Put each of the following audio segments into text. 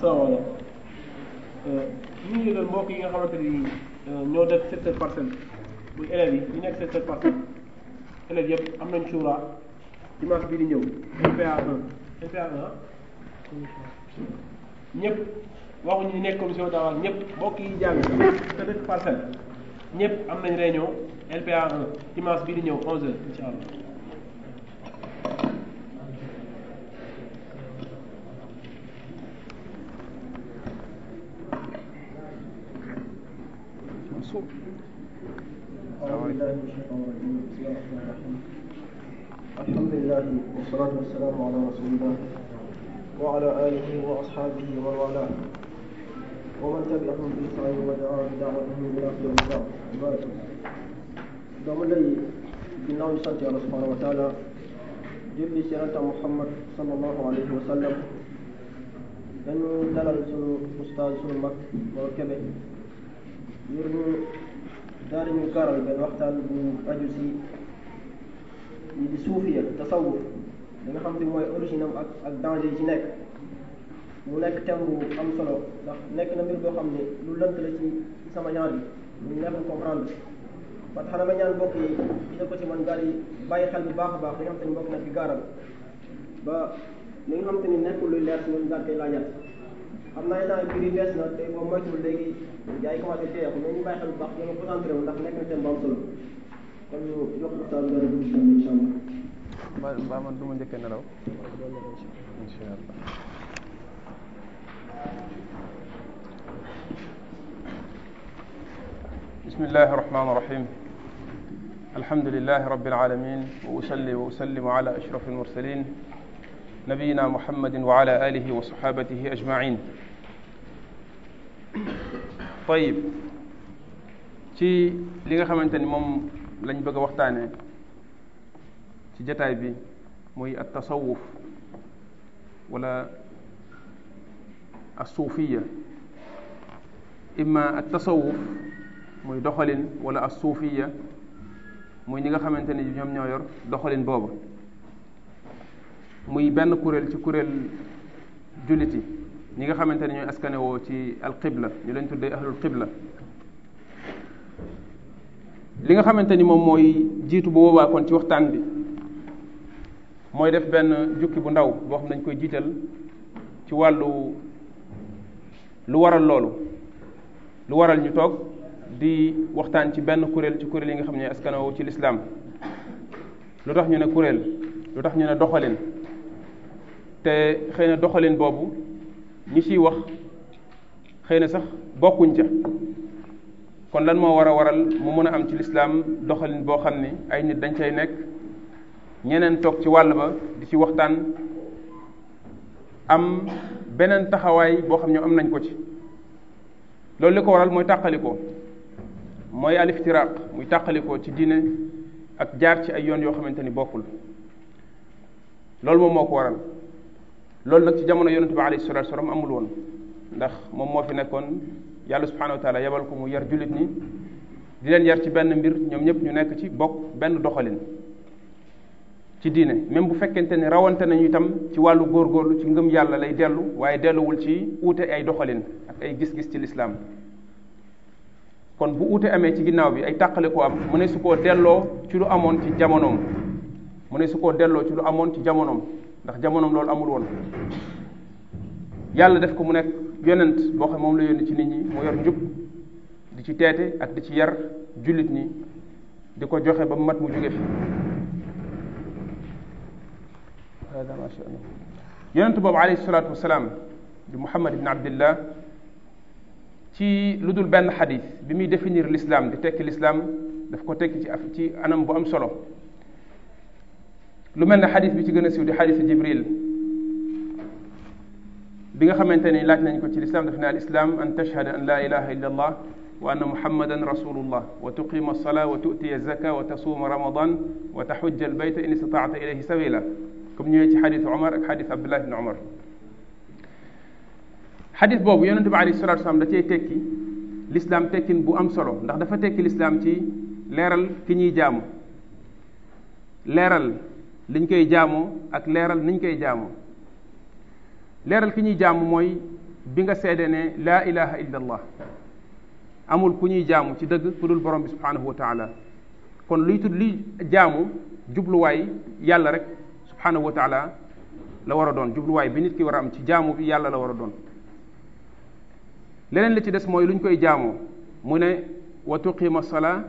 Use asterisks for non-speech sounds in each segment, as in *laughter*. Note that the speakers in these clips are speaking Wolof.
salaamaaleykum euh, ñu ngi yëgal mbokk yi nga xamante ni euh, ñoo def secteur parcelle muy élèves yi ñu nekk secteur parcelle élèves yëpp am nañ suura dimanche bii di ñëw MPA1 MPA1 ñëpp waxuñu ñu nekk commission d'avance ñëpp mbokk yi jàng secteur parcelle ñëpp am nañ réunion LPA 1 dimanche bii di ñëw 11h incha allah. alhamdulilah wasalaatu wasalaamu ala rasulillah wa ala alihi wa ashabihi wa wala ومن تبعهم بإحسان ودعا بدعوتهم إلى يوم الدين بارك doomu lay ginnaaw ñu sant yàlla subhanahu wa taala julli ci ranta Muhammad sallallahu alayhi wa sallam dañu dalal sunu oustaz sunu mag Mor Kébé ngir ñu daal ñu garal benn waxtaan bu aju si ñi di suufiya tasawuf li nga xam te mooy origine am ak ak danger yi ci nekk mu nekk thème bu am solo ndax nekk na mbir boo xam ne lu lënt la ci sama ñaar bi ñu neexul comprendre ba tax na ma ñaan mbokk yi gis ko ci man daal di bàyyi xel bu baax a baax li nga xam te na ci gaaral ba li nga xam te ni nekkul luy leer si ñun daal koy laajaat xam naa naa mbir yi bees na te boo moytuwul léegi yaa ngi commencé teeku mais ñu bàyyi xel bu baax ñu ngi concentré wu ndax nekk na thème bu am solo kon ñu jox ko saa dara bu incha allah. mbaa man du ma njëkk nelaw. incha allah. بسم الله الرحمن الرحيم الحمد لله رب العالمين وأصلي وأسلم على أشرف المرسلين نبينا محمد وعلى آله وصحابته أجمعين طيب ci li nga xamante ni moom lañ bëgg a waxtaane ci jataay bi muy at tasawuf wala assuufiya imma at tasawuf muy doxalin wala assuufiya muy ñi nga xamante ni ñoom ñoo yor doxalin boobu muy benn kuréel ci kuréel jullit yi ñi nga xamante ni ñooy askanewoo ci alqibla ñu leen tuddee ahlul qibla li nga xamante ni moom mooy jiitu bu boobaa kon ci waxtaan bi mooy def benn jukki bu ndaw boo xam dañ koy jiital ci wàllu lu waral loolu lu waral ñu toog di waxtaan ci benn kuréel ci kuréel yi nga xam ne askanoo ci lislaam lu tax ñu ne kuréel lu tax ñu ne doxalin te xëy na doxalin boobu ñi ciy wax xëy na sax bokkuñ ca kon lan moo war a waral mu mën a am ci lislaam doxalin boo xam ne ay nit dañ cay nekk ñeneen toog ci wàll ba di ci waxtaan am beneen taxawaay boo xam ne am nañ ko ci loolu li ko waral mooy tàqalikoo mooy aliftiraaq muy tàqalikoo ci diine ak jaar ci ay yoon yoo xamante ni bokkul loolu moom moo ko waral loolu nag ci jamono yonent bi alayhi salatu wasalam amul woon ndax moom moo fi nekkoon yàlla subhanahu wa taala yebal ko mu yar jullit ñi di leen yar ci benn mbir ñoom ñëpp ñu nekk ci bokk benn doxalin ci diine même bu fekkente ne rawante nañu itam ci wàllu góor góorlu ci ngëm yàlla lay dellu waaye delluwul ci uute ay doxalin ak ay gis-gis ci lislaam kon bu uute amee ci ginnaaw bi ay tàqale ko am mu ne su koo delloo ci lu amoon ci jamonoom mu ne su koo delloo ci lu amoon ci jamonoom ndax jamonoom loolu amul woon yàlla def ko mu nekk yonent boo xam moom la yónni ci nit ñi mu yor njub di ci teete ak di ci yar jullit ñi di ko joxe ba mu mat mu jóge fi hada ma sha'nu yonent boobu alayhi salaatu wasalaam di muhammad ibn abdillah ci lu dul benn xadis bi muy définir l'islam di tekki l'islam daf ko tekki ci af ci anam bu am solo lu mel ne xadis bi ci gën a siiw di xadisu jibril bi nga xamante ni laaj nañ ko ci l'islam daf ne al islam an tashhada an la ilaha illa allah wa anna muhammadan rasulullah wa tuqima alsalaa wa tu'tiya zaka wa tasuuma ramadan wa taxujja albayta in istataata ilayhi sabila comme ñëwee ci xadisu Omar ak xadisu Abdullah ibn Omar xadis boobu yonente bi alayhi salatu wasalam da cey tekki l'islam tekkin bu am solo ndax dafa tekki l'islam ci leeral ki ñuy jaamu leeral liñ koy jaamoo ak leeral niñ koy jaamoo leeral ki ñuy jaamu mooy bi nga seede ne laa ilaha illa allah amul ku ñuy jaamu ci dëgg ku dul borom bi subhanahu wa kon luy tudd luy jaamu jubluwaay yàlla rek subhanahu wa taala la war a doon jubluwaay bi nit ki war a am ci jaamu bi yàlla la war a doon leneen li ci des mooy lu ñu koy jaamoo mu ne wa tuqima salaa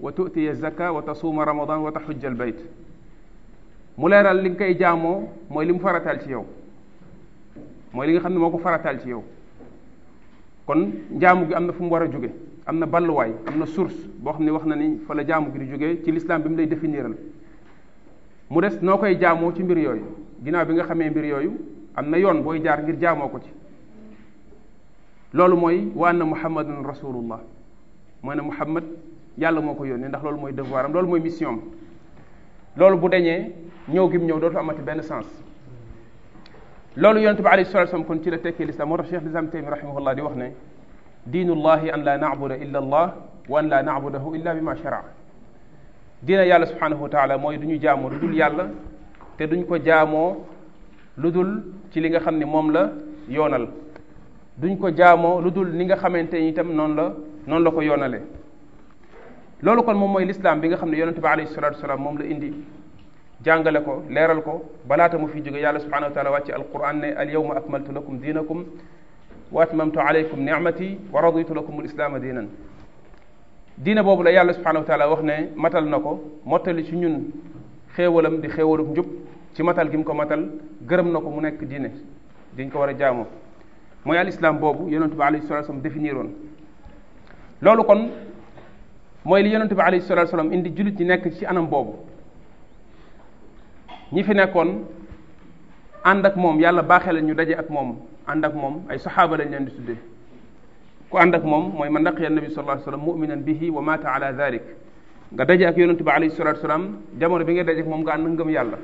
wa tu'tiya zaka wa tasuuma ramadan wa taxujja al bayt mu leeral li nga koy jaamoo mooy li mu farataal ci yow mooy li nga xam ne moo ko farataal ci yow kon njaamu gi am na fu mu war a jóge am na balluwaay am na source boo xam ne wax na ni fa la jaamu gi di jóge ci l'islam bi mu lay définiral mu des noo koy jaamoo ci mbir yooyu ginnaaw bi nga xamee mbir yooyu am na yoon booy jaar ngir jaamoo ko ci loolu mooy wa anna muhammadan rasulullah mooy ne muhammad yàlla moo ko yónnee ndax loolu mooy devoir am loolu mooy mission loolu bu dañee ñëw gim ñëw dootu amati benn sens loolu yonente bi alayhi salatu wasallam kon ci la tekkee lislaam moo tax cheikh lislam taymi rahimahullah di wax ne diinullahi an la na illa allah wa an la na'budahu illa bima dina yàlla subhanahu wa taala mooy du ñu jaamoo lu dul yàlla te duñ ko jaamoo lu dul ci li nga xam ne moom la yoonal duñ ko jaamoo lu dul ni nga xamante ni tam noonu la noonu la ko yoonale loolu kon moom mooy lislaam bi nga xam ne yonente bi alayhi salatu wasalaam moom la indi jàngale ko leeral ko balaata mu fi jóge yàlla subhanahu wa taala wàcce alquran ne al yawma akmaltu lakum diinakum wa atmamtu alaykum nicmati wa raditu lakum al islaama diinan diina boobu la yàlla subhanahu wa taala wax ne matal na ko mottali ci ñun xéewalam di xéewaluk njub ci matal gi mu ko matal gërëm na ko mu nekk diine diñ ko war a jaamoo mooy al boobu yonentu bi alayhi salatu wasallam définir loolu kon mooy li yonentu bi alayhi salatu indi jullit ñi nekk ci anam boobu ñi fi nekkoon ànd ak moom yàlla baaxee la ñu daje ak moom ànd ak moom ay saxaaba lañ leen di tuddee ku ànd ak moom mooy man laqiya nabi sallallahu alayhi wasallam mu'minan bihi wa mata la dhalik nga daje ak yonente bi alayhi salatu wasalam jamono bi ngay daje ak moom nga ànd ak ngëm yàlla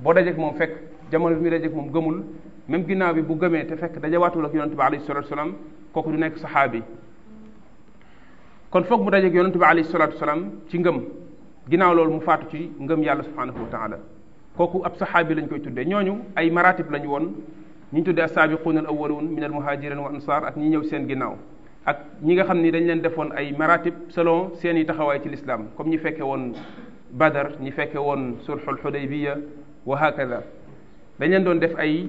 boo daje ak moom fekk jamono bi muy daje moom gëmul même ginnaaw bi bu gëmee te fekk dajewaatul ak yonente bi alayhi salatu wasalam kooku du nekk saxaabi kon foog mu dajeeg yonente bi alayhi salatu wasalam ci ngëm ginnaaw loolu mu faatu ci ngëm yàlla subhanahu wa taala kooku ab saxaabi lañ koy tuddee ñooñu ay maratib lañu woon ñi ñu tuddee as-saabiquuna al-awwaluun min al-muhaajiriina wa ansaar ak ñi ñëw seen ginnaaw ak ñi nga xam ni dañ leen defoon ay maratib selon seeni taxawaay ci l'islam comme ñi fekke woon Badar ñi fekke woon sulxul xudaybiya wa hakada dañ leen doon def ay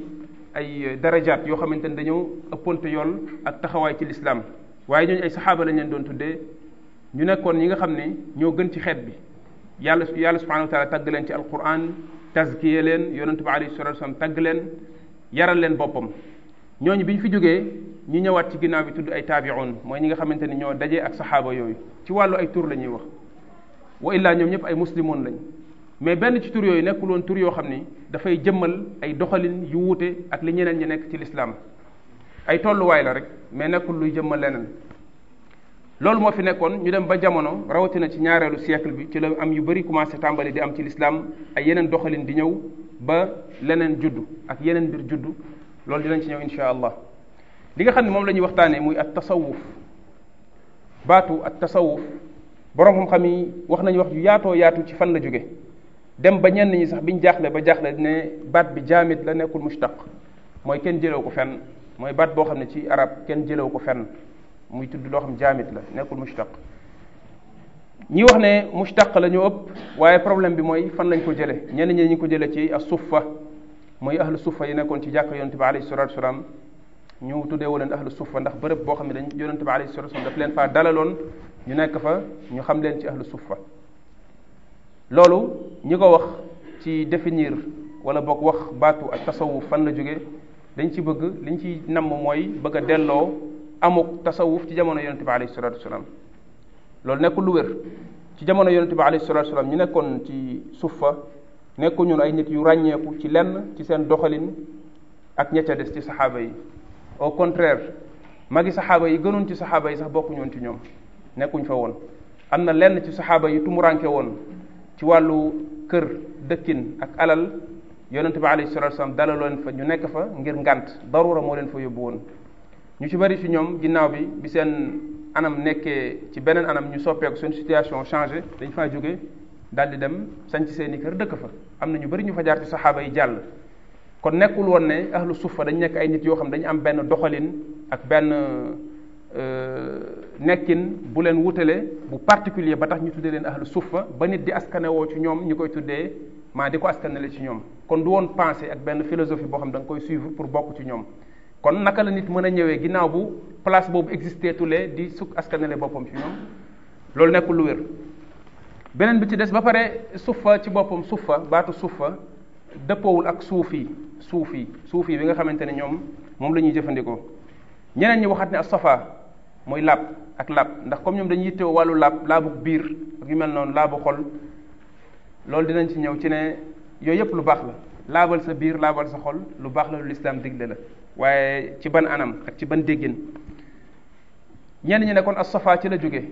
ay darajaat yoo xamante ni dañoo ëpponte yool ak taxawaay ci l'islam waaye ñooñu ay saxaaba lañ leen doon tuddee ñu nekkoon ñi nga xam ne ñoo gën ci xeet bi yàlla yàlla subhanahu wa tagg leen ci alquran tazkiya leen yonentu bi alayhi salatu wasalam tagg leen yaral leen boppam ñooñu bi ñu fi jógee ñi ñëwaat ci ginnaaw bi tudd ay taabi'un mooy ñi nga xamante ni ñoo daje ak saxaaba yooyu ci wàllu ay tur la ñuy wax wa illaa ñoom ñëpp ay muslimoon lañ mais benn ci tur yooyu nekkul woon tur yoo xam ni dafay jëmmal ay doxalin yu wuute ak li ñeneen ñi nekk ci lislaam ay tolluwaay la rek mais nekkul luy jëmmal leneen loolu moo fi nekkoon ñu dem ba jamono rawatina ci ñaareelu siècle bi ci la am yu bari commencé tàmbali di am ci lislaam ay yeneen doxalin di ñëw ba leneen juddu ak yeneen mbir juddu loolu dinañ ci ñëw insha allah li nga xam ne moom lañuy ñuy waxtaanee muy at tasawuf baatu at tasawuf borom xam-xam yi wax nañu wax ju yaatoo yaatu ci fan la jóge dem ba ñenn ñi sax biñ jaaxle ba jaaxle ne baat bi jaamit la nekkul mushtaq mooy kenn jëlew ko fenn mooy baat boo xam ne ci arab kenn jëlew ko fenn muy tudd loo xam jaamit la nekkul mushtaq ñi wax ne mushtaq la ñu ëpp waaye problème bi mooy fan lañ ko jëlee ñenn ñi ñu ko jëlee ci as-suffa mooy ahlu suffa yi nekkoon ci jàkk yonente bi alayhi salatu wasalaam ñu tuddeewu leen ahlu suffa ndax bërëb boo xam ne dañ yonente bi alayhi salatu wasalaam daf leen faa ñu nekk fa ñu xam leen ci ahlu suffa loolu ñi ko wax ci définir wala boog wax baatu ak tasawuf fan la jóge dañ ci bëgg liñ ci namm mooy bëgg a delloo amuk tasawuf ci jamono yonente bi alayhi salatu wasalaam loolu nekkul lu wér ci jamono yonente bi alayhi salatu wasalam ñu nekkoon ci suuf fa ñun ay nit yu ràññeeku ci lenn ci seen doxalin ak ña ca des ci saxaaba yi au contraire magi saxaaba yi gënoon ci saxaaba yi sax bokkuñu ci ñoom nekkuñ fa woon am na lenn ci saxaaba yi tumuranke woon ci wàllu kër dëkkin ak alal yonente bi alayhi salatu wasalam dalaloon fa ñu nekk fa ngir ngant darura moo leen fa yóbbu woon ñu ci bari ci ñoom ginnaaw bi bi seen anam nekkee ci beneen anam ñu soppeeku suñu situation changé dañ faa jóge daal di dem sañ ci seen i kër dëkk fa am na ñu bari ñu fa jaar ci saxaaba yi jàll kon nekkul woon ne ahlu sufa dañ nekk ay nit yoo xam dañu am benn doxalin ak benn euh, nekkin bu leen wutale bu particulier ba tax ñu tuddee leen ahlu sufa ba nit di askanewoo ci ñoom ñu koy tuddee maa di ko askanale ci ñoom kon du woon pensée ak benn philosophie boo xam da nga koy suivre pour bokk ci ñoom kon naka la nit mën a ñëwee ginnaaw bu place boobu existé tule di sukk askanale boppam ci ñoom loolu nekkul lu wér beneen bi ci des ba pare suufa ci boppam suufa baatu suufa dëppoowul ak suuf yi suuf yi suuf yi bi nga xamante ne ñoom moom la ñuy jëfandikoo ñeneen ñi waxaat ne as safa mooy làpp ak laab ndax comme ñoom dañuy yittewoo wàllu laab laabu biir ak mel noonu laabu xol loolu dinañ ci ñëw ci ne yooyu yëpp lu baax la laabal sa biir laabal sa xol lu baax la lu lislaam la waaye ci ban anam ak ci ban déggin ñenn ñi ne kon as safa ci la jóge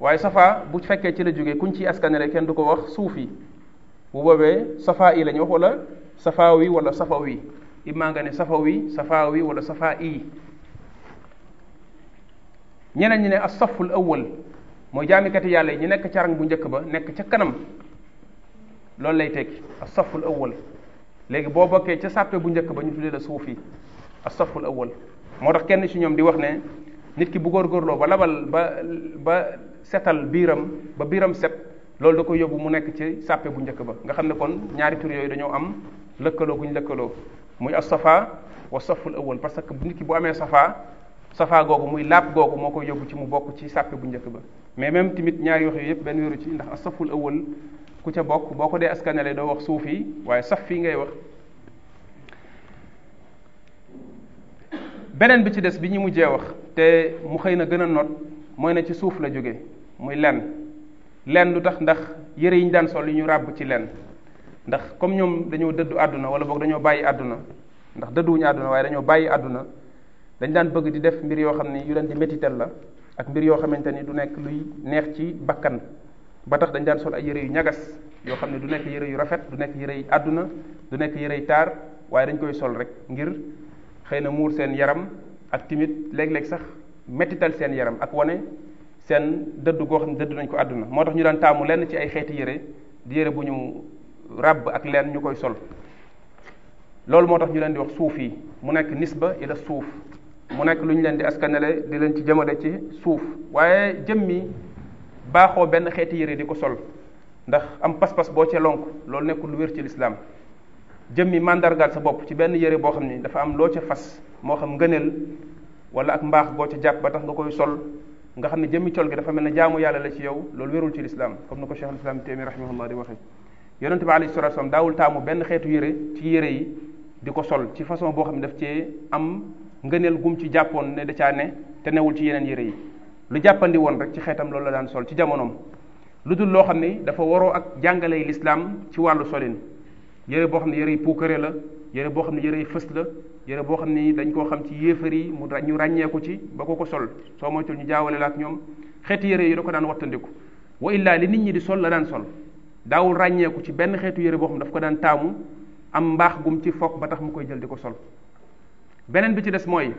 waaye safa bu fekkee ci la jóge kuñ ci askanere kenn du ko wax suufi bu boobee safa yi la ñu wi wala safawi wala safawi immaa nga ne safawi safawi wala safa yi ñeneen ñi ne as saful awwal mooy jaamikati yàlla yi ñu nekk ca rang bu njëkk ba nekk ca kanam loolu lay tekki as saful awwal léegi boo bokkee ca sàppe bu njëkk ba ñu tuddee la yi as-saful awwal moo tax kenn ci ñoom di wax ne nit ki bu góorloo ba labal ba ba setal biiram ba biiram set loolu da koy yóbbu mu nekk ci sàppe bu njëkk ba nga xam ne kon ñaari tur yooyu dañoo am lëkkaloo guñ lëkkaloo muy as-safa wa saful awwal parce que nit ki bu amee safa safa googu muy laab googu moo koy yóbbu ci mu bokk ci sàppe bu njëkk ba mais même tamit ñaari wax yooyu yëpp benn wéru ci ndax as-saful awwal ku ca bokk boo ko dee askanale doo wax suufi waaye saf fii ngay wax beneen bi ci des bi ñu mujjee wax te mu xëy na gën a not mooy ne ci suuf la jóge muy lenn lenn lu tax ndax yére yi ñu daan sol yi ñu ràbb ci lenn ndax comme ñoom dañoo dëddu àdduna wala boog dañoo bàyyi àdduna ndax dëdduwuñu àdduna waaye dañoo bàyyi àdduna dañ daan bëgg di def mbir yoo xam ne yu leen di métitel la ak mbir yoo xamante ni du nekk luy neex ci bàkkan ba tax dañ daan sol ay yére yu ñagas yoo xam ne du nekk yére yu rafet du nekk yére àdduna du nekk yére yu taar waaye dañ koy sol rek ngir xëy na muur seen yaram ak timit léeg-léeg sax mettital seen yaram ak wane seen dëdd goo xam ne dëdd nañ ko àdduna moo tax ñu daan taamu lenn ci ay xeeti yére di yére bu ñu ràbb ak leen ñu koy sol loolu moo tax ñu leen di wax suuf yi mu nekk nisba ila suuf mu nekk lu ñu leen di askanale di leen ci jëmale ci suuf waaye jëm mi baaxoo benn xeeti yére di ko sol ndax am pas-pas boo ca lonk loolu nekkul lu wér ci lislaam jëmmi màndargaal sa bopp ci benn yére boo xam ni dafa am loo ca fas moo xam ngëneel wala ak mbaax boo ca jàpp ba tax nga koy sol nga xam ne jëmmi col gi dafa mel ne jaamu yàlla la ci yow loolu wérul ci lislaam comme ni ko cheikh lislaam téemi rahimahullah di waxee yonente bi alayhi salatu wasallam daawul taamu benn xeetu yére ci yére yi di ko sol ci façon boo xam ne daf cee am ngëneel gum ci jàppoon ne da caa ne te newul ci yeneen yére yi lu jàppandi woon rek ci xeetam loolu la daan sol ci jamonoom lu dul loo xam ne dafa waroo ak jàngaley lislaam ci wàllu solin yére boo xam ne yére yi puukare la yére boo xam ne yére yi fës la yére boo xam ne dañ koo xam ci yéefar yi mu ñu ràññeeku ci ba ko ko sol soo moytul ñu jaawale la ak ñoom xeeti yére yi da ko daan wattandiku wa illaa li nit ñi di sol la daan sol daawul ràññeeku ci benn xeetu yére boo xam ne daf ko daan taamu am mbaax gum ci foog ba tax mu koy jël di ko sol beneen bi ci des mooy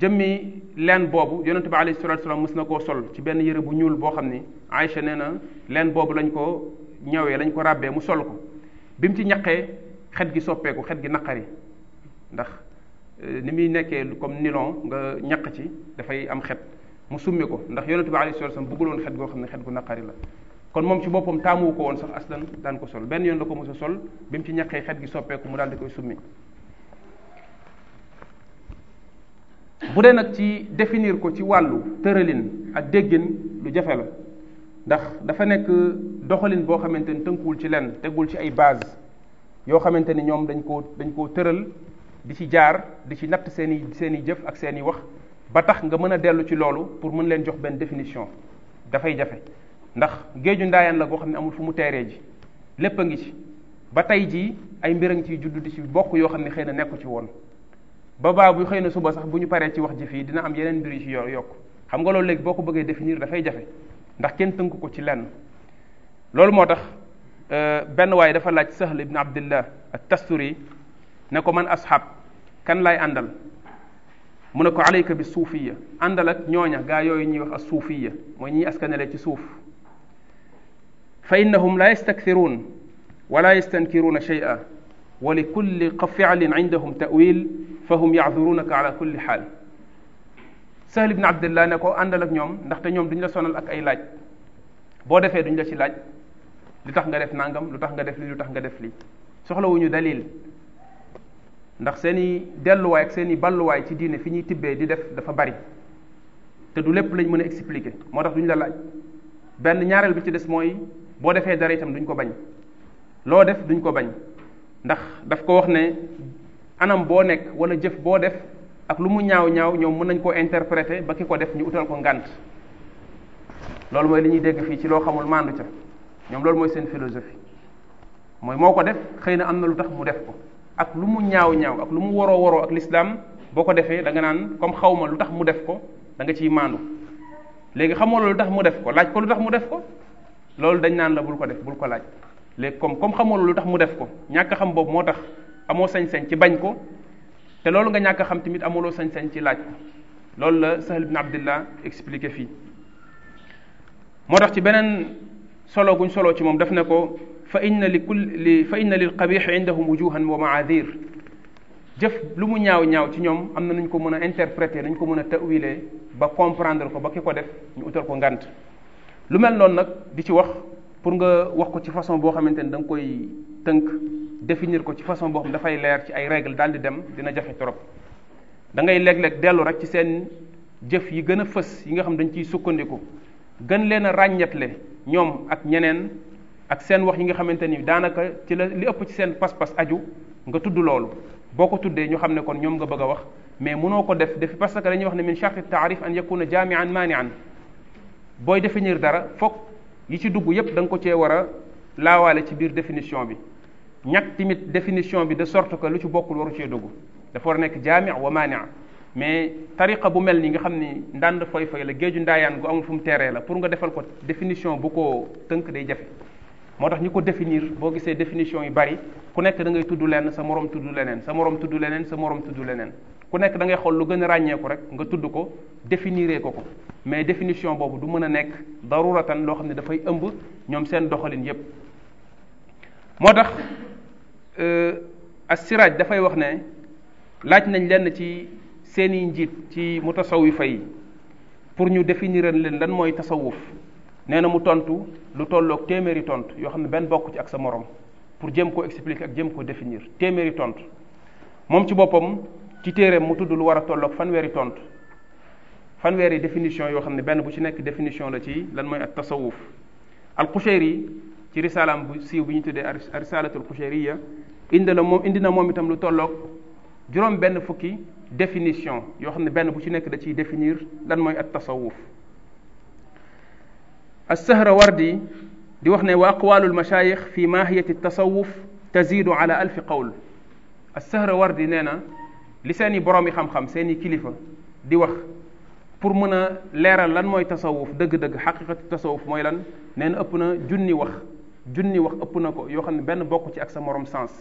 jëmmi leen boobu yonente bi alayhi salatu wasallam mës na koo sol ci benn yére bu ñuul boo xam ni Aïcha nee na leen boobu lañ ko ñawee lañ ko ràbbee mu sol ko bi mu ci ñaqee xet gi soppeeku xet gi naqari ndax euh, ni muy nekkee comme nilon nga ñaq ci dafay am xet mu summi ko ndax yonente bi alayhi salatu wasallam bëgguloon xet goo xam ne xet gu naqari la kon moom si boppam taamuwu ko woon sax aslan daan ko sol benn yoon la ko mos a sol bi mu ci ñaqee xet gi soppeeku mu daal di koy summi bu dee nag ci définir ko ci wàllu tëralin ak déggin lu jafe la ndax dafa nekk doxalin boo xamante ni tënkuwul ci leen tegul ci ay baas yoo xamante ni ñoom dañ ko dañ koo tëral di ci jaar di ci natt seeni seeni jëf ak seen i wax ba tax nga mën a dellu ci loolu pour mën leen jox benn définition dafay jafe ndax géeju ndaayaan la goo xam ne amul fu mu teeree ji lépp a ngi ci ba tey jii ay mbir ciy judd di ci bokk yoo xam ne xëy na nekku ci woon ba baa bu xëy na suba sax bu ñu paree ci wax ji fii dina am yeneen mbir ci yor yokk xam nga loolu léegi boo ko bëggee définir dafay jafe ndax kenn tënk ko ci lenn loolu moo tax euh, benn waay dafa laaj sahl ibn abdillah ak tasturi ne ko man ashab kan laay àndal mu ne ko alayka bi suufiya àndal ak ñooña ga yooyu ñuy wax as suufiya mooy ñiy ci suuf fa innahum la yastakthiruun wala yastankiruuna shay'a wa li kulli fi'lin indahum ta'wil fa hum bi ibn Abdillah ne ko àndal ak ñoom ndaxte ñoom duñ la sonal ak ay laaj boo defee duñ la ci laaj lu tax nga def nangam lu tax nga def lii lu tax nga def lii soxlawuñu daliil ndax seen i delluwaay ak seen i balluwaay ci diine fi ñuy tibbee di def dafa bari te du lépp lañ mën a expliquer moo tax duñu la laaj benn ñaareel bi ci des mooy boo defee dara itam duñ ko bañ loo def duñ ko bañ ndax daf ko wax ne anam boo nekk wala jëf boo def ak lu mu ñaaw ñaaw ñoom mën nañ koo interpréter ba ki ko def ñu utal ko ngant loolu mooy li ñuy dégg fii ci loo xamul maandu ca ñoom loolu mooy seen philosophie mooy moo ko def xëy na am na lu tax mu def ko ak lu mu ñaaw ñaaw ak lu mu waroo waroo ak l'islam boo ko defee da nga naan comme xawma lu tax mu def ko danga ciy maandu léegi xamoo lu tax mu def ko laaj ko lu tax mu def ko loolu dañ naan la bul ko def bul ko laaj léegi comme comme xamoo lu mu def ko ñàkk xam boobu moo tax amoo sañ-sañ ci bañ ko te loolu nga ñàkk xam tamit amuloo sañ-sañ ci laaj loolu la Sahal bin Abdillah expliqué fii moo tax ci beneen solo guñ solo ci moom daf ne ko fa inna li kulli fa inna lil qabih indahum wujuhan wa maadir jëf lu mu ñaaw ñaaw ci ñoom am na nuñ ko mën a interpréter nañ ko mën a tawiler ba comprendre ko ba ki ko def ñu utal ko ngant lu mel noonu nag di ci wax pour nga wax ko ci façon boo xamante ni da koy tënk définir ko ci façon boo xam dafay leer ci ay règle daal di dem dina jafe trop da ngay léeg-léeg dellu rek ci seen jëf yi gën a fës yi nga xam dañ ciy sukkandiku gën leen a ràññetle ñoom ak ñeneen ak seen wax yi nga xamante ni daanaka ci la li ëpp ci seen pas-pas aju nga tudd loolu boo ko tuddee ñu xam ne kon ñoom nga bëgg a wax mais mënoo ko def defi parce que dañuy wax ne min charti taarif an yakuna jaamian maanian booy définir dara foog yi ci dugg yépp da nga ko cee war a laawaale ci biir définition bi ñag tamit définition bi de sorte que lu ci bokkul waru ci dugg dafa war nekk jaamee wa maania mais tariqa bu mel ni nga xam ne ndànd foy foy la géeju ndaayaan gu amul fu mu teeree la pour nga defal ko définition bu ko tënk day jafe moo tax ñi ko définir boo gisee definition yi bari ku nekk dangay ngay tudd lenn sa moroom tudd leneen sa morom tudd leneen morom tudd leneen ku nekk dangay xool lu gën a ràññeeku rek nga tudd ko définiree ko ko mais définition boobu du mën a nekk daruratan loo xam ne dafay ëmb ñoom seen doxalin yépp Euh, as-Siraj dafay wax ne laaj nañ lenn ci seeni njiit ci mu mutasawifa yi pour ñu définir leen lan mooy tasawuf nee na mu tontu lu tolloog téeméeri tont yoo xam ne benn bokk ci ak sa morom pour jéem koo expliquer ak jéem koo téeméeri tontu moom ci boppam ci téereem mu tudd lu war a tolloog fanweeri tontu fanweeri définition yoo xam ne benn bu ci nekk définition la ci lan mooy ak tasawuf al-Qushayri ci risalaam bu siiw bi ñu tuddee a risalatul Qushayriya indi la indi na moom itam lu tolloog juróom benn fukki definition yoo xam ne benn bu ci nekk da ciy définir lan mooy at tasawuf as-Sahrawardi di wax ne wa aqwalul mashayix fi mahiyati tasawuf tazidu ala alfi qawl as-Sahrawardi nee na li seen borom yi xam-xam kilifa di wax pour mën a leeral lan mooy tasawuf dëgg-dëgg xaqiqati tasawuf mooy lan nee na ëpp na junni wax junni wax ëpp na ko yoo xam ne benn bokk ci ak sa moroom sens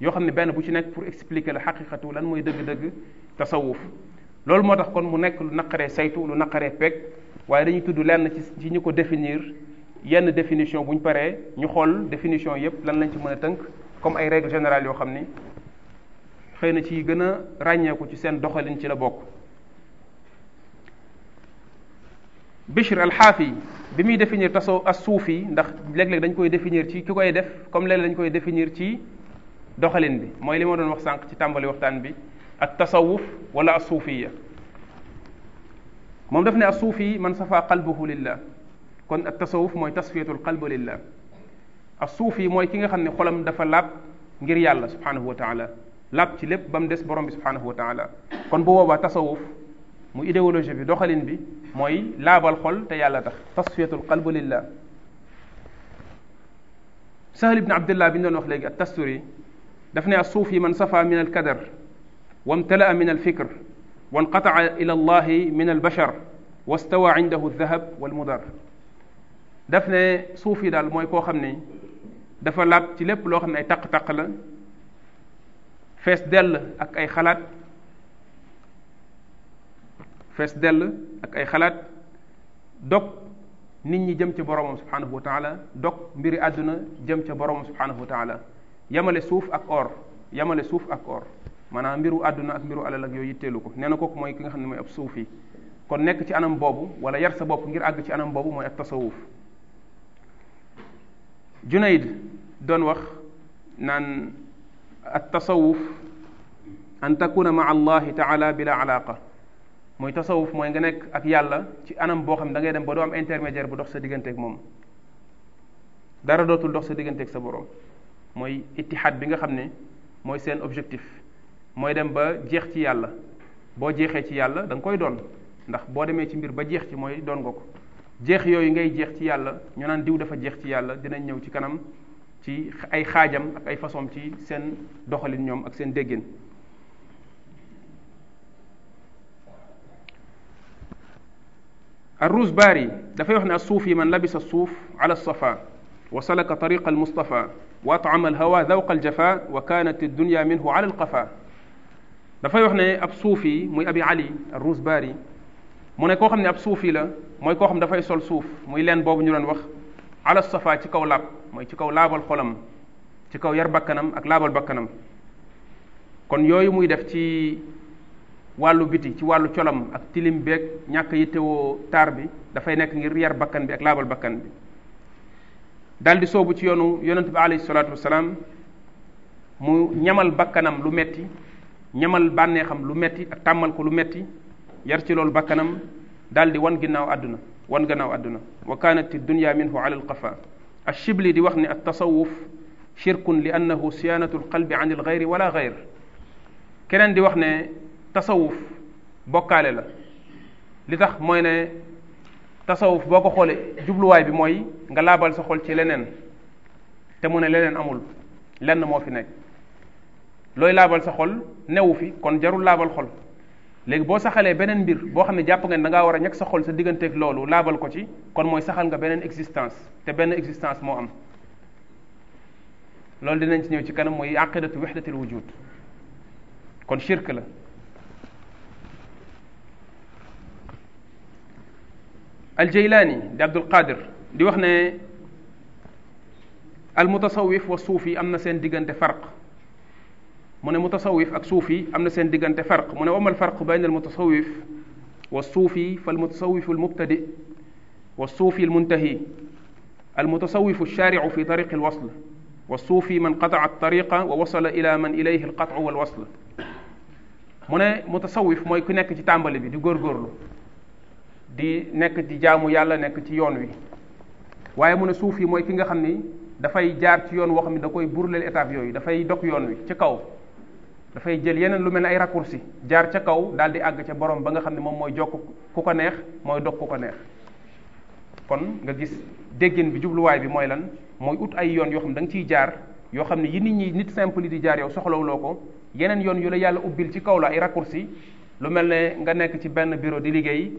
yoo xam ne benn bu ci nekk pour expliquer la xaqiqatu lan mooy dëgg-dëgg tasawuf loolu moo tax kon mu nekk lu naqaree saytu lu naqaree peeg waaye dañuy tudd lenn ci ci ko définir yenn définition bu ñu paree ñu xool définition yépp lan lañ ci mën a tënk comme ay règles générale yoo xam ni xëy na ci gën a ràññeeku ci seen doxalin ci la bokk Bishr al bi muy définir tasoo as suufi ndax léeg-léeg dañ koy définir ci ki koy def comme léeg-léeg dañ koy définir ci doxalin bi mooy li ma doon wax sànq ci tàmbali waxtaan bi ak tasawuf wala as suufiya moom ne as suufi man safa qalbuhu lillah kon ak tasawuf mooy tasfiyatul qalbu lillah as suufi mooy ki nga xam ne xolam dafa laab ngir yàlla subhanahu wa taala laab ci lépp ba mu des borom bi subhanahu wa taala kon bu boobaa tasawuf mu idéologie bi doxalin bi mooy laabal xol te yàlla tax tasfiyatul qalbu lillah sahal ibn abdillah bi ñu doon wax léegi ak tasturi daf ne assuufi man safa min alkadar wa mtalaa min alfikr wa nqataa ila allahi min albashar wa stawa indahu aldahab walmudar daf ne suufi daal mooy koo xam ne dafa laab ci lépp loo xam ne ay taq-taq la fees dell ak ay xalaat fees dell ak ay xalaat dog nit ñi jëm ca boromam subhanahu wa taala dog mbiri àdduna jëm ca boromam subhanahu taala yamale suuf ak or yamale suuf ak or maanaam mbiru àdduna ak mbiru alal ak yooyu yitteelu ko nee na mooy ki nga xam ne mooy ab suuf yi kon nekk ci anam boobu wala yar sa bopp ngir àgg ci anam boobu mooy ak tasawuf Junayd doon wax naan at tasawuf an takuna maa allahi taala bila alaqa mooy tasawuf mooy nga nekk ak yàlla ci anam boo xam ne da ngay dem ba doo am intermédiaire bu dox sa digganteeg moom dara dootul dox sa digganteeg sa borom mooy ittihaad bi nga xam ne mooy seen objectif mooy dem ba jeex ci yàlla boo jeexee ci yàlla da nga koy doon ndax boo demee ci mbir ba jeex ci mooy doon nga ko jeex yooyu ngay jeex ci yàlla ñu naan diw dafa jeex ci yàlla dinañ ñëw ci kanam ci ay xaajam ak ay façon ci seen doxalin ñoom ak seen déggin arrouze bari dafay wax ne assuuf yi man labisa suuf ala safa wa salaka tariqa almustafa wa atama alhawa dawqa aljafa wa kanat addunia minhu ala alqafa dafay wax ne ab suufi muy abi ali arrouze bari mu ne koo xam ne ab suufi la mooy koo xam dafay sol suuf muy leen boobu ñu doon wax ala safa ci kaw laab mooy ci kaw laabal xolam ci kaw yar bakkanam ak laabal bakkanam kon yooyu muy def ci wàllu biti ci wàllu colam ak tilim beeg ñàkk yittewoo taar bi dafay nekk ngir yar bakkan bi ak laabal bakkan bi daldi soobu ci yoonu yonent bi alayhi salaatu wasalaam mu ñamal bakkanam lu metti ñamal bànneexam lu metti ak tàmmal ko lu metti yar ci loolu bàkkanam bakkanam di wan ginnaaw àdduna wan gannaaw àdduna wa kaanat dunya minhu ala alqafa ashibli di wax ni at tasawuf shirkun li annahu siyaanatu alqalbi an alxayri wala xayr keneen di wax ne tasawuf bokkaale la li tax mooy ne tasawuf boo ko xoolee jubluwaay bi mooy nga laabal sa xol ci leneen te mu ne leneen amul lenn moo fi nekk looy laabal sa xol newu fi kon jarul laabal xol léegi boo saxalee beneen mbir boo xam ne jàpp nga ne da ngaa war a ñàkk sa xol sa digganteeg loolu laabal ko ci kon mooy saxal nga beneen existence te benn existence moo am loolu dinañ ci ñëw ci kanam mooy aqidatu wahdatil wujud kon shirk la aljeylaani di abdul qadir di wax ne al mutasawif wa suufi am na seen diggante farq mu ne mutasawif ak suufi am na seen diggante farq mu ne amal farq bayna al mutasawif wa suufi fa al mutasawifu al mubtadi wa suufi al muntahi al mutasawifu shaaricu fi tariqi al wasl wa suufi man qataca tariqa wa wasala ila man ilayhi al qatcu wal wasl mu ne mutasawif mooy ku nekk ci tàmbali bi di góorgóorlu di nekk di jaamu yàlla nekk ci yoon wi waaye mu ne suuf yi mooy ki nga xam ni dafay jaar ci yoon woo xam da koy burleel étape yooyu dafay dog yoon wi ci kaw dafay jël yeneen lu mel ne ay raccourci jaar ca kaw daal di àgg ca borom ba nga xam ne moom mooy jokk ku neex mooy dog ku ko neex kon nga gis déggin bi jubluwaay bi mooy lan mooy ut ay yoon yoo xam da nga ciy jaar yoo xam ne yi nit ñi nit simple di jaar yow soxlawuloo ko yeneen yoon yu la yàlla ubbil ci kaw la ay raccourci lu mel ne nga nekk ci benn bureau di liggéey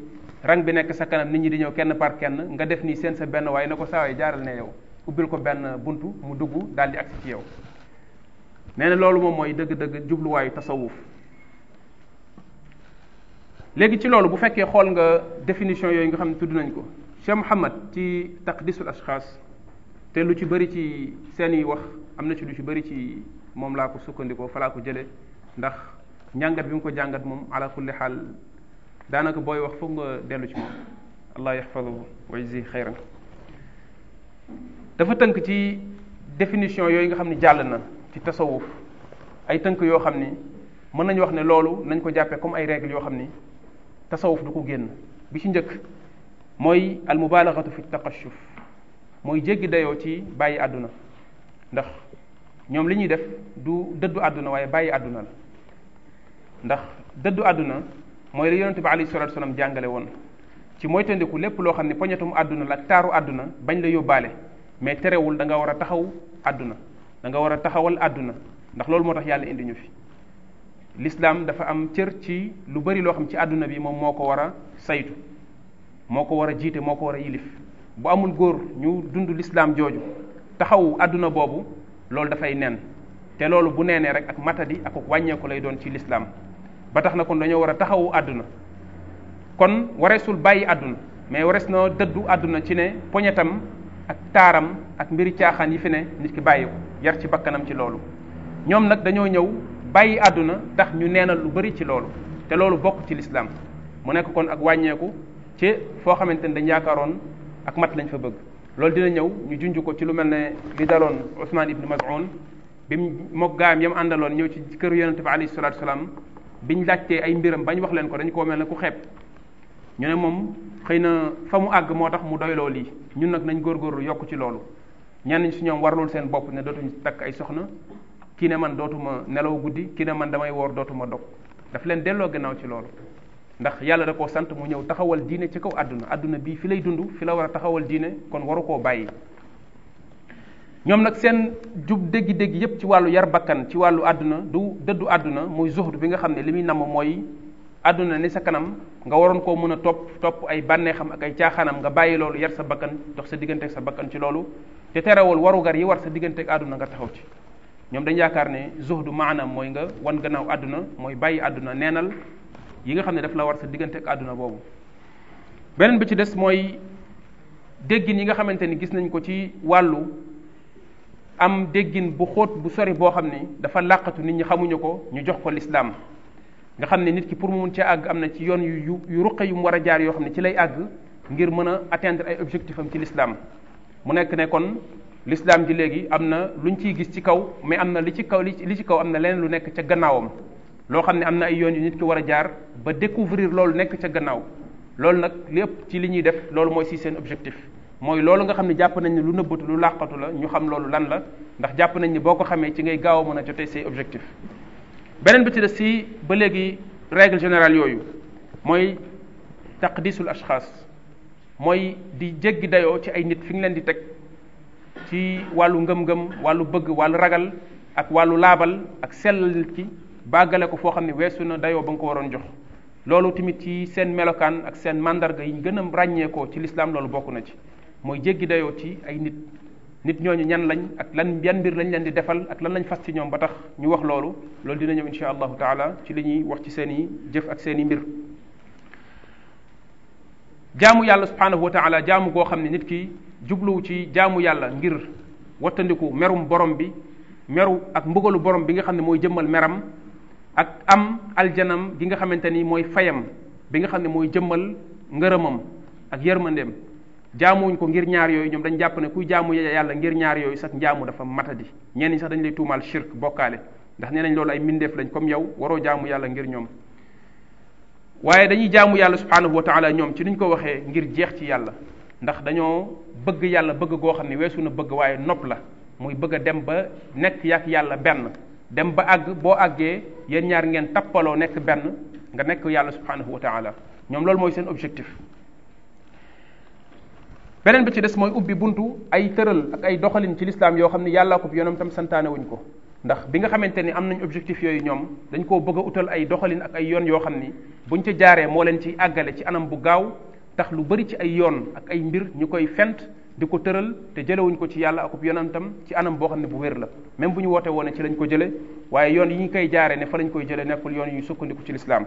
rang bi nekk sa kanam nit ñi di ñëw kenn par kenn nga def nii seen sa benn waaye na ko saawaay jaaral ne yow ubbil ko benn buntu mu dugg daal di agsi ci yow nee na loolu moom mooy dëgg-dëgg jubluwaayu tasawuf léegi ci loolu bu fekkee xool nga définition yooyu nga xam ne tudd nañ ko Cheikh Mouhamad ci taq taqdisul ashxaas te lu ci bari ci seen yi wax am na ci lu ci bari ci moom laa ko sukkandikoo fa laa ko jëlee ndax njàngat bi mu ko jàngat moom ala kulli xaal daanaka booy wax foog nga dellu ci moom allah yaxfaduhu wa yajzi dafa tënk ci définition yooyu nga xam ne jàll na ci tasawuf ay tënk yoo xam ni mën nañu wax ne loolu nañ ko jàppee comme ay règles yoo xam ni tasawuf du ko génn bi ci njëkk mooy al mubalagatu fi taqashuf mooy jéggi dayoo ci bàyyi àdduna ndax ñoom li ñuy def du dëddu àdduna waaye bàyyi àdduna la ndax dëddu àdduna mooy li yonente bi alayhi salatu wasallam jàngale woon ci moytandiku lépp loo xam ne poñatum àdduna la ak taaru àdduna bañ la yóbbaale mais terewul danga war a taxaw àdduna danga war a taxawal àdduna ndax loolu moo tax yàlla indi ñu fi l'islam dafa am cër ci lu bari loo xam ci àdduna bi moom moo ko war a saytu moo ko war a jiite moo ko war a yilif bu amul góor ñu dund l'islam jooju taxawu àdduna boobu loolu dafay nen te loolu bu neenee rek ak matadi ak wàññeeku lay doon ci l'islam ba tax na kon dañoo war a taxawu àdduna kon wareesul bàyyi àdduna mais warees na dëddu àdduna ci ne poñetam ak taaram ak mbiri caaxaan yi fi ne nit ki bàyyi ko yar ci bakkanam ci loolu ñoom nag dañoo ñëw bàyyi àdduna tax ñu neenal lu bari ci loolu te loolu bokk ci lislaam mu nekk kon ak wàññeeku ci foo xamante ne dañ yaakaaroon ak mat lañ fa bëgg loolu dina ñëw ñu junj ko ci lu mel ne li daloon Ousmane ibn Maz'un bi mu moog gaayam yam àndaloon ñëw ci këru yonente bi alayhi salatu salaam bi ñu laajtee ay mbiram bañ wax leen ko dañ koo mel ne ku xeeb ñu ne moom xëy na fa mu àgg moo tax mu doyloo lii ñun nag nañ góorgóorlu yokk ci loolu ñenn ñi si ñoom warlul seen bopp ne dootuñ takk ay soxna kii ne man dootuma nelaw guddi kii ne man damay woor dootuma dog daf leen delloo gannaaw ci loolu ndax yàlla da koo sant mu ñëw taxawal diine ci kaw àdduna àdduna bii fi lay dund fi la war a taxawal diine kon waru koo bàyyi ñoom nag seen jub dégg-dégg yépp ci wàllu yar bakkan ci wàllu àdduna du dëddu àdduna muy zuhd bi nga xam ne li muy namm mooy àdduna ne sa kanam nga waroon koo mën a topp topp ay bànneexam ak ay caaxaanam nga bàyyi loolu yar sa bakkan dox sa diggante ak sa bakkan ci loolu te terewul warugar yi war sa diggante ak àdduna nga taxaw ci ñoom dañ yaakaar ne zuhdu maanaam mooy nga wan gannaaw àdduna mooy bàyyi àdduna neenal yi nga xam ne daf la war sa diggante àdduna boobu beneen bi ci des mooy déggin yi nga xamante ni gis nañ ko ci wàllu am déggin bu xóot bu sori boo xam ne dafa làqatu nit ñi xamuñu ko ñu jox ko lislaam nga xam ne nit ki pour mu mun cee àgg am na ci yoon yu yu ruqe yu mu war a jaar yoo xam ne ci lay àgg ngir mën a atteindre ay objectif am ci lislaam mu nekk ne kon lislaam ji léegi am na luñ ciy gis ci kaw mais am na li ci kaw li ci kaw am na leneen lu nekk ca gannaawam loo xam ne am na ay yoon yu nit ki war a jaar ba découvrir loolu nekk ca gannaaw loolu nag lépp ci li ñuy def loolu mooy si seen objectif mooy loolu nga xam ne jàpp nañ ne lu nëbbatu lu làqatu la ñu xam loolu lan la ndax jàpp nañ ni boo ko xamee ci ngay gaaw a mën a jotee say objectif beneen bi ci si ba léegi règle générale yooyu mooy taqdisul ashxaas mooy di jéggi dayoo ci ay nit fi leen di teg ci wàllu ngëm-ngëm wàllu bëgg wàllu ragal ak wàllu laabal ak sellal nit ki bàggale ko foo xam ne weesu na dayoo ba nga ko waroon jox loolu tamit ci seen melokaan ak seen mandarga yi ñu gën a ràññeekoo ci lislaam loolu bokk na ci mooy jéggi dayoo ci ay nit nit ñooñu ñan lañ ak lan yan mbir lañ leen di defal ak lan lañ fas ci ñoom ba tax ñu wax loolu loolu dina ñëw insha allahu taala ci li ñuy wax ci seeni jëf ak seeni mbir jaamu yàlla subhanahu wa taala jaamu goo xam ne nit ki jubluwu ci jaamu yàlla ngir wattandiku merum borom bi meru ak mbugalu borom bi nga xam ne mooy jëmmal meram ak am aljanam gi nga xamante ni mooy fayam bi nga xam ne mooy jëmmal ngërëmam ak yërmandeem jaamuwuñ ko ngir ñaar yooyu ñoom dañ jàpp ne kuy jaamu yàlla ngir ñaar yooyu sax njaamu dafa matadi ñenn ñi sax dañ lay tuumaal shirk bokkaale ndax nee nañ loolu ay mbindeef lañ comme yow waroo jaamu yàlla ngir ñoom waaye dañuy jaamu yàlla subhanahu wa taala ñoom ci niñ ko waxee ngir jeex ci yàlla ndax dañoo bëgg yàlla bëgg goo xam ne weesu na bëgg waaye nopp la muy bëgg a dem ba nekk yàq yàlla benn dem ba àgg boo àggee yéen ñaar ngeen tappaloo nekk benn nga nekk yàlla subhanahu wa taala ñoom loolu mooy seen objectif beneen bi ci des mooy ubbi buntu ay tëral ak ay doxalin ci lislaam yoo xam ni yàllaa ko yoonam tam santaane wuñ ko ndax bi nga xamante ni am nañ objectif yooyu ñoom dañ koo bëgg utal ay doxalin ak ay yoon yoo xam ni buñ ca jaaree moo ciy àggale ci anam bu gaaw tax lu bari ci ay yoon ak ay mbir ñu koy fent di ko tëral te jëlewuñ ko ci yàlla akub yoonam tam ci anam boo xam ne bu wér la même bu ñu woote woone ci lañ ko jële waaye yoon yi ñu koy jaaree ne fa lañ koy jële nekkul yoon yu sukkandiku ci lislaam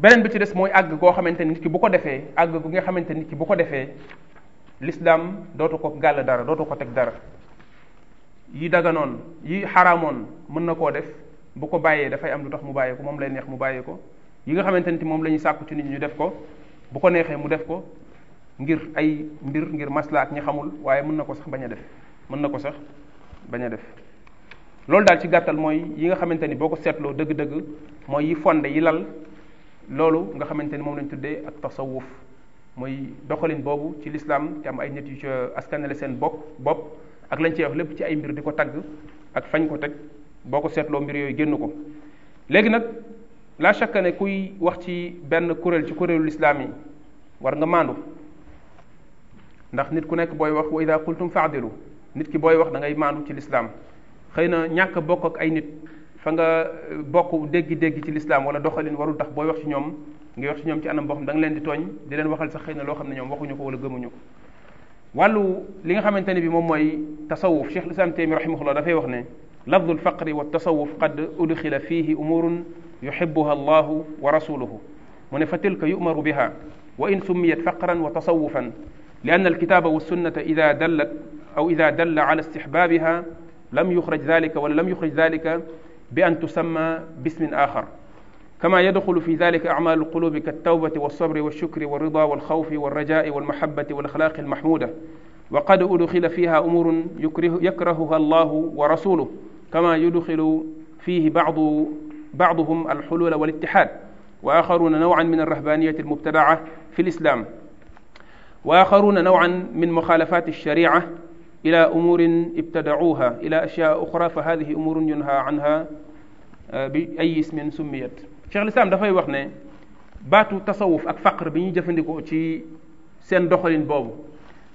beneen bi ci des mooy àgg goo xamante nit ki bu ko defee àgg gu nga xamante nit ki bu ko defee l'islam dootu ko gàll dara dootu ko teg dara yi daganoon yi xaramoon mën na koo def bu ko bàyyee dafay am lu tax mu bàyyee ko moom lay neex mu bàyyee ko yi nga xamante ni moom lañuy ñuy sàkku ci nit ñu def ko bu ko neexee mu def ko ngir ay mbir ngir masla ak ñi xamul waaye mën na ko sax bañ a def mën na ko sax bañ a def loolu daal ci gàttal mooy yi nga xamante ni boo ko seetloo dëgg-dëgg mooy yi fonde lal loolu nga xamante ni moom lañ tuddee ak tasawuf mooy doxalin boobu ci lislaam te am ay nit yu ca askanale seen bopp bopp ak lañ cee wax lépp ci ay mbir di ko tagg ak fañ ko teg boo ko seetloo mbir yooyu génn ko léegi nag la chaque ne kuy wax ci benn kuréel ci kuréelu lislaam yi war nga maandu ndax nit ku nekk booy wax wa ida qultum faadilu nit ki booy wax dangay ngay maandu ci lislaam xëy na ñàkk bokk ak ay nit fa nga euh, bokk dégg-dégg ci lislaam wala doxalin warul tax booy wax ci ñoom ngi wax ci ñoom ci anam boo xam da nga leen di tooñ di leen waxal sax xëy na loo xam ne ñoom waxuñu ko wala gëmuñu ko wàllu li nga xamante ne bi moom mooy tasawuf cheikh lislam taymi rahimahullah dafay wax ne lafdul faqri wa tasawuf qad udxila fihi umurun yuxibuha allahu wa rasuluhu mu ne fa tilka yumaru biha wa in summiyat faqran wa tasawufan li anna alkitaba wa sunnata ida dallat aw ida dalla ala istixbaabiha lam yuxraj dalika wala lam yuxraj dalika bi an tusamma bismin axar kama yadxulu fi dalika acmalu lqulubi kaltawbati walsabri walshukri walrida walxawfi walrajai walmahabati walaxlaaqi almahmuda wa qad udxila fiha umurun yakrahuha allahu wa rasuluhu kama yudxilu fihi bacdu bacduhum alxulula walitixaad wa axaruna nawcan min alrahbaniyati almubtadaca fi lislam wa axaruna nawcan min muxaalafaati alsharica إلى أمور ابتدعوها إلى أشياء أخرى فهذه أمور ينهى عنها بأي اسم سميت Cheikh Lislaam dafay wax ne baatu tasawuf ak faqr bi ñuy jëfandikoo ci seen doxalin boobu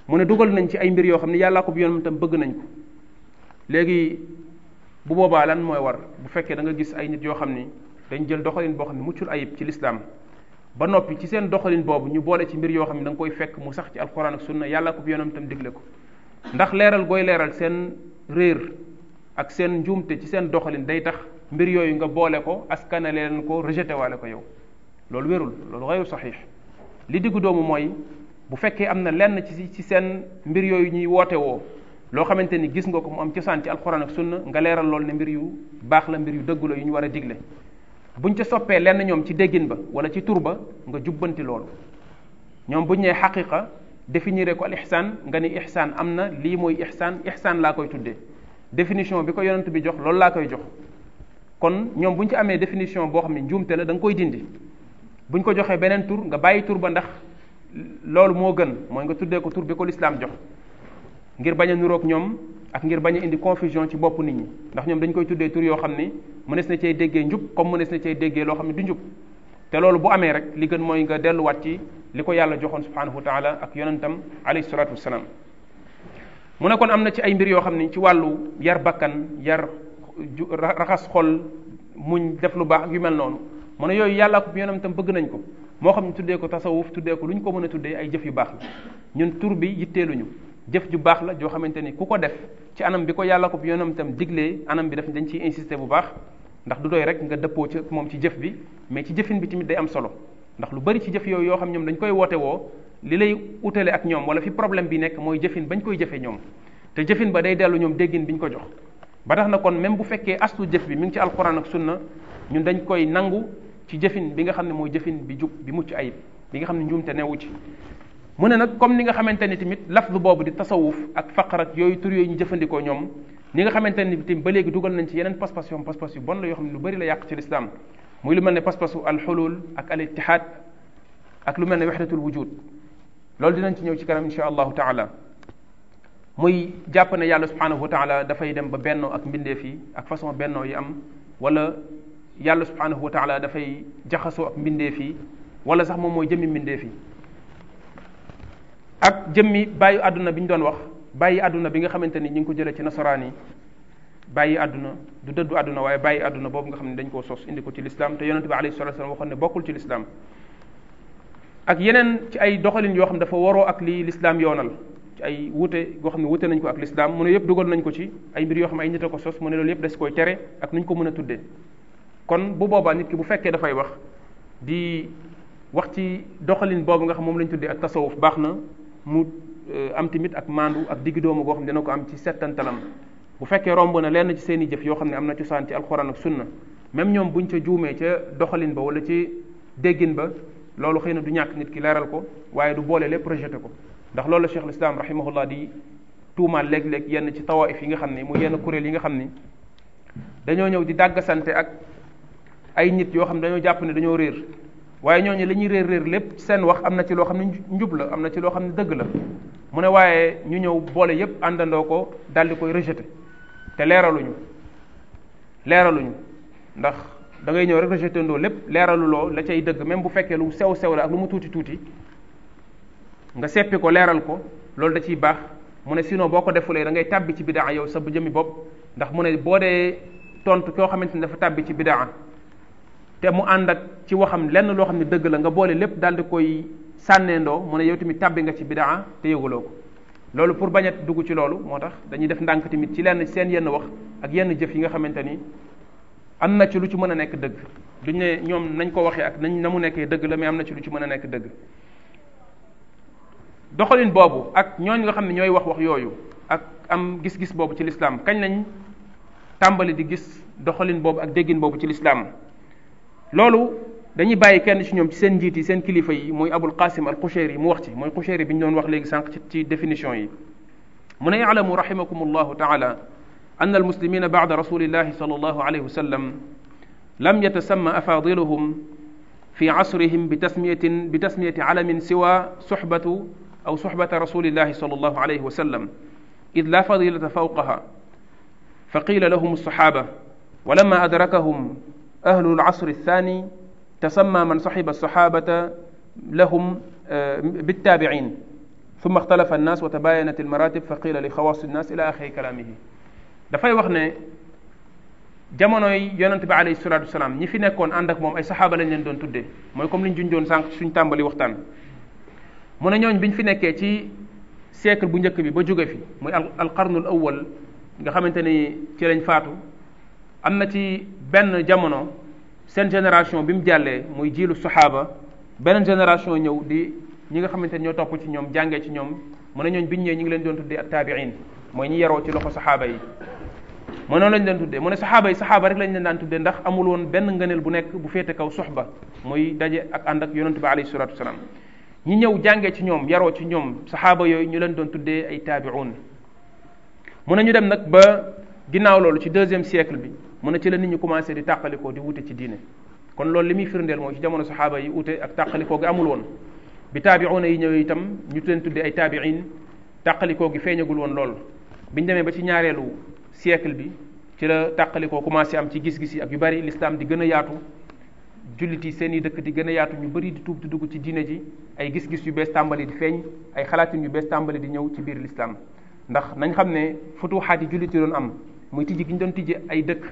mu ne dugal nañ ci ay mbir yoo xam ne yàllaa ko bu yoonam tam bëgg nañ ko léegi bu boobaa mooy war bu fekkee da nga gis ay nit yoo xam ni dañ jël doxalin boo xam ne muccul ayib ci lislaam ba noppi ci seen doxalin boobu ñu boole ci mbir yoo xam ne da nga koy fekk mu sax ci alquran ak sunna ko bu yoonam ko ndax leeral gooy leeral seen réer ak seen njuumte ci seen doxalin day tax mbir yooyu nga boole ko askane leen ko rejeté ko yow loolu wérul loolu xayru saxiix li diggu doomu mooy bu fekkee am na lenn ci ci seen mbir yooyu ñuy woote woo loo xamante ni gis nga ko mu am cosaan ci alxuraan ak sunna nga leeral lool ne mbir yu baax la mbir yu dëgg la yu ñu war a digle buñ ca soppee lenn ñoom ci déggin ba wala ci tur ba nga jubbanti loolu ñoom buñ nee définir ko al ihsaan nga ne ihsaan am na lii mooy ihsaan ihsaan laa koy tuddee définition bi ko yonent bi jox loolu laa koy jox kon ñoom bu ñu ci amee définition boo xam ne njuumte la da nga koy dindi bu ko joxee beneen tur nga bàyyi tur ba ndax loolu moo gën mooy nga tuddee ko tur bi ko lislaam jox ngir bañ a ñoom ak ngir bañ a indi confusion ci bopp nit ñi ndax ñoom dañ koy tuddee tur yoo xam ni mënees na cee déggee njub comme mënees na cee déggee loo xam ne du njub te loolu bu amee rek li gën mooy nga delluwaat ci li ko yàlla joxoon subhanahu wa taala ak yonentam alayhi salatu wasalaam mu ne kon am na ci ay mbir yoo xam ne ci wàllu yar bàkkan yar raxas xol muñ def lu baax ak yu mel noonu mu ne yooyu yàlla ak yonentam bëgg nañ ko moo xam ñu tuddee ko tasawuf tuddee ko lu ñu ko mën a tuddee ay jëf yu baax la ñun tur bi lu ñu jëf ju baax la joo xamante ni ku ko def ci anam bi ko yàlla ko bu yonentam diglee anam bi def dañ ciy insister bu baax ndax du doy rek nga dëppoo ci moom ci jëf bi mais ci jëfin bi tamit day am solo ndax lu bari ci jëf yooyu yoo xam ñoom dañ koy woote woo li lay utale ak ñoom wala fi problème bi nekk mooy jëfin bañ koy jëfee ñoom te jëfin ba day dellu ñoom déggin biñ ko jox ba tax na kon même bu fekkee astu jëf bi mu ngi ci alquran ak sunna ñun dañ koy nangu ci jëfin bi nga xam ne mooy jëfin bi jub bi mucc ayib bi nga xam ne njuumte newu ci mu ne nag comme ni nga xamante ni tamit lafdu boobu di tasawuf ak faqar yooyu tur yooyu ñu jëfandikoo ñoom ñi nga xamante ni tamit ba léegi dugal nañ ci yeneen pas-pas yoo pas-pas yu bon la yoo xam ne lu bari la yàq ci l'islam muy lu mel ne pas alxulul ak al ak lu mel ne wahdatul wujud loolu dinañ ci ñëw ci kanam insha allahu taala muy jàpp ne yàlla subhanahu wa taala dafay dem ba bennoo ak mbindee fii ak façon bennoo yi am wala yàlla subhanahu wa taala dafay jaxasoo ak mbindeef yi wala sax moom mooy jëmmi mbindee yi ak jëmmi bàyyi àdduna bi ñu doon wax bàyyi àdduna bi nga xamante ni ñu ngi ko jëlee ci nasaraan yi bàyyi àdduna du dëddu àdduna waaye bàyyi àdduna boobu nga xam ne dañ koo sos indi ko ci lislaam te yonente bi alayhi salatu wasallam waxoon ne bokkul ak yeneen ci ay doxalin yoo xam ne dafa waroo ak li lislaam yoonal ci ay wute goo xam ne wute nañ ko ak lislaam mu ne yëpp dugal nañ ko ci ay mbir yoo xam ne ay nit a ko sos mu ne loolu yëpp des koy tere ak nuñ ko mën a tuddee kon bu boobaa nit ki bu fekkee dafay wax di wax ci doxalin boobu nga xam moom lañ tuddee ak tasawuf baax na mu Euh, am tamit ak maandu ak diggu doomu goo xam ne dana ko am ci settantalam bu fekkee romb na lenn ci seen i jëf yoo xam ne am na cosaan ci alxuraan ak sunna même ñoom buñ ca juumee ca doxalin ba wala ci déggin ba loolu xëy na du ñàkk nit ki leeral ko waaye du boole lépp rejeté ko ndax loolu la Cheikh al-Islam rahimahullah di tuumaal léeg-léeg yenn ci tawaif yi nga xam ne mu yenn kuréel yi nga xam ni dañoo ñëw di dàggasante ak ay nit yoo xam ne dañoo jàpp ne dañoo réer waaye ñooñu li ñuy réer réer lépp seen wax am na ci loo xam ne njub am na ci loo xam ne dëgg la mu ne waaye ñu ñëw boole yépp àndandoo ko daldi koy rejeter te leeraluñu leeraluñu ndax dangay ngay ñëw rek rejeter ndoo lépp leeraluloo la cay dëgg même bu fekkee lu sew sew la ak lu mu tuuti tuuti nga seppi ko leeral ko loolu da ciy baax mu ne sinon boo ko defulee da ngay tàbbi ci bidaa yow sa bu jëmi bopp ndax mu ne boo dee tontu koo xamante ni dafa tàbbi ci bidaa te mu ànd ak ci waxam lenn loo xam ne dëgg la nga boole lépp di koy sànneendoo mu ne yow tamit tàbbi nga ci bidaa te yëguloo ko loolu pour bañ dugg ci loolu moo tax dañuy def ndànk tamit ci lenn seen yenn wax ak yenn jëf yi nga xamante ni am na ci lu ci mën a nekk dëgg duñ ñoom nañ ko waxee ak nañ mu nekkee dëgg la am na ci lu ci mën a nekk dëgg doxalin boobu ak ñooñ nga xam ne ñooy wax wax yooyu ak am gis-gis boobu ci lislaam kañ lañ tàmbali di gis doxalin boobu ak déggin boobu ci lislaam loolu dañuy bàyyi kenn ci ñoom ci seen njiit yi seen kilifa yi muy abul qasim al qushayri yi mu wax ci mooy qushayri bi ñu doon wax léegi sànq ci ci définition yi mu ne yalamu rahimakum allahu taala an almuslimina bada rasulillahi sal allahu alayhi wa sallam lam yatasamma afadiluhum fi asrihim bi tasmiyatin bi tasmiyati alamin siwa suxbatu aw suxbata rasulillahi sal allahu alayhi wa sallam id la fadilata fawqaha fa qila lahum alsaxaaba wa lama adrakahum ahlu alasri althani tasamma man saxiba saxaabata lahum bittaabiin summa ixtalafa annaas wa tabayanat almaratib fa qila li xawaas annaas ila axiri kalaamihi dafay wax ne jamonoy yonent bi alayhi salaatu wasalaam ñi fi nekkoon ànd ak moom ay saxaaba lañ leen doon tuddee mooy comme li ñu junjoon sànq suñ tàmbali waxtaan mu ne ñooñ biñ fi nekkee ci siècle bu njëkk bi ba jóge fi muy al qarnul awwal nga xamante ni ci lañ faatu am na ci benn jamono seen génération bi mu jàllee muy jiilu saxaaba beneen génération ñëw di ñi nga xamante ne ñoo topp ci ñoom jànge ci ñoom mu ne ñooñ biñ ñëwee ñu ngi leen doon tuddee ak taabiin mooy ñi yaroo ci loxo saxaaba yi mu noonu lañ leen tuddee mu ne saxaaba yi saxaaba rek lañ leen daan tuddee ndax woon benn ngëneel bu nekk bu féete kaw suxba muy daje ak ànd ak yonentu bi alayhi salatu wasalaam ñi ñëw jàngee ci ñoom yaroo ci ñoom saxaaba yooyu ñu leen doon tuddee ay taabiun mu ne ñu dem nag ba ginnaaw loolu ci deuxième siècle bi mu ne ci la nit ñi commencé di tàqalikoo di wute ci diine kon loolu li muy firndeel mooy ci jamono saxaaba yi wute ak tàqalikoo gi amul woon bi na yi ñëwee itam ñu leen tudde ay taabiin tàqalikoo gi feeñagul woon lool biñu demee ba ci ñaareelu siècle bi ci la tàqalikoo commencé am ci gis-gis yi ak yu bari l'islam di gën a yaatu jullit yi seen i dëkk di gën a yaatu ñu bari di tuub dugg ci diine ji ay gis-gis yu bees tàmbali di feeñ ay xalaatin yu bees tàmbali di ñëw ci biir l'islam ndax nañ xam ne futuxaat yi jullit yi doon am muy tijji gi ñu doon tijji ay dëkk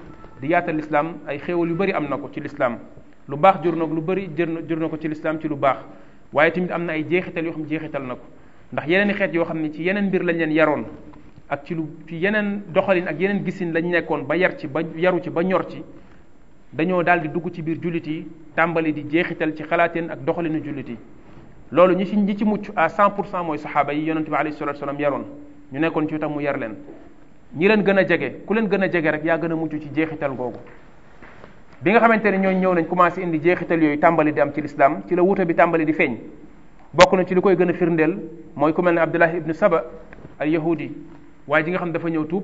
di yaatal lislaam ay xéewal yu bëri am na ko ci lislaam lu baax jur na lu bëri jër jur na ko ci lislaam ci lu baax waaye tamit am na ay jeexital yoo xam jeexital na ko ndax yeneen i xeet yoo xam ne ci yeneen mbir lañ leen yaroon ak ci lu ci yeneen doxalin ak yeneen gisin lañ nekkoon ba yar ci ba yaru ci ba ñor ci dañoo daal di dugg ci biir jullit yi tàmbali di jeexital ci xalaateen ak doxalinu jullit yi loolu ñi ci ñi ci mucc à 100 pour cent mooy saxaaba yi yonente bi alayhi salatu wasalam ñu nekkoon ci itam mu yar leen ñi leen gën a jege ku leen gën a jege rek yaa gën a mucc ci jeexital googu bi nga xamante ne ñooñu ñëw nañ commencé indi jeexital yooyu tàmbali di am ci lislaam ci la wute bi tàmbali di feeñ bokk na ci li koy gën a firndeel mooy ku mel ne Abdullah ibnu Saba al yahudi waaye ji nga xam ne dafa ñëw tuub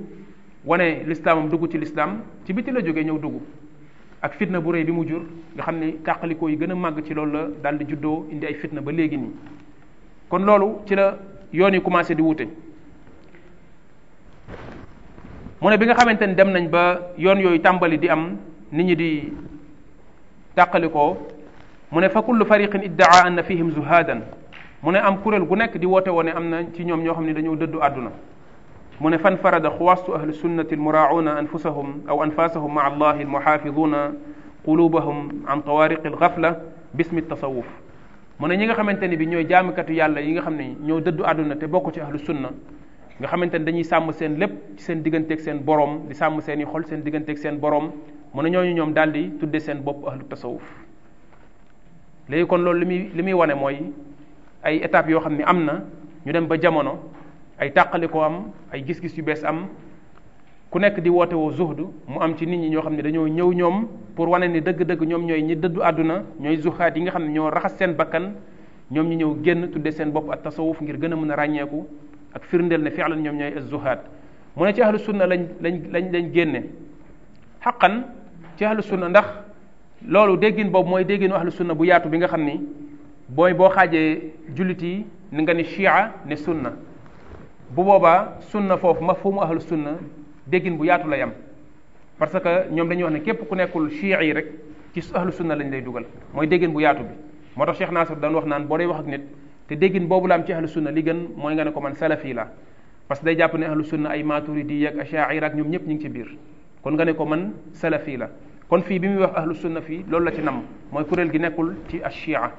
wane lislaamam dugg ci lislaam ci biti la jógee ñëw dugg ak fitna bu rëy bi mu jur nga xam ni tàqalikoo yi gën a màgg ci loolu la daal di juddoo indi ay fitna ba léegi nii kon loolu ci la yoon yi commencé di wute mu bi nga xamante ni dem nañ ba yoon yooyu tàmbali di am nit ñi di tàqalikoo mu ne fa kullu fariqin iddaa anna fihim zuhadan mu ne am kuréel gu nekk di woote woone am na ci ñoom ñoo xam ne dañoo dëddu àdduna mu ne fan farada xuwaastu ahli sunnati almuraacuuna anfusahum aw anfaasahum maa allahi almuxaafiduuna qulubahum an tawaariqi alxafla bismi tasawuf mu ne ñi nga xamante ni bi ñooy jaamikatu yàlla yi nga xam ne ñoo dëddu àdduna te bokk ci ahlu sunna nga xamante ne dañuy sàmm seen lépp ci seen digganteeg seen borom di sàmm seeni i xol seen digganteeg seen borom mën na ñooñu ñoom daal di tudde seen bopp ahlu tasawuf léegi kon loolu li muy li muy wane mooy ay étapes yoo xam ne am na ñu dem ba jamono ay tàqalikoo am ay gis-gis yu bees am ku nekk di woote woo zuhdu mu am ci nit ñi ñoo xam ne dañoo ñëw ñoom pour wane ni dëgg-dëgg ñoom ñooy ñi dëddu àdduna ñooy zuxaat yi nga xam ne ñoo raxas seen bakkan ñoom ñu ñëw génn tudde seen bopp ak tasawuf ngir gën a mën a ràññeeku ak firndeel ne fi'lan ñoom ñooy az-zuhaad mu ne ci ahlu sunna lañ lañ lañ lañ génne xaqan ci ahlu sunna ndax loolu déggin boobu mooy dégginu ahlu sunna bu yaatu bi nga xam ni booy boo xaajee jullit yi ni nga ne chia ne sunna bu boobaa sunna foofu ma mafhumu ahlu sunna déggin bu yaatu lay am parce que ñoom dañuy wax ne képp ku nekkul chia yi rek ci ahlu sunna lañ lay dugal mooy déggin bu yaatu bi moo tax Cheikh Nasir daan wax naan boo day wax ak nit te déggin boobu la am ci ahlu sunna li gën mooy nga ne ko man salafi la parce que day jàpp ne ahlu sunna ay maturidi ak ashaira ak ñoom ñëpp ñu ngi ci biir kon nga ne ko man salafi la kon fii bi muy wax ahlu sunna fii loolu la ci nam mooy kuréel gi nekkul ci ashia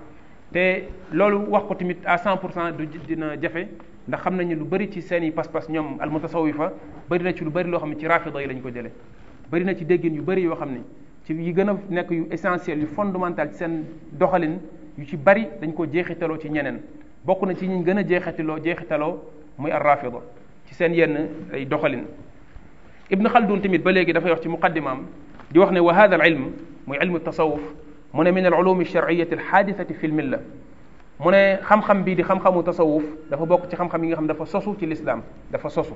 te loolu wax ko tamit à cent pour cent du dina jafe ndax xam nañu lu bëri ci seen i pas-pas ñoom almutasawifa bëri na ci lu bëri loo xam ne ci rafida yi lañ ko jëlee bëri na ci déggin yu bëri yoo xam ne ci yi gën nekk yu essentiel yu fondamental ci seen doxalin yu ci bari dañ ko jeexitaloo ci ñeneen bokk na ci ñi gën a jeexitaloo jeexitaloo muy arrafida ci seen yenn ay doxalin ibn xaldun tamit ba léegi dafay wax ci muqaddimaam di wax ne wa hada al ilm muy ilmu mu ne min al ulum sharciyati al xaadisati fi l milla mu ne xam bii di xam-xamu tasawuf dafa bokk ci xam yi nga xam dafa sosu ci lislaam dafa sosu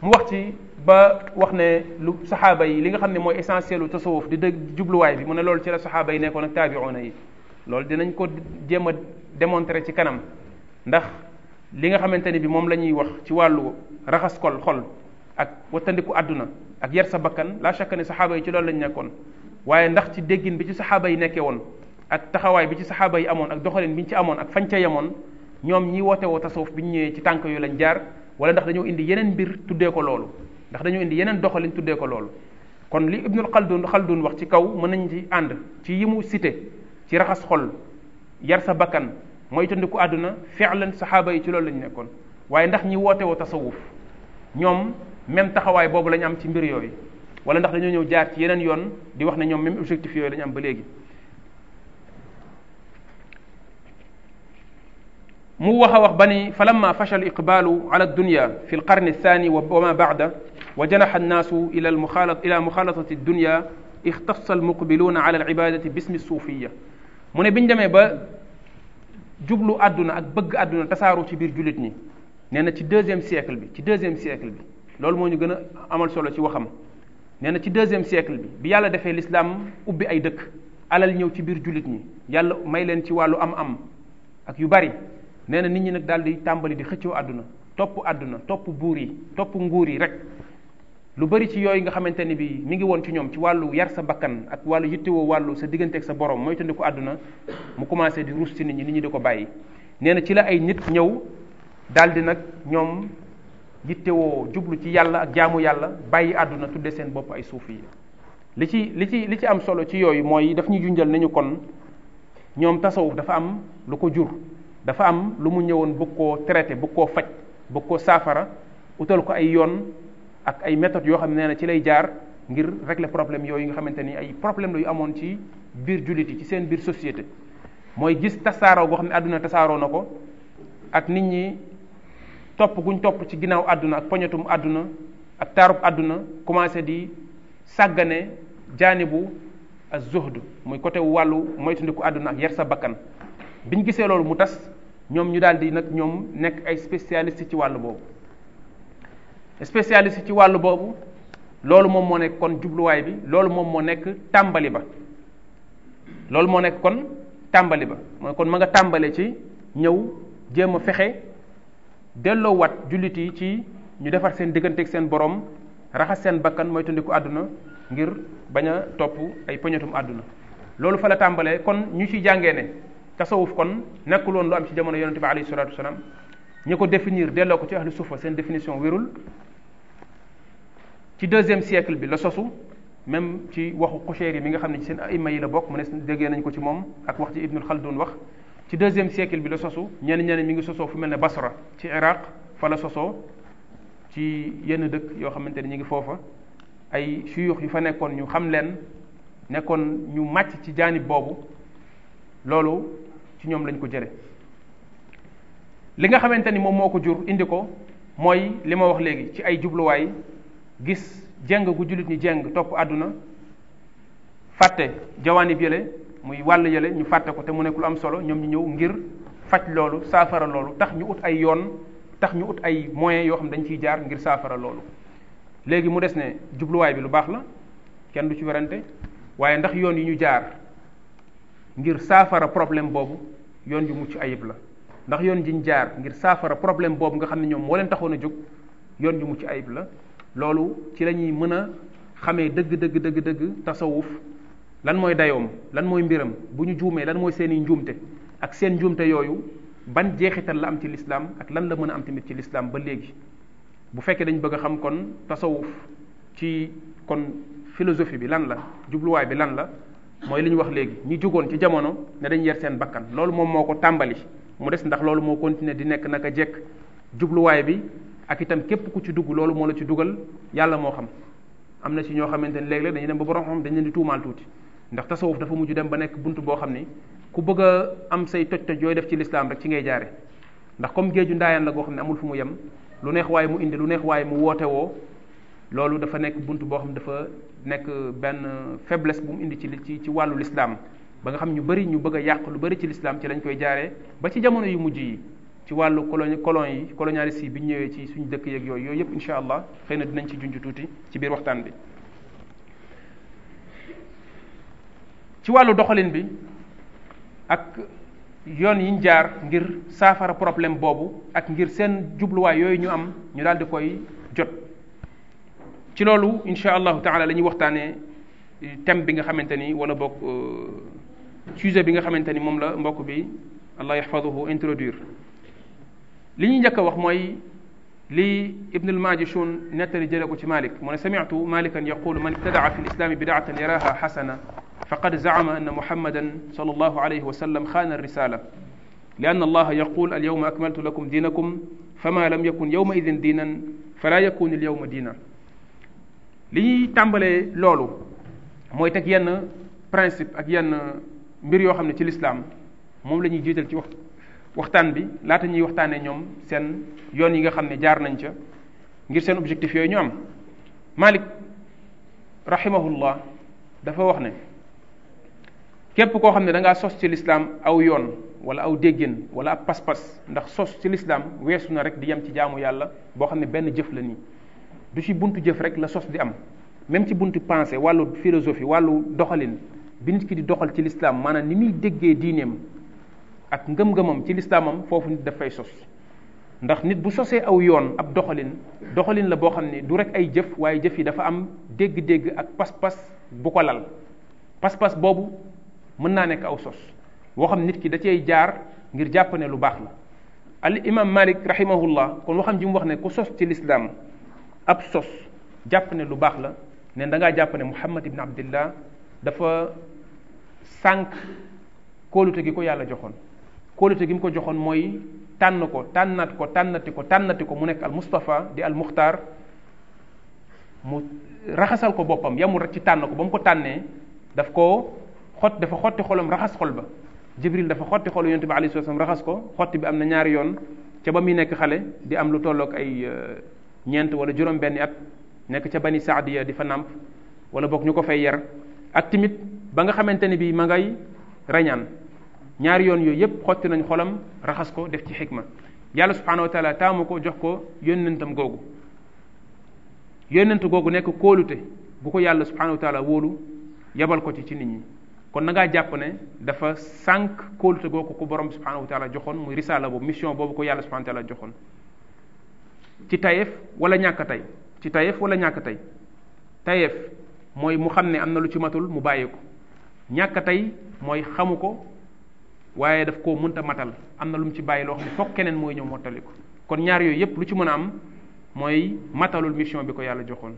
mu wax ci ba wax ne lu saxaaba yi li nga xam ne mooy essentiel u tasawuf di dëgg jubluwaay bi mu ne loolu ci la saxaaba yi nekkoon ak taabiuna yi loolu dinañ ko jéem a démontrer ci kanam ndax li nga xamante ni bi moom la ñuy wax ci wàllu raxas kol xol ak wattandiku àdduna ak yar sa bakkan la chaque ne saxaaba yi ci loolu lañ nekkoon waaye ndax ci déggin bi ci saxaaba yi nekkee woon ak taxawaay bi ci saxaaba yi amoon ak doxalin bi ñu ci amoon ak fañ ca yemoon ñoom ñi woote woo tasawuf bi ñu ñëwee ci tànk yu lañu jaar wala ndax dañoo indi yeneen mbir tuddee ko loolu ndax dañoo indi yeneen doxalin tuddee ko loolu kon li ibnul xaldun xaldun wax ci kaw mën nañ ci ànd ci yi mu cité ci raxas xol yar sa bakkan mooy tëndiku àdduna fi'lan saxaaba yi ci loolu lañu nekkoon waaye ndax ñi woote woo tasawuf ñoom même taxawaay boobu lañu am ci mbir yooyu wala ndax dañoo ñëw jaar ci yeneen yoon di wax na ñoom même objectif yooyu lañu am ba léegi mu wax a wax ba ni fa lamma fasha al iqbaalu ala dunya fi alqarni althani wa ma baada wa janaxa annaasu ila almuxalat ila muxalatati dunya ixtassa almuqbiluuna ala alibadati bismi suufiya mu ne bi ñu demee ba jublu àdduna ak bëgg àdduna tasaaroo ci biir jullit ñi nee na ci deuxième siècle bi ci deuxième siècle bi loolu moo ñu gën a amal solo ci waxam nee na ci deuxième siècle bi bi yàlla defee l'islam ubbi ay dëkk alal ñëw ci biir jullit ñi yàlla may leen ci wàllu am-am ak yu bari nee na nit ñi nag daal di tàmbali di xëccoo àdduna topp àdduna topp buur yi topp nguur yi rek lu bari ci yooyu nga xamante ni bi mi ngi woon ci ñoom ci wàllu yar sa bakkan ak wàllu yittewoo wàllu sa digganteeg sa borom mooy tëndiku àdduna mu commencé di ruus ci nit ñi nit ñi di ko bàyyi nee na ci la ay nit ñëw daldi nag ñoom yittewoo jublu ci yàlla ak jaamu yàlla bàyyi àdduna tudde seen bopp ay suuf yi li ci li ci li ci am solo ci yooyu mooy daf ñu junjal nañu kon ñoom tasawu dafa am lu ko jur dafa am lu mu ñëwoon bëgg koo traité bëgg koo faj bëgg koo saafara utal ko ay yoon ak ay méthodes yoo xam ne na ci lay jaar ngir régler problème yooyu nga xamante ni ay problème la yu amoon ci biir jullit yi ci seen biir société mooy gis tasaaroo goo xam ne àdduna tasaaroo na ko ak nit ñi topp guñ topp ci ginnaaw àdduna ak poñatum àdduna ak taarub àdduna commencé di sàggane jaanibu ak zuhd muy côté wàllu moytundiku àdduna ak yar sa bakkan biñ gisee loolu mu tas ñoom ñu daal di nag ñoom nekk ay spécialiste ci wàll boobu spécialiste ci wàllu boobu loolu moom moo nekk kon jubluwaay bi loolu moom moo nekk tàmbali ba loolu moo nekk kon tàmbali ba mooy kon ma nga tàmbale ci ñëw jéem a fexe delloowaat jullit yi ci ñu defar seen diggante ak seen borom raxas seen bakkan mooy tundiku àdduna ngir bañ a topp ay poñatum àdduna loolu fa la tàmbalee kon ñu ci jàngee ne tasawuf kon nekkul woon lu am ci jamono yonente bi alayhi salatu wasalaam ñi ko définir delloo ko ci ahlu sufa seen définition wérul ci deuxième siècle bi la sosu même ci waxu Qushayri mi nga xam ne ci seen aima yi la bokk mu ne déggee nañ ko ci moom ak wax ci Ibnul Khaldun wax ci deuxième siècle bi la sosu ñenn ñeneen mu ngi sosoo fu mel ne Basra ci Iraq fa la sosoo ci yenn dëkk yoo xamante ne ñu ngi foofa ay suyux yu fa nekkoon ñu xam leen nekkoon ñu màcc ci jaanib boobu loolu ci ñoom lañ ko jële li nga xamante ni moom moo ko jur indi ko mooy li ma wax léegi ci ay jubluwaay gis jeng gu jullit ñi jeng topp àdduna fàtte jawaanib yële muy wàll yële ñu fàtte ko te mu nekk lu am solo ñoom ñu ñëw ngir faj loolu saafara loolu tax ñu ut ay yoon tax ñu ut ay moyens yoo xam dañ ciy jaar ngir saafara loolu léegi mu des ne jubluwaay bi lu baax la kenn du ci werante waaye ndax yoon yi ñu jaar ngir saafara problème boobu yoon yu mucc ayib la ndax yoon ji ñu jaar ngir saafara problème boobu nga xam ne ñoom moo leen taxoon a jóg yoon yu mucc ayib la loolu ci lañuy mën a xamee dëgg dëgg dëgg tasawuf lan mooy dayoom lan mooy mbiram bu ñu juumee lan mooy seeni njuumte ak seen njuumte yooyu ban jeexital la am ci lislaam ak lan la mën a am tamit ci lislaam ba léegi bu fekkee dañu bëgg xam kon tasawuf ci kon philosophie bi lan la jubluwaay bi lan la mooy li ñu wax léegi ñi jugoon ci jamono ne dañu yar seen bakkan loolu moom moo ko tàmbali mu des ndax loolu moo continuer di nekk naka jekk jubluwaay bi ak itam képp ku ci dugg loolu moo la ci dugal yàlla moo xam am na ci ñoo xamante ne léeg-léeg dañu dem ba borom xam dañu leen di tuumaal tuuti ndax tasawuf dafa mujj dem ba nekk bunt boo xam ni ku bëgg a am say toj-toj yooyu def ci lislaam rek ci ngay jaare ndax comme géeju ndaayaan la goo xam ne amul fu mu yem lu neex waaye mu indi lu neex waaye mu woote woo loolu dafa nekk bunt boo xam ne dafa nekk benn faiblesse bu mu indi ci ci ci wàllu lislaam ba nga xam ñu bari ñu bëgg a yàq lu bari ci lislaam ci lañ koy jaaree ba ci jamono yu mujj yi ci wàllu colon colon yi colonialiste yi bi ñu ci suñu dëkk yeeg yooyu yooyu yëpp allah xëy na dinañ ci junj tuuti ci biir waxtaan bi. ci wàllu doxalin bi ak yoon yi yiñ jaar ngir saafara problème boobu ak ngir seen jubluwaay yooyu ñu am ñu daal di koy jot ci loolu incha allahu taala la ñuy waxtaanee euh, thème bi nga xamante ni bokk boog euh, sujet bi nga xamante ni moom la mbokk bi allah yahfaduhu introduire. li ñuy njëkk a wax mooy li ibnul majishun nettali jële ko ci malik mu ne sami'tu malikan yaqulu man ibtadaa fi lislami bidaatan yaraha xasana faqad zaama anna muhammadan sallallahu alayhi wa sallam xaana risala li anna allaha yaqul alyawma akmaltu lakum dinakum fama lam yakun yawma idin diinan fala yakun alyawma diina li ñuy tàmbalee loolu mooy teg yenn principe ak yenn mbir yoo xam ne ci lislaam moom la ñuy ci wax waxtaan bi laata ñuy waxtaanee ñoom seen yoon yi nga xam ne jaar nañ ca ngir seen objectif yooyu ñu am Malik rahimahullah dafa wax ne képp koo xam ne da ngaa sos ci lislaam aw yoon wala aw déggin wala ab pas-pas ndax sos ci lislaam weesu na rek di yem ci jaamu yàlla boo xam ne benn jëf la ni du ci buntu jëf rek la sos di am même ci buntu pensée wàllu philosophie wàllu doxalin bi nit ki di doxal ci lislaam maanaam ni muy déggee diineem ak ngëm-ngëmam ci lislaamam foofu nit daf fay sos ndax nit bu sosee aw yoon ab doxalin doxalin la boo xam ne du rek ay jëf waaye jëf yi dafa am dégg-dégg ak pas-pas bu ko lal pas-pas boobu mën naa nekk aw sos boo xam nit ki da cey jaar ngir jàpp ne lu baax la al imam malik rahimahullah kon waxam ji mu wax ne ku sos ci lislaam ab sos jàpp ne lu baax la ne da ngaa jàpp ne muhammad ibn abdillah dafa sànq kóolute gi ko yàlla joxoon kóolute gi mu ko joxoon mooy tànn ko tànnat ko tànnati ko tànnati ko mu nekk al Mustafa di al Muxtaar mu raxasal ko boppam yamul rek ci tànn ko ba mu ko tànnee daf ko xot dafa xotti xolam raxas xol ba Jibril dafa xotti xolu yonte bi alayhi salaam raxas ko xotti bi am na ñaari yoon ca ba muy nekk xale di am lu tollook ay euh, ñeent wala juróom benni at nekk ca bani saadiya di fa nàmp wala boog ñu ko fay yar ak timit ba nga xamante ni bii ma ngay rañaan ñaari yoon yooyu yépp xotti nañ xolam raxas ko def ci xikma yàlla subhanahu wa taala taamu ko jox ko yónnentam googu yónnent googu nekk kóolute bu ko yàlla subhanahu wa wóolu yebal ko ci ci nit ñi kon na jàpp ne dafa sànq kóolute googu ko borom subhanahu wa taala joxoon muy risala boobu mission boobu ko yàlla subhanahu wa taala joxoon ci tayef wala ñàkk tey ci tayef wala ñàkk tey tayef mooy mu xam ne am na lu ci matul mu bàyyi ko ñàkk tey mooy xamu ko waaye daf koo munta matal am na lu mu ci bàyyi loo xam ne foog keneen mooy ñëw mottali kon ñaar yooyu yépp lu ci mën a am mooy matalul mission bi ko yàlla joxoon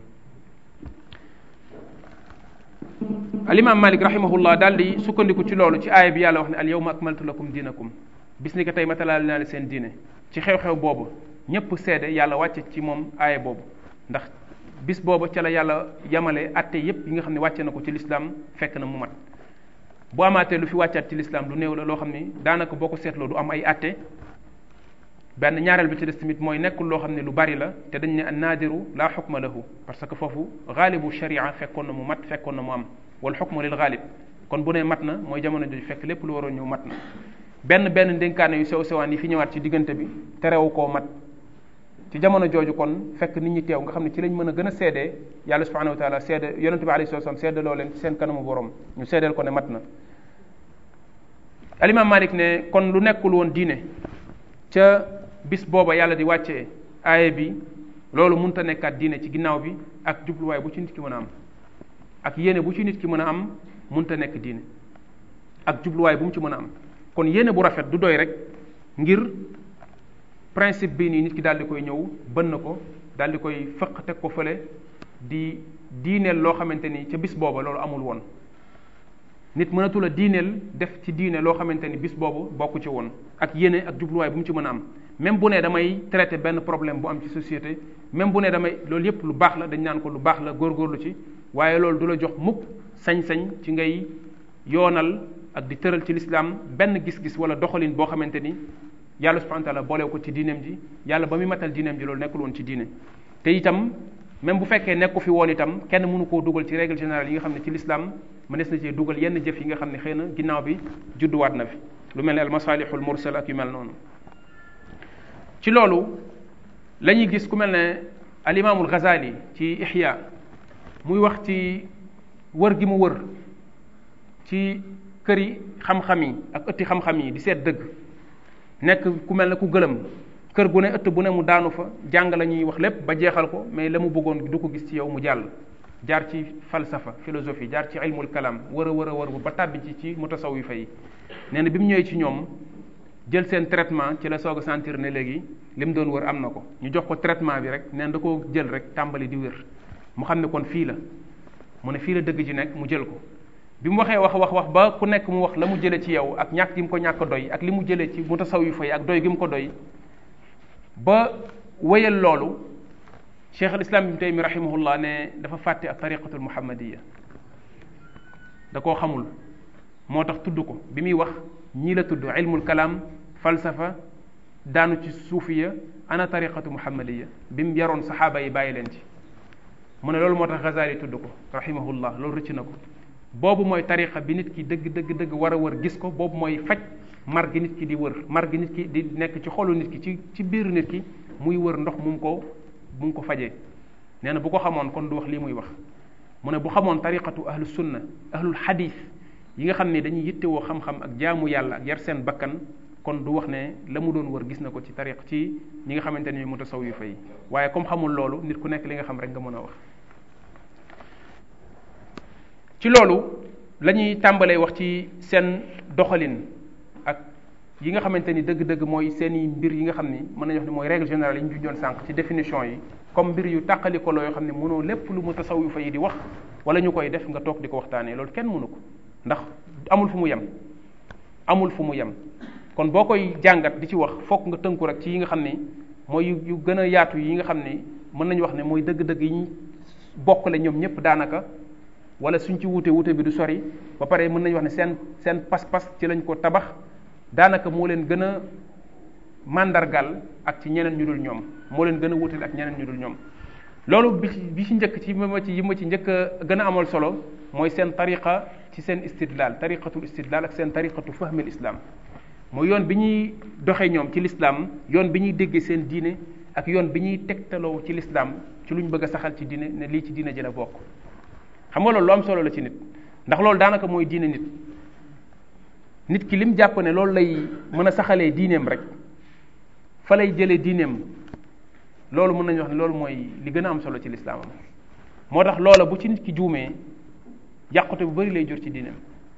alimaam malik rahimahullah daal di sukkandiku ci loolu ci aaya bi yàlla wax ne al yawma akmaltu lakum diinakum bis ni ko tey matalaal naa la seen diine ci xew-xew boobu ñépp seede yàlla wàcce ci moom aaya boobu ndax bis boobu ca la yàlla yamale atte yépp yi nga xam ne wàcce na ko ci lislaam fekk na mu mat bu amaatee lu fi wàccaat ci lislaam lu néew la loo xam ni daanaka boo ko seetloo du am ay atte benn ñaareel bi ci des tamit mooy nekkul loo xam ne lu bari la te dañ ne an naadiru la xukma lahu parce que foofu xaalibu sharia fekkoon na mu mat fekkoon na mu am wal xukmu lil xaalib kon bu nee mat na mooy jamono jooju fekk lépp lu waroon ñëw mat na benn benn ndénkaane yu sew sewaan yi fi ñëwaat ci diggante bi terewu koo mat ci jamono jooju kon fekk nit ñi teew nga xam ne ci lañ mën a gën a seedee yàlla subhanahu wa taala seede yonente bi alayhi salaam seede loo leen seen kanamu borom ñu seedeel ko ne mat na alimam malik ne kon lu nekkul woon diine ca bis booba yàlla di wàcce aaye bi loolu munta nekkaat diine ci ginnaaw bi ak jubluwaay bu ci nit ki mën a am ak yéene bu ci nit ki mën a am munta nekk diine ak jubluwaay bu mu ci mën a am kon yéene bu rafet du doy rek principe bii nii nit ki daal di koy ñëw bënn ko daal di koy fëq teg ko fële di diineel loo xamante ni ca bis booba loolu amul woon nit mënatul a diineel def ci diine loo xamante ni bis boobu bokku ci woon ak yéene ak jubluwaay bu mu ci mën a am même bu ne damay traité benn problème bu am ci société même bu ne damay loolu yépp lu baax la dañ naan ko lu baax la góorgóorlu ci waaye loolu du la jox mukk sañ-sañ ci ngay yoonal ak di tëral ci lislaam benn gis-gis wala doxalin boo xamante ni yàlla subhanahu wa taala boole ko ci diineem ji yàlla ba muy matal diineem ji loolu nekkul woon ci diine te itam même bu fekkee nekku fi woon itam kenn mënu koo dugal ci règle générale yi nga xam ne ci l'islam mënees na cee dugal yenn jëf yi nga xam ne xëy na ginnaaw bi judduwaat na bi lu mel ne al masalihul mursal ak yu mel noonu ci loolu lañuy gis ku mel ne al imaamul Ghazali ci Ihya muy wax ci wër gi mu wër ci këri xam-xam yi ak ëtti xam-xam yi di seet dëgg nekk ku mel ne ku gëlëm kër gu ne ëtt bu ne mu daanu fa jàng la ñuy wax lépp ba jeexal ko mais la mu bëggoon du ko gis ci yow mu jàll jaar ci falsafa philosophie jaar ci ilmul kalam wër a wër a ba tàbbi ci ci mutasawifa yi nee na bi mu ñëwee ci ñoom jël seen traitement ci la soog a sentir ne léegi li mu doon wër am na ko ñu jox ko traitement bi rek nee da koo jël rek tàmbali di wér mu xam ne kon fii la mu ne fii la dëgg ji nekk mu jël ko bi mu waxee wax wax wax ba ku nekk mu wax la mu jëlee ci yow ak ñàkk gi mu ko ñàkk doy ak li mu jëlee ci mu tasaw yu fay ak doy gi mu ko doy ba wéyal loolu cheikh al islam ibn taymi rahimahullah ne dafa fàtte ak tariqatul muhammadiya da xamul moo tax tudd ko bi muy wax ñii la tudd ilmul kalaam falsafa daanu ci suufiya ana tariqatu muhammadiya bi mu yaroon saxaaba yi bàyyi leen ci mu ne loolu moo tax Ghazali tudd ko rahimahullah loolu rëcc na ko boobu mooy tariqa bi nit ki dëgg dëgg dëgg war a wër gis ko boobu mooy faj mar gi nit ki di wër mar gi nit ki di nekk ci xolu nit ki ci ci biiru nit ki muy wër ndox mu mu ko mu ngi ko fajee nee na bu ko xamoon kon du wax lii muy wax mu ne bu xamoon tariqatu ahlu sunna ahlul hadis yi nga xam ne dañuy yittewoo xam-xam ak jaamu yàlla ak yar bakkan kon du wax ne la mu doon wër gis na ko ci tariq ci ñi nga xamante ne ñooy mutasawwifa yi waaye comme xamul loolu nit ku nekk li nga xam rek nga mën a wax ci loolu la ñuy tàmbalee wax ci seen doxalin ak yi nga xamante ni dëgg-dëgg mooy seeni mbir yi nga xam ni mën nañu wax ni mooy règle générale yi ñu junjoon sànq ci définition yi comme mbir yu tàqaliko loo yoo xam ne mënoo lépp lu mu tasawu fa yi di wax wala ñu koy def nga toog di ko waxtaanee loolu kenn mënu ko ndax amul fu mu yem amul fu mu yem kon boo koy jàngat di ci wax fokk nga tënku rek ci yi nga xam ni mooy yu gën a yaatu yi nga xam ni mën nañu wax ne mooy dëgg-dëgg yi bokkale ñoom ñëpp daanaka wala suñ ci wute wute bi du sori ba pare mën nañu wax ne seen seen pas-pas ci lañ ko tabax daanaka moo leen gën a màndargal ak ci ñeneen ñu dul ñoom moo leen gën a wuteel ak ñeneen ñu dul ñoom loolu bi ci bi ci njëkk ci ma ci yi ma ci njëkk a gën amal solo mooy seen tariqa ci seen istidlal tariqatul istidlal ak seen tariqatu fahmil islam moo yoon bi ñuy doxee ñoom ci l'islam yoon bi ñuy déggee seen diine ak yoon bi ñuy tegtaloo ci l'islam ci luñ bëgg a saxal ci diine ne lii ci diine ji la bokk xam nga loolu lu am solo la ci nit ndax loolu daanaka mooy diine nit nit ki lim jàpp ne loolu lay mën a saxalee diineem rek fa lay jëlee diineem loolu mën nañu wax ne loolu mooy li gën a am solo ci lislaamam moo tax loola bu ci nit ki juumee yàqute bu bari lay jur ci diineem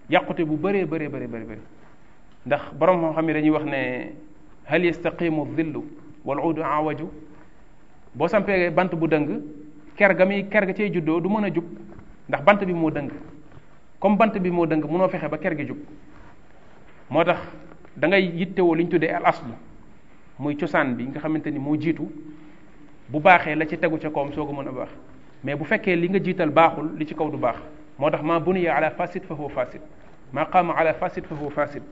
yàqute bu bëree bëree bëri bëri ndax borom moo xam ne dañuy wax ne hal yastaqimu dhillu wal udu awaju boo sampee bant bu dëng ker ga muy ker ga cay juddoo du mën a jub ndax bant bi moo dëng comme bant bi moo dëng mënoo fexe ba ker gi jub moo tax dangay ngay yittewoo li ñu tuddee al aslu muy cosaan bi nga xamante ni moo jiitu bu baaxee la ci tegu ca kawam soo ko mën a baax mais bu fekkee li nga jiital baaxul li ci kaw du baax moo tax maa buniya ala fasid fa huwa fasid maa qaama ala fasid fa huwa fasid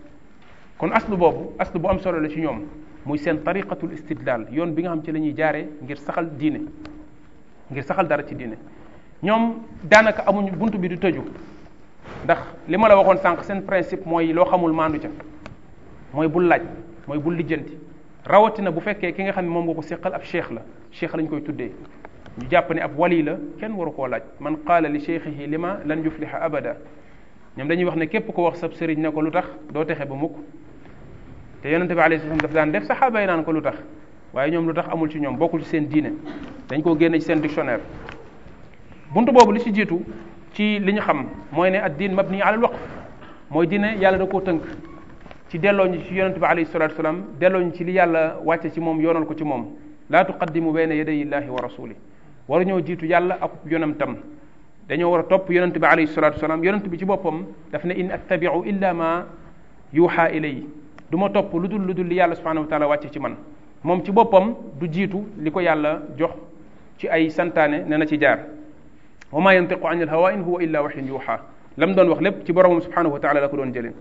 kon aslu boobu aslu bu am solo la ci ñoom muy seen tariqatul istidlal yoon bi nga xam ci la ñuy jaaree ngir saxal diine ngir saxal dara ci diine ñoom daanaka amuñu bunt bi du tëju ndax li ma la waxoon sànq seen principe mooy loo xamul maandu ca mooy bul laaj mooy bul lijjanti rawatina bu fekkee ki nga xam ne moom nga ko seqal ab cheikh la cheikh lañ koy tuddee ñu jàpp ne ab wali la kenn waru koo laaj man qaala li cheikhihi lima lan yufliha abada ñoom dañuy wax ne képp ko wax sab sëriñ ne ko lu tax doo texe ba mukk te yonente bi alayhi salaam daf daan def saxaaba yi naan ko lu tax waaye ñoom lu tax amul ci ñoom bokkul ci seen diine dañ koo génne seen dictionnaire buntu boobu li ci jiitu ci li ñu xam mooy ne ad diin mabni ala al waqf mooy diine yàlla da koo tënk ci delloo ñu ci yonente bi alayhi salatu wasalam delloo ñu ci li yàlla wàcce ci moom yoonal ko ci moom laa tuqaddimu bayna yaday illahi wa rasuli waru ñoo jiitu yàlla ak yonentam dañoo war a topp yonente bi alayhi salatu wasalam yonente bi ci boppam daf ne in attabiu illa ma yuha ilay du ma topp lu dul lu dul li yàlla subhanahu wa taala wàcce ci man moom ci boppam du jiitu li ko yàlla jox ci ay santaane ne na ci jaar wa ma yantiqu an il hawa in huwa illa waxyun yuuxa lam doon wax lépp ci boromam subhanahu wa taala la ko doon jëlee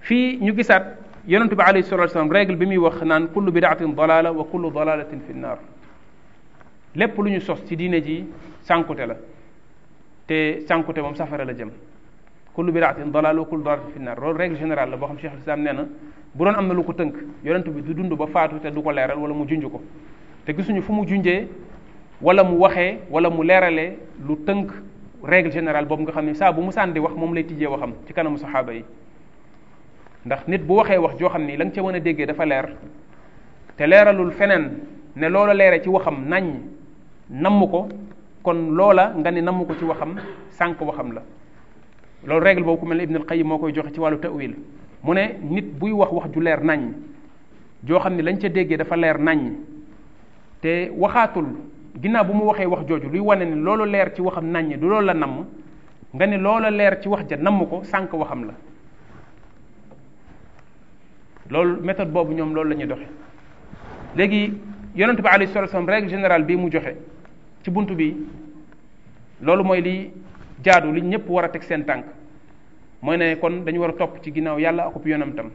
fii ñu gisaat yonente bi alayhi salatu wasalam règle bi muy wax naan kullu bidaatin dalala wa kullu dalalatin fi nnaar lépp lu ñu sos ci diine ji sànkute la te sànkute moom safara la jëm kullu bidaatin dalala wa kullu dalalatin fi nnaar loolu règle la boo xam Cheikh Islam nee na bu doon am na lu ko tënk yonente bi du dund ba faatu te du ko leeral wala mu junj ko te gisuñu fu mu junjee wala mu waxee wala mu leerale lu tënk règle générale boobu nga xam ne saa bu mu sànni wax moom lay tijjee waxam ci kanamu saxaaba yi ndax nit bu waxee wax joo xam ni la nga ca mën a déggee dafa leer te leeralul feneen ne loola leere ci waxam nañ namm ko kon loola nga ne namm ko ci waxam sànq waxam la loolu règle boobu ku mel ne Ibn al moo koy joxe ci wàllu tawil mu ne nit buy wax wax ju leer nañ joo xam ne lañ ca déggee dafa leer nañ te waxaatul ginnaaw bi mu waxee wax jooju luy wane ni loolu leer ci waxam naññe du loolu la namm nga ne loola leer ci wax ja namm ko sànq waxam la loolu méthode boobu ñoom loolu la ñuy doxe léegi yonent bi alayhi salatu wasallam règle générale bii mu joxe ci bunt bi loolu mooy li jaadu li ñëpp war a teg seen tànk mooy ne kon dañu war a topp ci ginnaaw yàlla akub yonam tam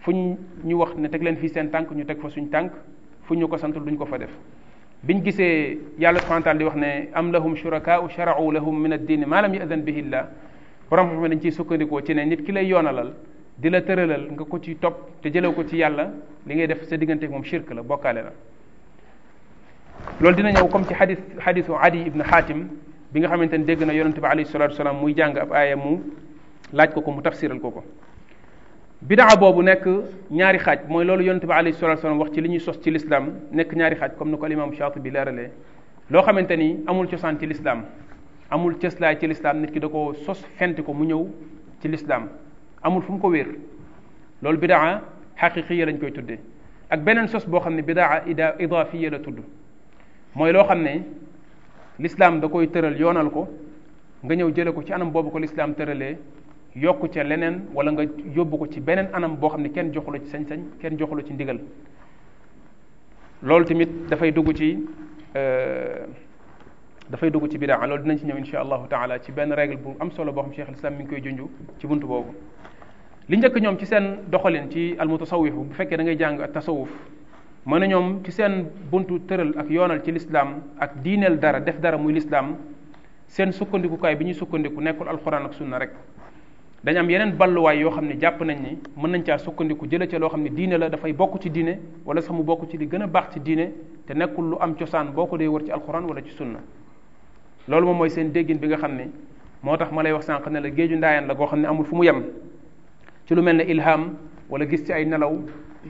fu ñu wax ne teg leen fii seen tànk ñu teg fa suñ tànk fu ñu ko santul duñ ko fa def bi ñu gisee yàlla subhanahu wa taala di wax ne am lahum shurakaa'u shara'u lahum min ad-diini ma lam ya'zan bihi illah borom xam-xam dañ ciy sukkandikoo ci ne nit ki lay yoonalal di la tëralal nga ko ci topp te jëlee ko ci yàlla li ngay def sa diggante moom shirk la bokkaale la loolu dina ñëw comme ci xadis xadisu adi ibn xaatim bi nga xamante ne dégg na yonente bi alayhi salatu wasalaam muy jàng ab aaya mu laaj ko ko mu tafsiral ko ko bidaa boobu nekk ñaari xaaj mooy loolu yonent bi alayhi salatu wax ci li ñuy sos ci l'islam nekk ñaari xaaj comme ni ko alimaamu Shaatibi leeralee loo xamante ni amul cosaan ci l'islam amul cëslaay ci l'islam nit ki da ko sos fent ko mu ñëw ci l'islam amul fu mu ko wér loolu bidaa xaqiqiya lañ koy tuddee ak beneen sos boo xam ne bidaa ida idaafiya la tudd mooy loo xam ne l'islam da koy tëral yoonal ko nga ñëw jële ko ci anam boobu ko l'islam tëralee yokku ca leneen wala nga yóbbu ko ci beneen anam boo xam ne kenn joxu ci sañ-sañ kenn joxu ci ndigal loolu tamit dafay dugg ci euh, dafay dugg ci bidaa loolu dinañ ci ñëw insha allahu taala ci benn règle bu am solo boo xam cheikh alislam mi ngi koy junju ci bunt boobu li njëkk ñoom ci seen doxalin ci almutasawif bu fekkee dangay ngay jàng ak tasawuf mën na ñoom ci seen buntu tëral ak yoonal ci lislaam ak diineel dara def dara muy lislaam seen sukkandikukaay bi ñuy sukkandiku nekkul alxuraan ak sunna rek dañ am yeneen balluwaay yoo xam ne jàpp nañ ni mën nañ caa sukkandiku jële ca loo xam ne diine la dafay bokk ci diine wala sax mu bokk ci li gën a baax ci diine te nekkul lu am cosaan boo ko dee wër ci alxuraan wala ci sunna loolu moom mooy seen déggin bi nga xam ne moo tax ma lay wax sànq ne la géeju ndaayaan la goo xam ne amul fu mu yem ci lu mel ne ilham wala gis ci ay nelaw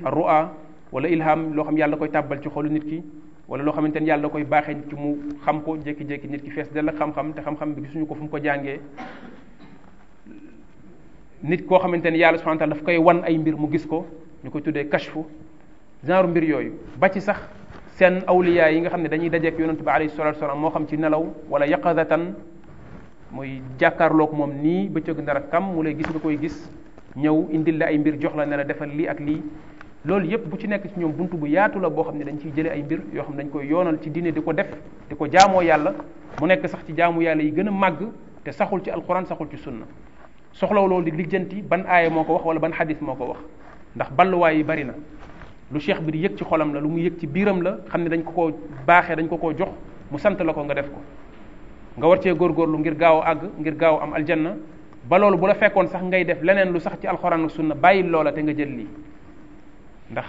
ru'a wala ilham loo xam yàlla koy tàbbal ci xolu nit ki wala loo xamante ni yàlla koy baaxee ci mu xam ko jékki-jékki ki fees dell ak te xam bi gisuñu ko fu mu ko jàngee nit koo xamante ni yàlla subhanahu wa daf koy wan ay mbir mu gis ko ñu ko tuddee kashfu genre mbir yooyu ba ci sax seen awliya yi nga xam ne dañuy dajeek yonent bi alayhi salatu wasalam moo xam ci nelaw wala yaqazatan muy jàkkaarloog moom nii bëccëg ndara kam mu lay gis nga koy gis ñëw indil la ay mbir jox la ne la defal lii ak lii loolu yépp bu ci nekk ci ñoom bunt bu yaatu la boo xam ne dañ ciy jëlee ay mbir yoo xam ne dañ koy yoonal ci diine di ko def di ko jaamoo yàlla mu nekk sax ci jaamu yàlla yi gën a màgg te saxul ci alquran saxul ci sunna soxlaw loolu di lijjanti ban aaya moo ko wax wala ban xadis moo ko wax ndax balluwaay yi bari na lu cheikh bi di yëg ci xolam la lu mu yëg ci biiram la xam ne dañ ko koo baaxee dañ ko koo jox mu sant la ko nga def ko nga war cee góorgóorlu ngir gaaw a àgg ngir gaaw am aljanna ba loolu bu la fekkoon sax ngay def leneen lu sax ci alxuraan ak sunna bàyyil loola te nga jël lii ndax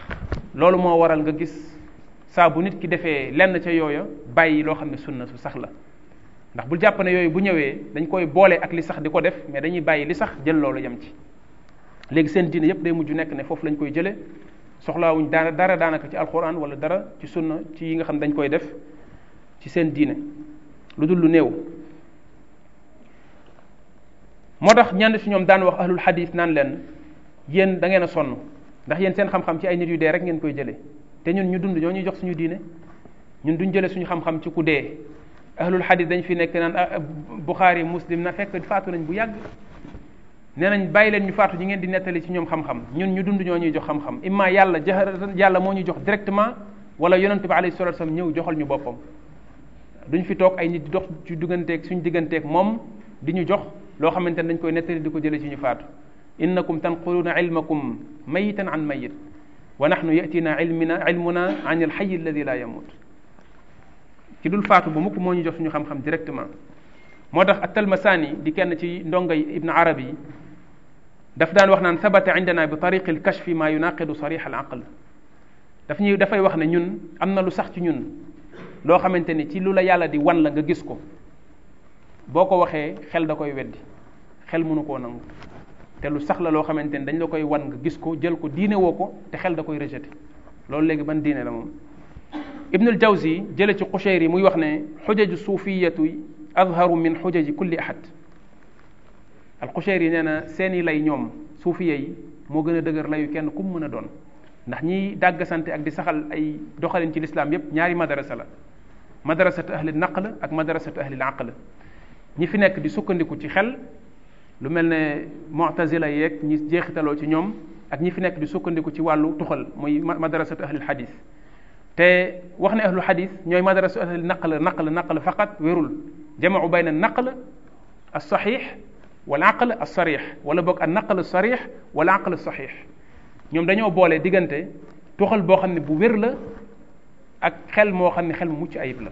loolu moo waral nga gis saa bu nit ki defee lenn ca yooya bàyyi loo xam ne sunna su sax la ndax bu jàpp ne yooyu bu ñëwee dañ koy boole ak li sax di ko def mais dañuy bàyyi li sax jël loolu yem ci léegi seen diine yépp day mujj nekk ne foofu lañ koy jële soxlaawuñ daan dara daanaka ci alquran wala dara ci sunna ci yi nga xam dañ koy def ci seen diine lu dul lu néew moo tax ñenn si ñoom daan wax ahlul xadis naan leen yéen da ngeen sonn ndax yéen seen xam-xam ci ay nit yu dee rek ngeen koy jëlee te ñun ñu dund ñoo ñuy jox suñu diine ñun duñ jëlee suñu xam-xam ci ahlul xadis dañ fi nekk naan ah, buxaari muslim na fekk faatu nañ bu yàgg nee nañ bàyyi leen ñu faatu ñi ngeen di nettali ci ñoom xam-xam ñun ñu dund ñoo ñuy jox xam-xam imma yàlla yàlla moo ñu jox directement wala yonente bi alayhi salatu wasallam ñëw joxal ñu boppam duñ fi toog ay nit di dox ci digganteeg suñ digganteek moom di ñu jox loo xamante ne dañ koy nettali di ko jële ci ñu faatu innakum tanquluuna ilmakum mayitan an mayit wa nahnu yatina ilmina ilmuna an alxayi alladi la yamut ki dul faatu bu mukk moo ñu jox ñu xam-xam directement moo tax ak talmasaani di kenn ci ndongo yi ibn arabi yi daf daan wax naan sabata indana bi tariqi al kashfi ma yunaqidu sarih al aql daf ñuy dafay wax ne ñun am na lu sax ci ñun loo xamante ni ci lu la yàlla di wan la nga gis ko boo ko waxee xel da koy weddi xel mënu koo nangu te lu sax la loo xamante ni dañ la koy wan nga gis ko jël ko diine woo ko te xel da koy rejeté loolu léegi ban diine la moom ibnul jawzi jële ci Qushayri muy wax ne xujaju suufiyatu azharu min xujaji kulli ahad al Qushayri nee na seeni lay ñoom suufiya yi moo gën a dëgër layu kenn ku mën a doon ndax ñiy dàggasante ak di saxal ay doxalin ci lislaam yépp ñaari madarasa la madarasatu naq la ak madarasatu ahlil la ñi fi nekk di sukkandiku ci xel lu mel ne mu'tazila yeeg ñi jeexitaloo ci ñoom ak ñi fi nekk di sukkandiku ci wàllu tuxal muy madarasatu ahlil xadis te wax ne ahlu xadis ñooy madrasu ahli naql naql naql faqat wérul jamau bayna na as saxiix wal aql as sarix wala boog an naql as sarix wal la as saxiix ñoom dañoo boolee diggante toxal boo xam ne bu wér la ak xel moo xam ne xel mu mucc ayib la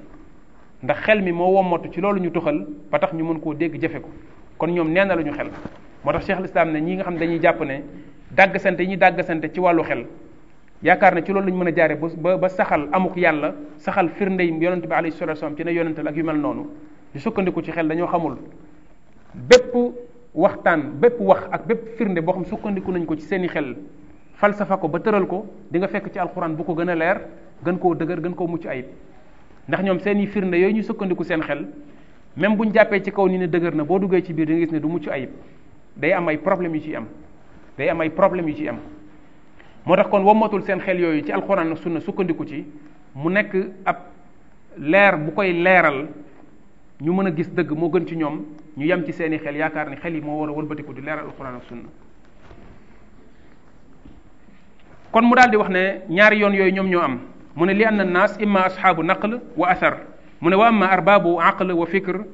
ndax xel mi moo wommatu ci loolu ñu toxal ba tax ñu mën koo dégg jafe ko kon ñoom nee na la ñu xel moo tax Cheikh al Islam ne ñi nga xam ne dañuy jàpp ne dàggsante yi ñuy dàggsante ci wàllu xel yaakaar ne ci loolu lañ mën a jaare ba ba saxal amuk yàlla saxal firnde yi yonent bi alayhi salatu wasallam ci ne yonental ak yu noonu di sukkandiku ci xel dañoo xamul bépp waxtaan bépp wax ak bépp firnde boo xam sukkandiku nañ ko ci seeni xel falsafa ko ba tëral ko dinga fekk ci alxuraan bu ko gën a leer gën koo dëgër gën koo mucc ayib ndax ñoom seeni firnde yooyu ñu sukkandiku seen xel même buñ jàppee ci kaw ni ne dëgër na boo duggee ci biir di nga ne du mucc ayib day am ay problème yu ciy am day am ay problème yu ciy am moo tax kon wammatul seen xel yooyu ci alxuraan ak sunna sukkandiku ci mu nekk ab leer bu koy leeral ñu mën a gis dëgg moo gën ci ñoom ñu yem ci seeni xel yaakaar ni xel yi moo war a wëlbatiku di leeral alxuraan ak kon mu daal di wax ne ñaari yoon yooyu ñoom ñoo am mu ne li anna naas imma asxaabu naql wa asar mu ne wa amma arbaabu aql wa fikr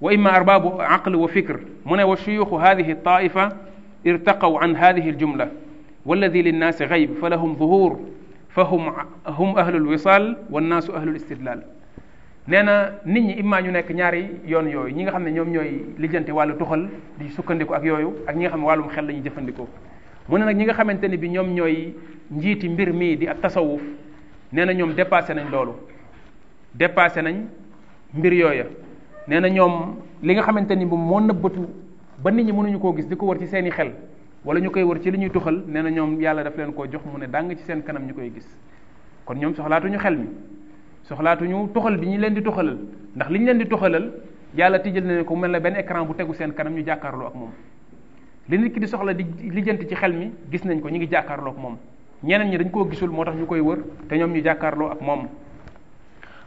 wa imma arbaabu aql wa fikr mu ne wa shuyuxu hadihi taifa irtaqaw an hadihi aljumla walladi linnaasi xayb fa lahum zuhur fa hum hum ahlul wisaal wannaasu ahlul istidlaal nee na nit ñi immaa ñu nekk ñaari yoon yooyu ñi nga xam ne ñoom ñooy lijjante wàllu tuxal di sukkandiku ak yooyu ak ñi nga xam ne wàllum xel la ñuy jëfandikoo mu ne nag ñi nga xamante ne bi ñoom ñooy njiiti mbir mii di ab tasawuf nee na ñoom dépassé nañ loolu dépassé nañ mbir yooya nee na ñoom li nga xamante ni bu moo nëbbatu ba nit ñi mënuñu koo gis di ko wër ci seeni xel wala ñu koy wër ci li ñuy tuxal nee na ñoom yàlla def leen ko jox mu ne dàng ci seen kanam ñu koy gis kon ñoom soxlaatuñu xel mi soxlaatuñu tuxal bi ñu leen di tuxalal ndax li ñu leen di tuxalal yàlla tijjal na ne ko mel na benn écran bu tegu seen kanam ñu jàkkaarloo ak moom li nit ki di soxla di lijjanti ci xel mi gis nañ ko ñu ngi jàkkaarloo ak moom ñeneen ñi dañ koo gisul moo tax ñu koy wër te ñoom ñu jàkkaarloo ak moom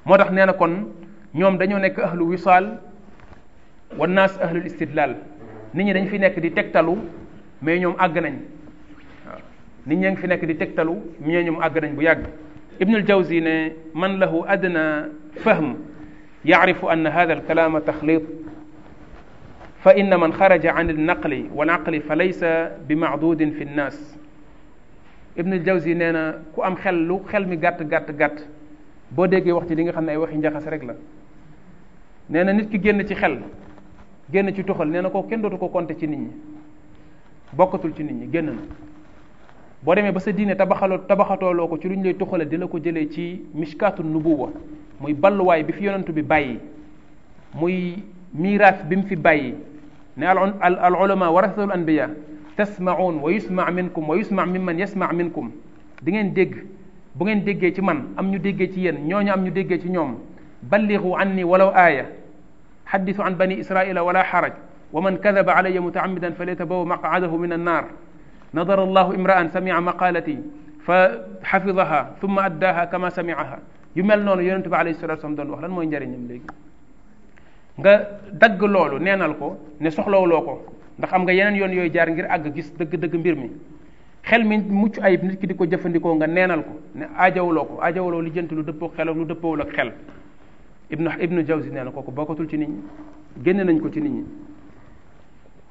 moo tax nee na kon ñoom dañoo nekk ahlu wisaal wa naas ahlul istidlal nit ñi dañ fi nekk di tegtalu mais ñoom àgg nañ waaw nit ñaa fi nekk di tegtalu mais ñoom àgg nañ bu yàgg ibnul jawzi ne man lahu adna fahm yacrifu anna hada alkalaama taxlit fa in man xaraja an alnaqli walaqli fa laysa bi macdudin fi nnaas ibnul jawzi nee na ku am xel lu xel mi gàtt gàtt gàtt boo déggee wax ci li nga xam ne ay waxi njaxas rek la nee na nit ki génn ci xel génn ci tuxal nee na ko kenn dootu ko konte ci nit ñi bokkatul ci nit ñi génn na boo demee ba sa diine tabaxaloo tabaxatoo loo ko ci lu ñu lay tuxale di la ko jëlee ci mishkaatu nubuwa muy balluwaay bi fi yonantu bi bàyyi muy miiraas bi mu fi bàyyi ne al al ulama warasatul anbiya tasmaun wa yusma minkum wa yusma mimman yasma minkum di ngeen dégg bu ngeen déggee ci man am ñu déggee ci yéen ñooñu am ñu déggee ci ñoom balligu anni walaw aaya xaddisu an bani israila wala xaraj wa man kadaba alayya mutaamidan falyatabawa maqaadahu min annaar nadara allahu imraan samica maqaalati fa xafidaha thumma addaaha kama samicaha yu mel noonu yonent bi alayhi salatu wasallam doon wax lan mooy njariñam léegi nga dagg loolu neenal ko ne soxlawloo ko ndax am nga yeneen yoon yooy jaar ngir àgg gis dëgg-dëgg mbir mi xel mi mucc ay nit ki di ko jëfandikoo nga neenal ko ne aajawuloo ko aajawuloo li jënt lu dëppoo xel ak lu dëppoowul ak xel ibnu ibnu jawzi nee na kooku bokkatul ci nit ñi génne nañ ko ci nit ñi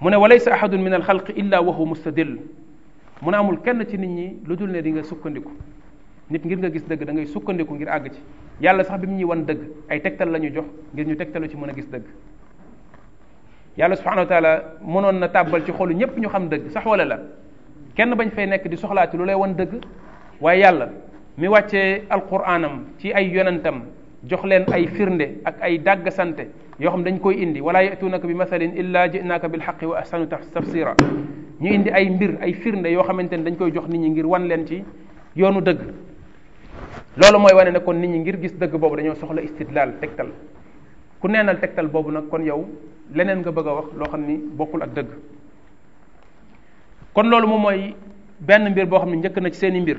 mu ne walaysa ahadun min alxalq illa wa huwa mustadil mu ne amul kenn ci nit ñi lu dul ne di nga sukkandiku nit ngir nga gis dëgg da ngay sukkandiku ngir àgg ci yàlla sax bi mu ñuy wan dëgg ay tegtal la ñu jox ngir ñu tegtalu ci mën a gis dëgg yàlla subhanahu wa taala mënoon na tàbbal ci xolu ñépp ñu xam dëgg sax wala la kenn bañ fay nekk di soxlaati lu lay wan dëgg waaye yàlla mi wàccee alquranam ci ay yonentam jox leen ay firnde ak ay dàggasante yoo xam dañ koy indi wala yatuunaka bi masalin illa bi bil xaqi wa ahsanu tafsira ñu indi ay mbir ay firnde yoo xamante ne dañ koy jox nit ñi ngir wan leen ci yoonu dëgg loolu mooy wane ne kon nit ñi ngir gis dëgg boobu dañoo soxla istidlal tegtal ku neenal tegtal boobu nag kon yow leneen nga bëgg a wax loo xam ni bokkul ak dëgg kon loolu moom mooy benn mbir boo xam ne njëkk na ci seeni mbir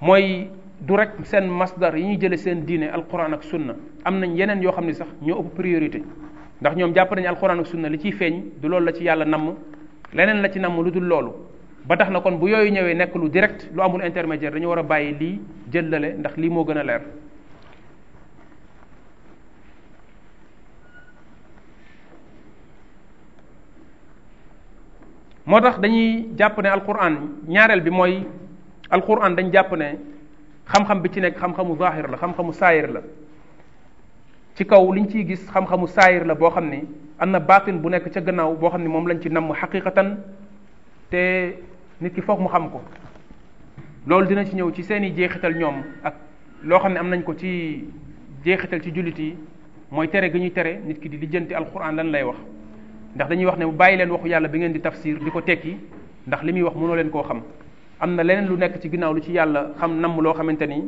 mooy du rek seen masdar yi ñuy jële seen diine alquran ak sunna am nañ yeneen yoo xam ne sax ñoo ëpp priorité ndax ñoom jàpp nañu alquran ak sunna li ciy feeñ du loolu la ci yàlla namm leneen la ci namm lu dul loolu ba tax na kon bu yooyu ñëwee nekk lu direct lu amul intermédiaire dañu war a bàyyi lii jëllale ndax lii moo gën a leer moo tax dañuy jàpp ne alquran ñaareel bi mooy alquran dañ jàpp ne xam-xam bi ci nekk xam-xamu zahir la xam-xamu saayir la ci kaw liñ ciy gis xam-xamu saayir la boo xam ni am na baatin bu nekk ca gannaaw boo xam ni moom lañ ci namm xaqiqatan te nit ki foog mu xam ko loolu dina ci ñëw ci seeni jeexital ñoom ak loo xam ne am nañ ko ci jeexital ci jullit yi mooy tere gi ñuy tere nit ki di lijjanti alquran lan lay wax ndax dañuy wax ne bàyyi leen waxu yàlla bi ngeen di tafsir di ko tekki ndax li muy wax mënoo leen koo xam am na leneen lu nekk ci ginnaaw lu ci yàlla xam namm loo xamante ni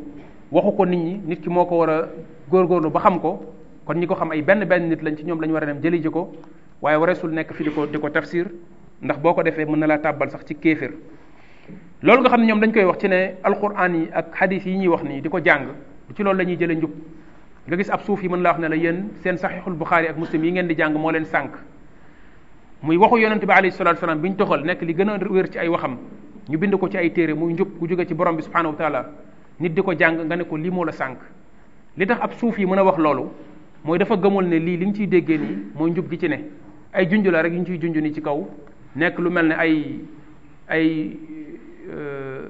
waxu ko nit ñi nit ki moo ko war a góorgóorlu ba xam ko kon ñi ko xam ay benn benn nit lañ ci ñoom lañu war a dem jëli ji ko waaye wareesul nekk fi di ko di ko ndax boo ko defee mën na laa tàbbal sax ci kéefér loolu nga xam ne ñoom dañ koy wax ci ne alquran yi ak hadith yi ñuy wax nii di ko jàng ci loolu la ñuy jëlee njub nga gis ab suuf yi mën laa wax ne la yéen seen saxiixul buxaari ak muslim yi ngeen di jàng moo leen sànq muy waxu yonente bi alayhi salatu wasalam bi ñu toxal nekk li gën a wér ci ay waxam ñu bind ko ci ay téere muy njub ku jóge ci borom bi subhanahu wa taala nit di ko jàng nga ne ko lii moo la sànq li tax ab suuf yi mën a wax loolu mooy dafa gëmul ne lii li ñu ciy déggee nii mooy njub gi ci ne ay junj la rek yu ñu ciy junj nii ci kaw nekk lu mel ne ay ay euh,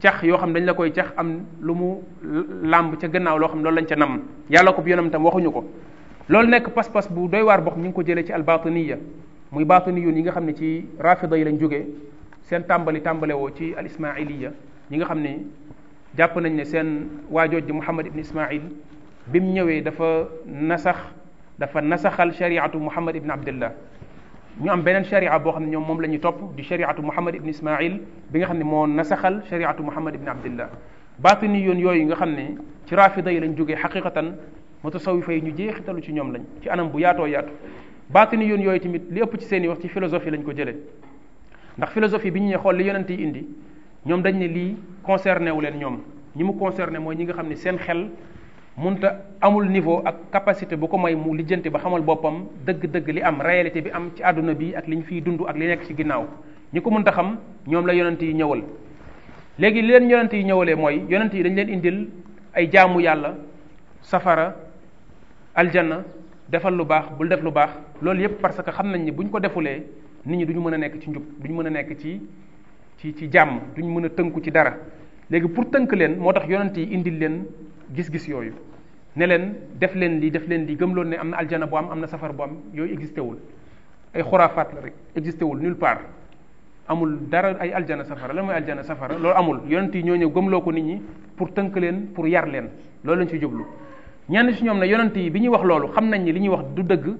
cax yoo xam ne dañ la koy cax am lu mu làmb ca gannaaw loo xam loolu lañ ca nam yàlla ko bu yonam tam waxuñu ko loolu nekk pas-pas bu doy waar box ñu ngi ko jëlee ci albatiniya muy batiniyoon yi nga xam ne ci rafida yi lañ jógee seen tàmbali tàmbalewoo woo ci al ismailiya ñi nga xam ne jàpp nañ ne seen waajooj ji muhammad ibn ismail bi mu ñëwee dafa nasax dafa nasaxal shariatu muhammad ibn abdillah ñu am beneen sharia boo xam ñoom moom la ñuy topp di shariatu muhammad ibn ismail bi nga xam ne moo nasaxal shariatu muhammad ibn abdillah baatini yoon yooyu nga xam ne ci rafida yi lañ jógee xaqiqatan mutasawifa yi ñu jeexitalu ci ñoom lañ ci anam bu yaatoo yaatu baatini yoon yooyu tamit li ëpp ci seen i wax ci philosophie lañ ko jële ndax philosophie bi ñu ñuy xool li yonent yi indi ñoom dañu ne lii concerné wu leen ñoom ñi mu concerné mooy ñi nga xam ne seen xel munta amul niveau ak capacité bu ko may mu lijjanti ba xamal boppam dëgg-dëgg li am réalité bi am ci àdduna bi ak li ñu fiy dund ak li nekk ci ginnaaw ñi ko munta xam ñoom la yonent yi ñëwal léegi li leen yonent yi ñëwalee mooy yonent yi dañ leen indil ay jaamu yàlla safara aljanna defal lu baax bul def lu baax loolu yépp parce que xam nañ ni bu ñu ko defulee nit ñi duñu mën a nekk ci njub duñu mën a nekk ci ci ci jàmm duñu mën a tënku ci dara léegi pour tënk leen moo tax yonent yi indil leen gis-gis yooyu ne leen def leen lii def leen lii gëmloon ne am na aljana bu am am na safar bu yooyu existé wul ay xuraafaat la wul nulle part amul dara ay aljana safara lan mooy aljana safara loolu amul yonent yi ñoo ñëw gëmloo ko nit ñi pour tënk leen pour yar leen loolu lañ ci jublu ñenn si ñoom na yonent yi bi ñuy wax loolu xam nañ ni li ñuy wax du dëgg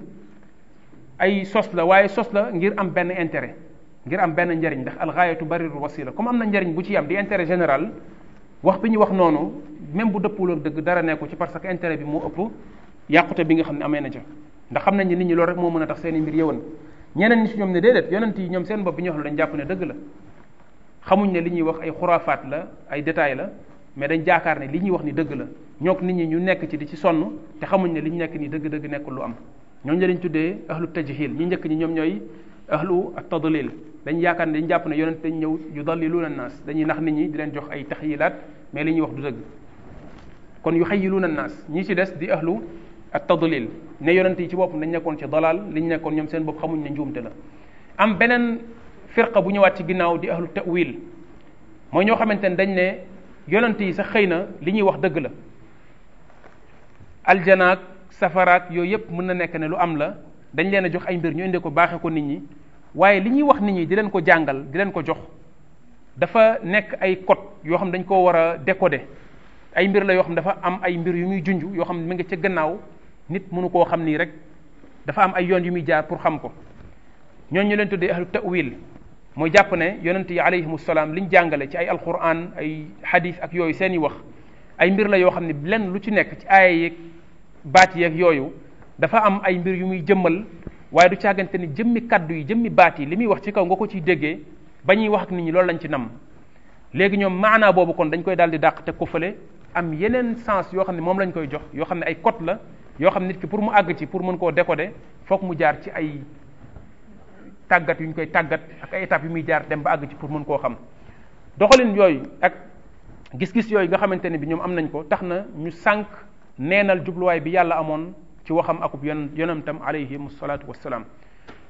ay sos la waaye sos la ngir am benn intérêt ngir am benn njariñ ndax alxaayatu barirul wasila comme am na njariñ bu ci am di intérêt général wax bi ñu wax noonu même bu dëppul dëgg dara nekku ci parce que intérêt bi moo ëpp yàqute bi nga xam ne amee na ca nañ ne ñi loolu rek moo mën a tax seen i mbir yëwan ñeneen ñi si ñoom ne ñoom seen bopp bi ñu wax dañ jàpp ne la xamuñ ne li ñuy wax ay xuraafaat la ay détails la mais dañ jaakaar ne li ñuy wax ni dëgg la ñook nit ñi ñu nekk ci di ci sonn te xamuñ ne li ñu nekk ni dëgg-dëgg nekkul lu am ñoo lañ tuddee ahlu tajhil ñi njëkk ñi ñoom ñooy ahlu ak tadlil dañ yaakaar ne dañ jàpp na yonent dañ ñëw yu dalliluuna naas dañuy nax nit ñi di leen jox ay taxyilaat mais li ñuy wax du dëgg kon yu xayiluuna naas ñi ci des di ahlu ak tadlil ne yonent yi ci boppam dañ nekkoon ci dalal li ñu nekkoon ñoom seen bopp xamuñ ne njuumte la am beneen firqa bu ñëwaat ci ginnaaw di ahlu tawil mooy ñoo xamante ne dañ ne yonent yi sax xëy na li ñuy wax dëgg la aljanaak safaraat yooyu yëpp mën na nekk ne lu am la dañ leen a jox ay mbir ñu indi ko baaxe ko nit ñi waaye li ñuy wax nit ñi di leen ko jàngal di leen ko jox dafa nekk ay code yoo xam ne dañ koo war a décoder ay mbir la yoo xam dafa am ay mbir yu muy junj yoo xam mi ngi ca gannaaw nit mënu koo xam nii rek dafa am ay yoon yu muy jaar pour xam ko ñooñu ñu leen tuddee ahlu tawil mooy jàpp ne yonent yi alayhimu salaam liñ jàngale ci ay alquran ay hadith ak yooyu seen i wax ay mbir la yoo xam ne lenn lu ci nekk ci aaya yeeg baat yeeg yooyu dafa am ay mbir yu muy jëmmal waaye du càggante ni jëmmi kàddu yi jëmmi baat yi li muy wax ci kaw nga ko ciy déggee ba ñuy wax ak nit ñi loolu lañ ci nam léegi ñoom maanaa boobu kon dañ koy daal di dàq te ko fële am yeneen sens yoo xam ne moom lañ koy jox yoo xam ne ay code la yoo xam ne nit ki pour mu àgg ci pour mën koo décoder foog mu jaar ci ay tàggat yu ñu koy tàggat ak ay étapes yu muy jaar dem ba àgg ci pour mën koo xam doxalin yooyu ak gis-gis yooyu nga xamante ne bi ñoom am nañ ko tax na ñu sànq neenal jubluwaay bi yàlla amoon ci waxam akub yon yonentam alayhim salaatu wassalaam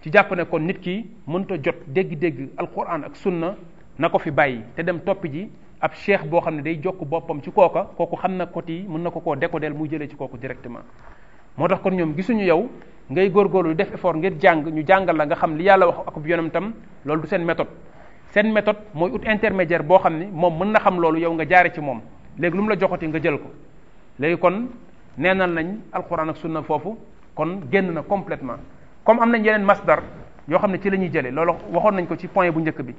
ci jàpp ne kon nit ki mënta jot dégg-dégg alquran ak sunna na ko fi bàyyi te dem toppi ji ab cheikh boo xam ne day jokk boppam ci kooka kooku xam na côté yi mën na ko ko décoder muy jëlee ci kooku directement moo tax kon ñoom gisuñu yow ngay góor góorgóorlu def effort ngir jàng ñu jàngal la nga xam li yàlla wax akub yonentam loolu du seen méthode seen méthode mooy ut intermédiaire boo xam ne moom mën na xam loolu yow nga jaare ci moom léegi lu la joxati nga jël ko léegi kon neenal nañ alquran ak sunna foofu kon génn na complètement comme am nañ yeneen masdar yoo xam ne ci la ñuy jëlee loolu waxoon nañ ko ci point bu njëkk bi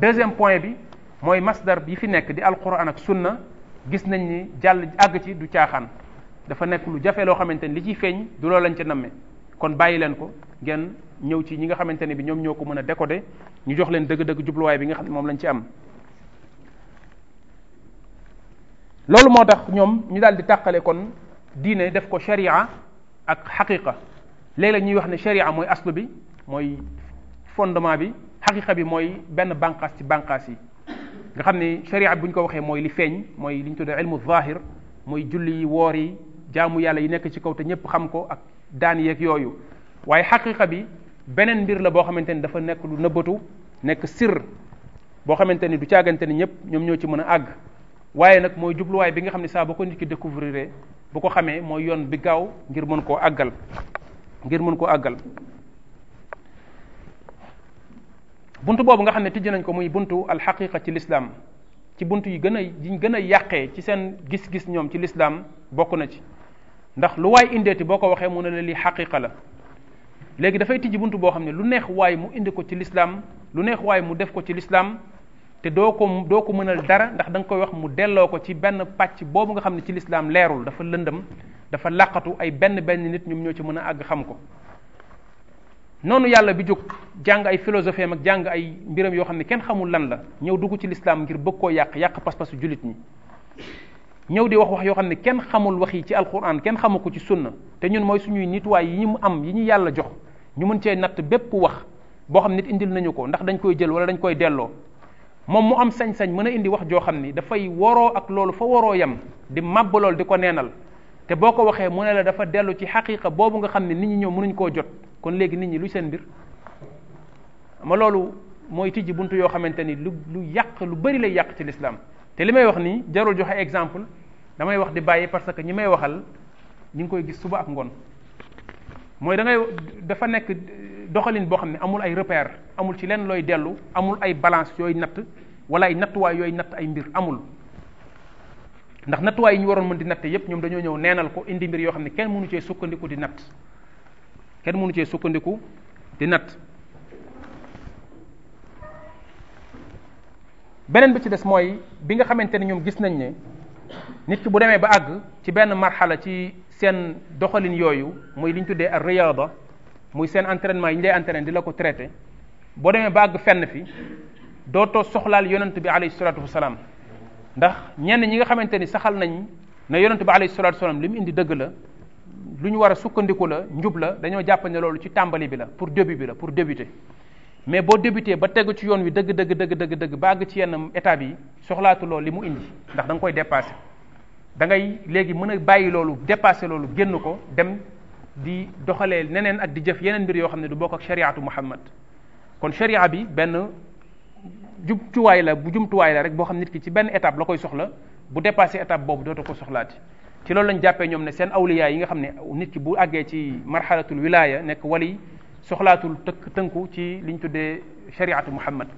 deuxième point bi mooy masdar bi fi nekk di alquran ak sunna gis nañ ni jàll àgg ci du caaxaan dafa nekk lu jafe loo xamante ni li ciy feeñ du loolu lañ ca namme kon bàyyi leen ko ngeen ñëw ci ñi nga xamante ne bi ñoom ñoo ko mën a décoder ñu jox leen dëgg-dëgg jubluwaay bi nga xam ne moom lañ ci am loolu moo tax ñoom ñu daal di tàqale kon diine def ko sharia ak xaqiqa léeg-léeg ñuy wax ne sharia mooy aslu bi mooy fondement bi xaqiqa bi mooy benn bànqaas ci bànqaas yi nga xam ne sharia bu ñu ko waxee mooy li feeñ mooy li ñu tuddee ilmu zahir mooy julli yi woor yi jaamu yàlla yi nekk ci kaw te ñépp xam ko ak daan yeeg yooyu waaye xaqiqa bi beneen mbir la boo xamante ni dafa nekk lu nëbbatu nekk sir boo xamante ni du caagante ni ñépp ñoom ñoo ci mën a àgg waaye nag mooy jubluwaay bi nga xam ne saa bu ko nit ki découvrir bu ko xamee mooy yoon bi gaaw ngir mën koo àggal ngir mën koo àggal bunt boobu nga xam ne tijji nañ ko muy al alxaqiqa ci l'islam ci bunt yi gën a yiñ gën a yàqee ci seen gis-gis ñoom ci l'islam bokk na ci ndax lu waay indeeti boo ko waxee mun ne la lii xaqiqa la léegi dafay tijji bunt boo xam ne lu neex waay mu indi ko ci l'islam lu neex waay mu def ko ci l'islam te doo ko doo ko mënal dara ndax da nga koy wax mu delloo ko ci benn pàcc boobu nga xam ne ci lislaam leerul dafa lëndëm dafa laqatu ay benn benn nit ñoom ñoo ci mën a àgg xam ko noonu yàlla bi jóg jàng ay philosophie ak jàng ay mbiram yoo xam ne kenn xamul lan la ñëw dugg ci lislaam ngir bëgg koo yàq yàq pas-pasu jullit ñi ñëw di wax wax yoo xam ne kenn xamul wax yi ci alquran kenn xamu ko ci sunna te ñun mooy suñuy nituwaay yi ñu am yi ñu yàlla jox ñu mën cee natt bépp wax boo xam nit indil nañu ko ndax dañ koy jël wala dañ koy delloo moom mu am sañ-sañ mën a indi wax joo xam ni dafay waroo ak loolu fa waroo yem di màbb loolu di ko neenal te boo ko waxee mu ne la dafa dellu ci xaqiqa boobu nga xam ne nit ñi ñëw mënuñ koo jot kon léegi nit ñi lu seen mbir ma loolu mooy tijji bunt yoo xamante ni lu lu yàq lu bari lay yàq ci lislaam te li may wax nii jarul joxe exemple damay wax di bàyyi parce que ñi may waxal ñu ngi koy gis suba ak ngoon mooy da dafa nekk doxalin boo xam ne amul ay repère amul ci lenn looy dellu amul ay balance yooyu natt wala ay nattuwaay yooyu natt ay mbir amul ndax nattuwaay yi ñu waroon mën di natte yépp ñoom dañoo ñëw neenal ko indi mbir yoo xam ne kenn mënu cee sukkandiku di natt kenn mënu cee sukkandiku di natt beneen bi ci des mooy bi nga xamante ne ñoom gis nañ ne nit ki bu demee ba àgg ci benn marxala ci seen doxalin yooyu mooy li ñu tuddee ar riyaada muy seen entraînement yi ñu lay entraîné di la ko traité boo demee ba àgg fenn fi dootoo soxlaal yonent bi alayhi salatu salaam ndax ñenn ñi nga xamante ni saxal nañ ne yonent bi alayhi salatu wasalaam li mu indi dëgg la lu ñu war a sukkandiku la njub la dañoo jàpp ne loolu ci tàmbali bi la pour début bi la pour débuter mais boo débuté ba tegu ci yoon wi dëgg dëgg dëgg dëgg dëgg ba àgg ci yenn étape yi soxlaatu loolu li mu indi ndax danga koy dépassé da ngay léegi mën bàyyi loolu dépassé loolu génn ko dem di doxalee neneen ak di jëf yeneen mbir yoo xam ne du bokk ak shariatu muhammad kon sharia bi benn jumtuwaay la bu jumtuwaay la rek boo xam nit ki ci benn étape la koy soxla bu dépassé étape boobu dootu ko soxlaati ci loolu lañ jàppee ñoom ne seen awliya yi nga xam ne nit ki bu àggee ci marxalatul wilaya nekk wali soxlaatul tëkk tënku ci liñ tuddee shariatu muhammad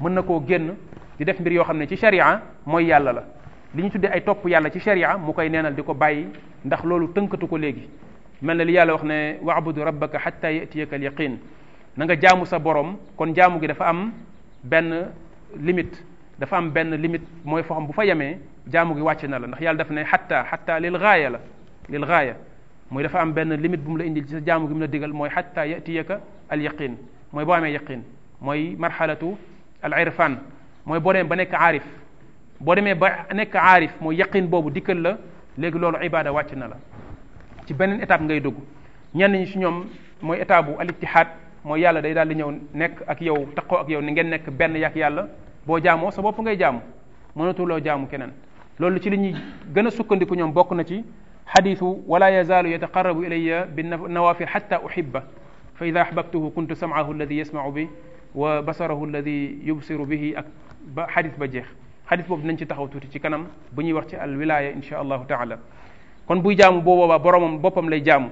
mën na koo génn di def mbir yoo xam ne ci sharia mooy yàlla la li ñu ay topp yàlla ci sharia mu koy neenal di ko bàyyi ndax loolu tënkatu ko léegi mel na li yàlla wax ne wa'budu rabbaka hatta yatiyaka al-yaqin na nga jaamu sa borom kon jaamu gi dafa am benn limite dafa am benn limite mooy foo xam bu fa yemee jaamu gi wàcc na la ndax yàlla daf ne hatta hatta lil gaaya la lil gaaya mooy dafa am benn limite bu la indil ci sa jaamu gi mu la digal mooy hatta yatiyaka al-yaqin mooy boo amee yaqin mooy marxalatu al-irfan mooy boo demee ba nekk aarif boo demee ba nekk aarif mooy yaqin boobu dikkal la léegi loolu ibada wàcc na la ci beneen étape ngay dugg ñenn ñi ci ñoom mooy état bu al ittihaad mooy yàlla day daal di ñëw nekk ak yow taqoo ak yow ni ngeen nekk benn yàq yàlla boo jaamoo sa bopp ngay jaamu mënatuloo jaamu kenaan loolu ci li ñuy gën a sukkandiku ñoom bokk na ci xadisu wala yazaalu yataqarabu ilayya bi nawafil xata uhibba fa ida ahbabtuhu kuntu samaahu alladi yasmau bi wa basarahu alladi yubsiru bihi ak ba xadis ba jeex xadis nañ ci taxaw tuuti ci kanam bu ñuy wax ci al wilaya insha allahu taala kon buy jaamu boo boobaa boromam boppam lay jaamu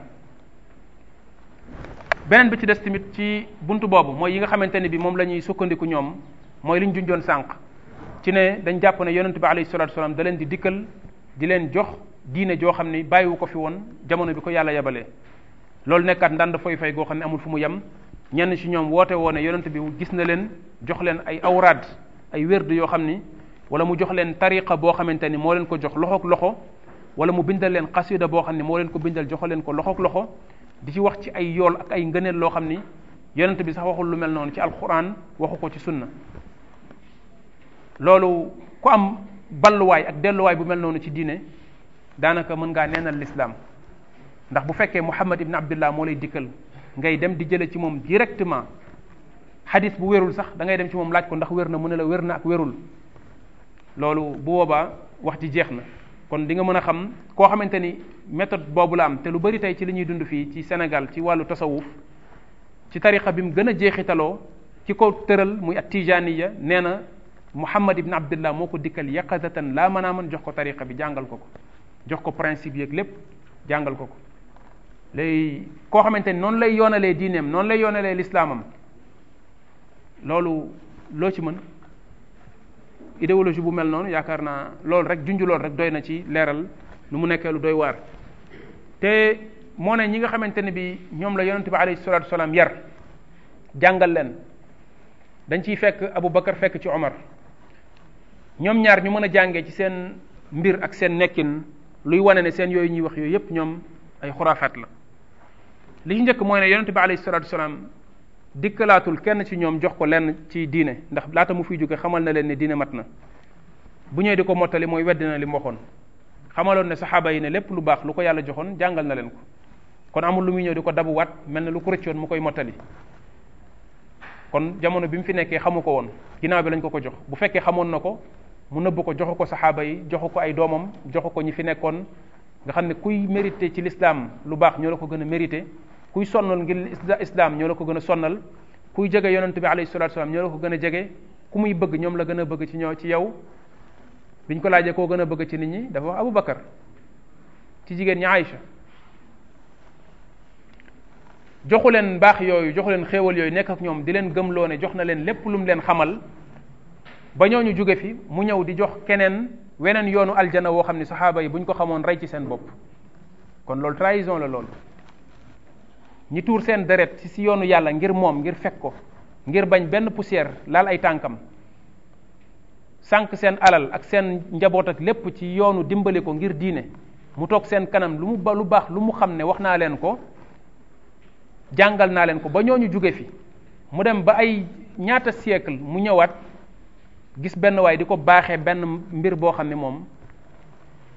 beneen bi ci des tamit ci bunt boobu mooy yi nga xamante ne bi moom la ñuy sukkandiku ñoom mooy li ñu junjoon sànq ci ne dañ jàpp ne yonent bi alayhi salatu salaam da leen di dikkal di leen jox diine joo xam ni bàyyiwu ko fi woon jamono bi ko yàlla yebale loolu nekkaat ndànd fay fay goo xam ne amul fu mu yem ñenn ci ñoom woote woone yonent bi gis na leen jox leen ay awraad ay wérdu yoo xam ni wala mu jox leen tariqa boo xamante ni moo leen ko jox loxoog loxo wala mu bindal leen xasida boo xam ne moo leen ko bindal joxo ko ko loxook loxo di ci wax ci ay yool ak ay ngëneel loo xam ni yonent bi sax waxul lu mel noonu ci alquran waxu ko ci sunna loolu ku am balluwaay ak delluwaay bu mel noonu ci diine daanaka mën ngaa neenal l'islam ndax bu fekkee Muhammad ibn Abdullah moo lay dikkal ngay dem di jële ci moom directement xadis bu wérul sax dangay dem ci moom laaj ko ndax wér na mu ne la wér na ak wérul loolu boobaa wax ji jeex na kon di nga mën a xam koo xamante ni méthode boobu la am te lu bari tey ci li ñuy dund fii ci senegal ci wàllu tasawuf ci tariqa bi mu gën a jeexitaloo ci ko tëral muy at ya nee na Muhammad ibn Abdullah moo ko dikkal yaqazatan laa mën a mën jox ko tariqa bi jàngal ko ko jox ko principe yeeg lépp jàngal ko ko léegi koo xamante ni noonu lay yoonalee diineem noonu lay yoonalee lislaamam loolu loo ci mën idéologie bu mel noonu yaakaar naa loolu rek junj loolu rek doy na ci leeral nu mu nekkee lu doy waar te moo ne ñi nga xamante ne bi ñoom la yonente bi alayhi salatu wasalaam yar jàngal leen dañ ciy fekk Abu Bakar fekk ci Omar ñoom ñaar ñu mën a jàngee ci seen mbir ak seen nekkin luy wane ne seen yooyu ñuy wax yooyu yépp ñoom ay xuraafaat la li ci njëkk mooy ne yonente bi alayhi salatu wasalaam dikkalaatul kenn ci ñoom jox ko lenn ci diine ndax laata mu fiy jóge xamal na leen ne diine mat na bu ñëwee di ko mottali mooy weddi na li mu waxoon xamaloon ne saxaaba yi ne lépp lu baax lu ko yàlla joxoon jàngal na leen ko kon amul lu mu ñëw di ko dabuwaat mel ne lu ko rëccoon mu koy mottali kon jamono bi mu fi nekkee xamu ko woon ginnaaw bi lañ ko ko jox bu fekkee xamoon na ko mu nëbb ko joxu ko saxaaba yi joxu ko ay doomam joxu ko ñi fi nekkoon nga xam ne kuy mérité ci l'islam lu baax ñoo la ko gën a mérité kuy sonnal ngir islam ñoo la ko gën a sonnal kuy jege yonent bi alayhi salatu ñoo la ko gën a jege ku muy bëgg ñoom la gën a bëgg ci ñoo ci yow biñ ko laajee koo gën a bëgg ci nit ñi dafa wax Abu Bakar jigéen ñi Aïcha joxu leen baax yooyu joxu leen xéewal yooyu nekk ak ñoom di leen gëmloo ne jox na leen lépp lu mu leen xamal ba ñu jóge fi mu ñëw di jox keneen weneen yoonu aljana woo xam ne saxaaba yi buñ ko xamoon rey ci seen bopp kon loolu trahison la loolu ñi tuur seen deret ci si yoonu yàlla ngir moom ngir fekk ko ngir bañ benn poussière laal ay tànkam sànq seen alal ak seen njaboot ak lépp ci yoonu dimbali ko ngir diine mu toog seen kanam lu mu ba lu baax lu mu xam ne wax naa leen ko jàngal naa leen ko ba ñu jóge fi mu dem ba ay ñaata siècle mu ñëwaat gis benn waay di ko baaxee benn mbir boo xam ne moom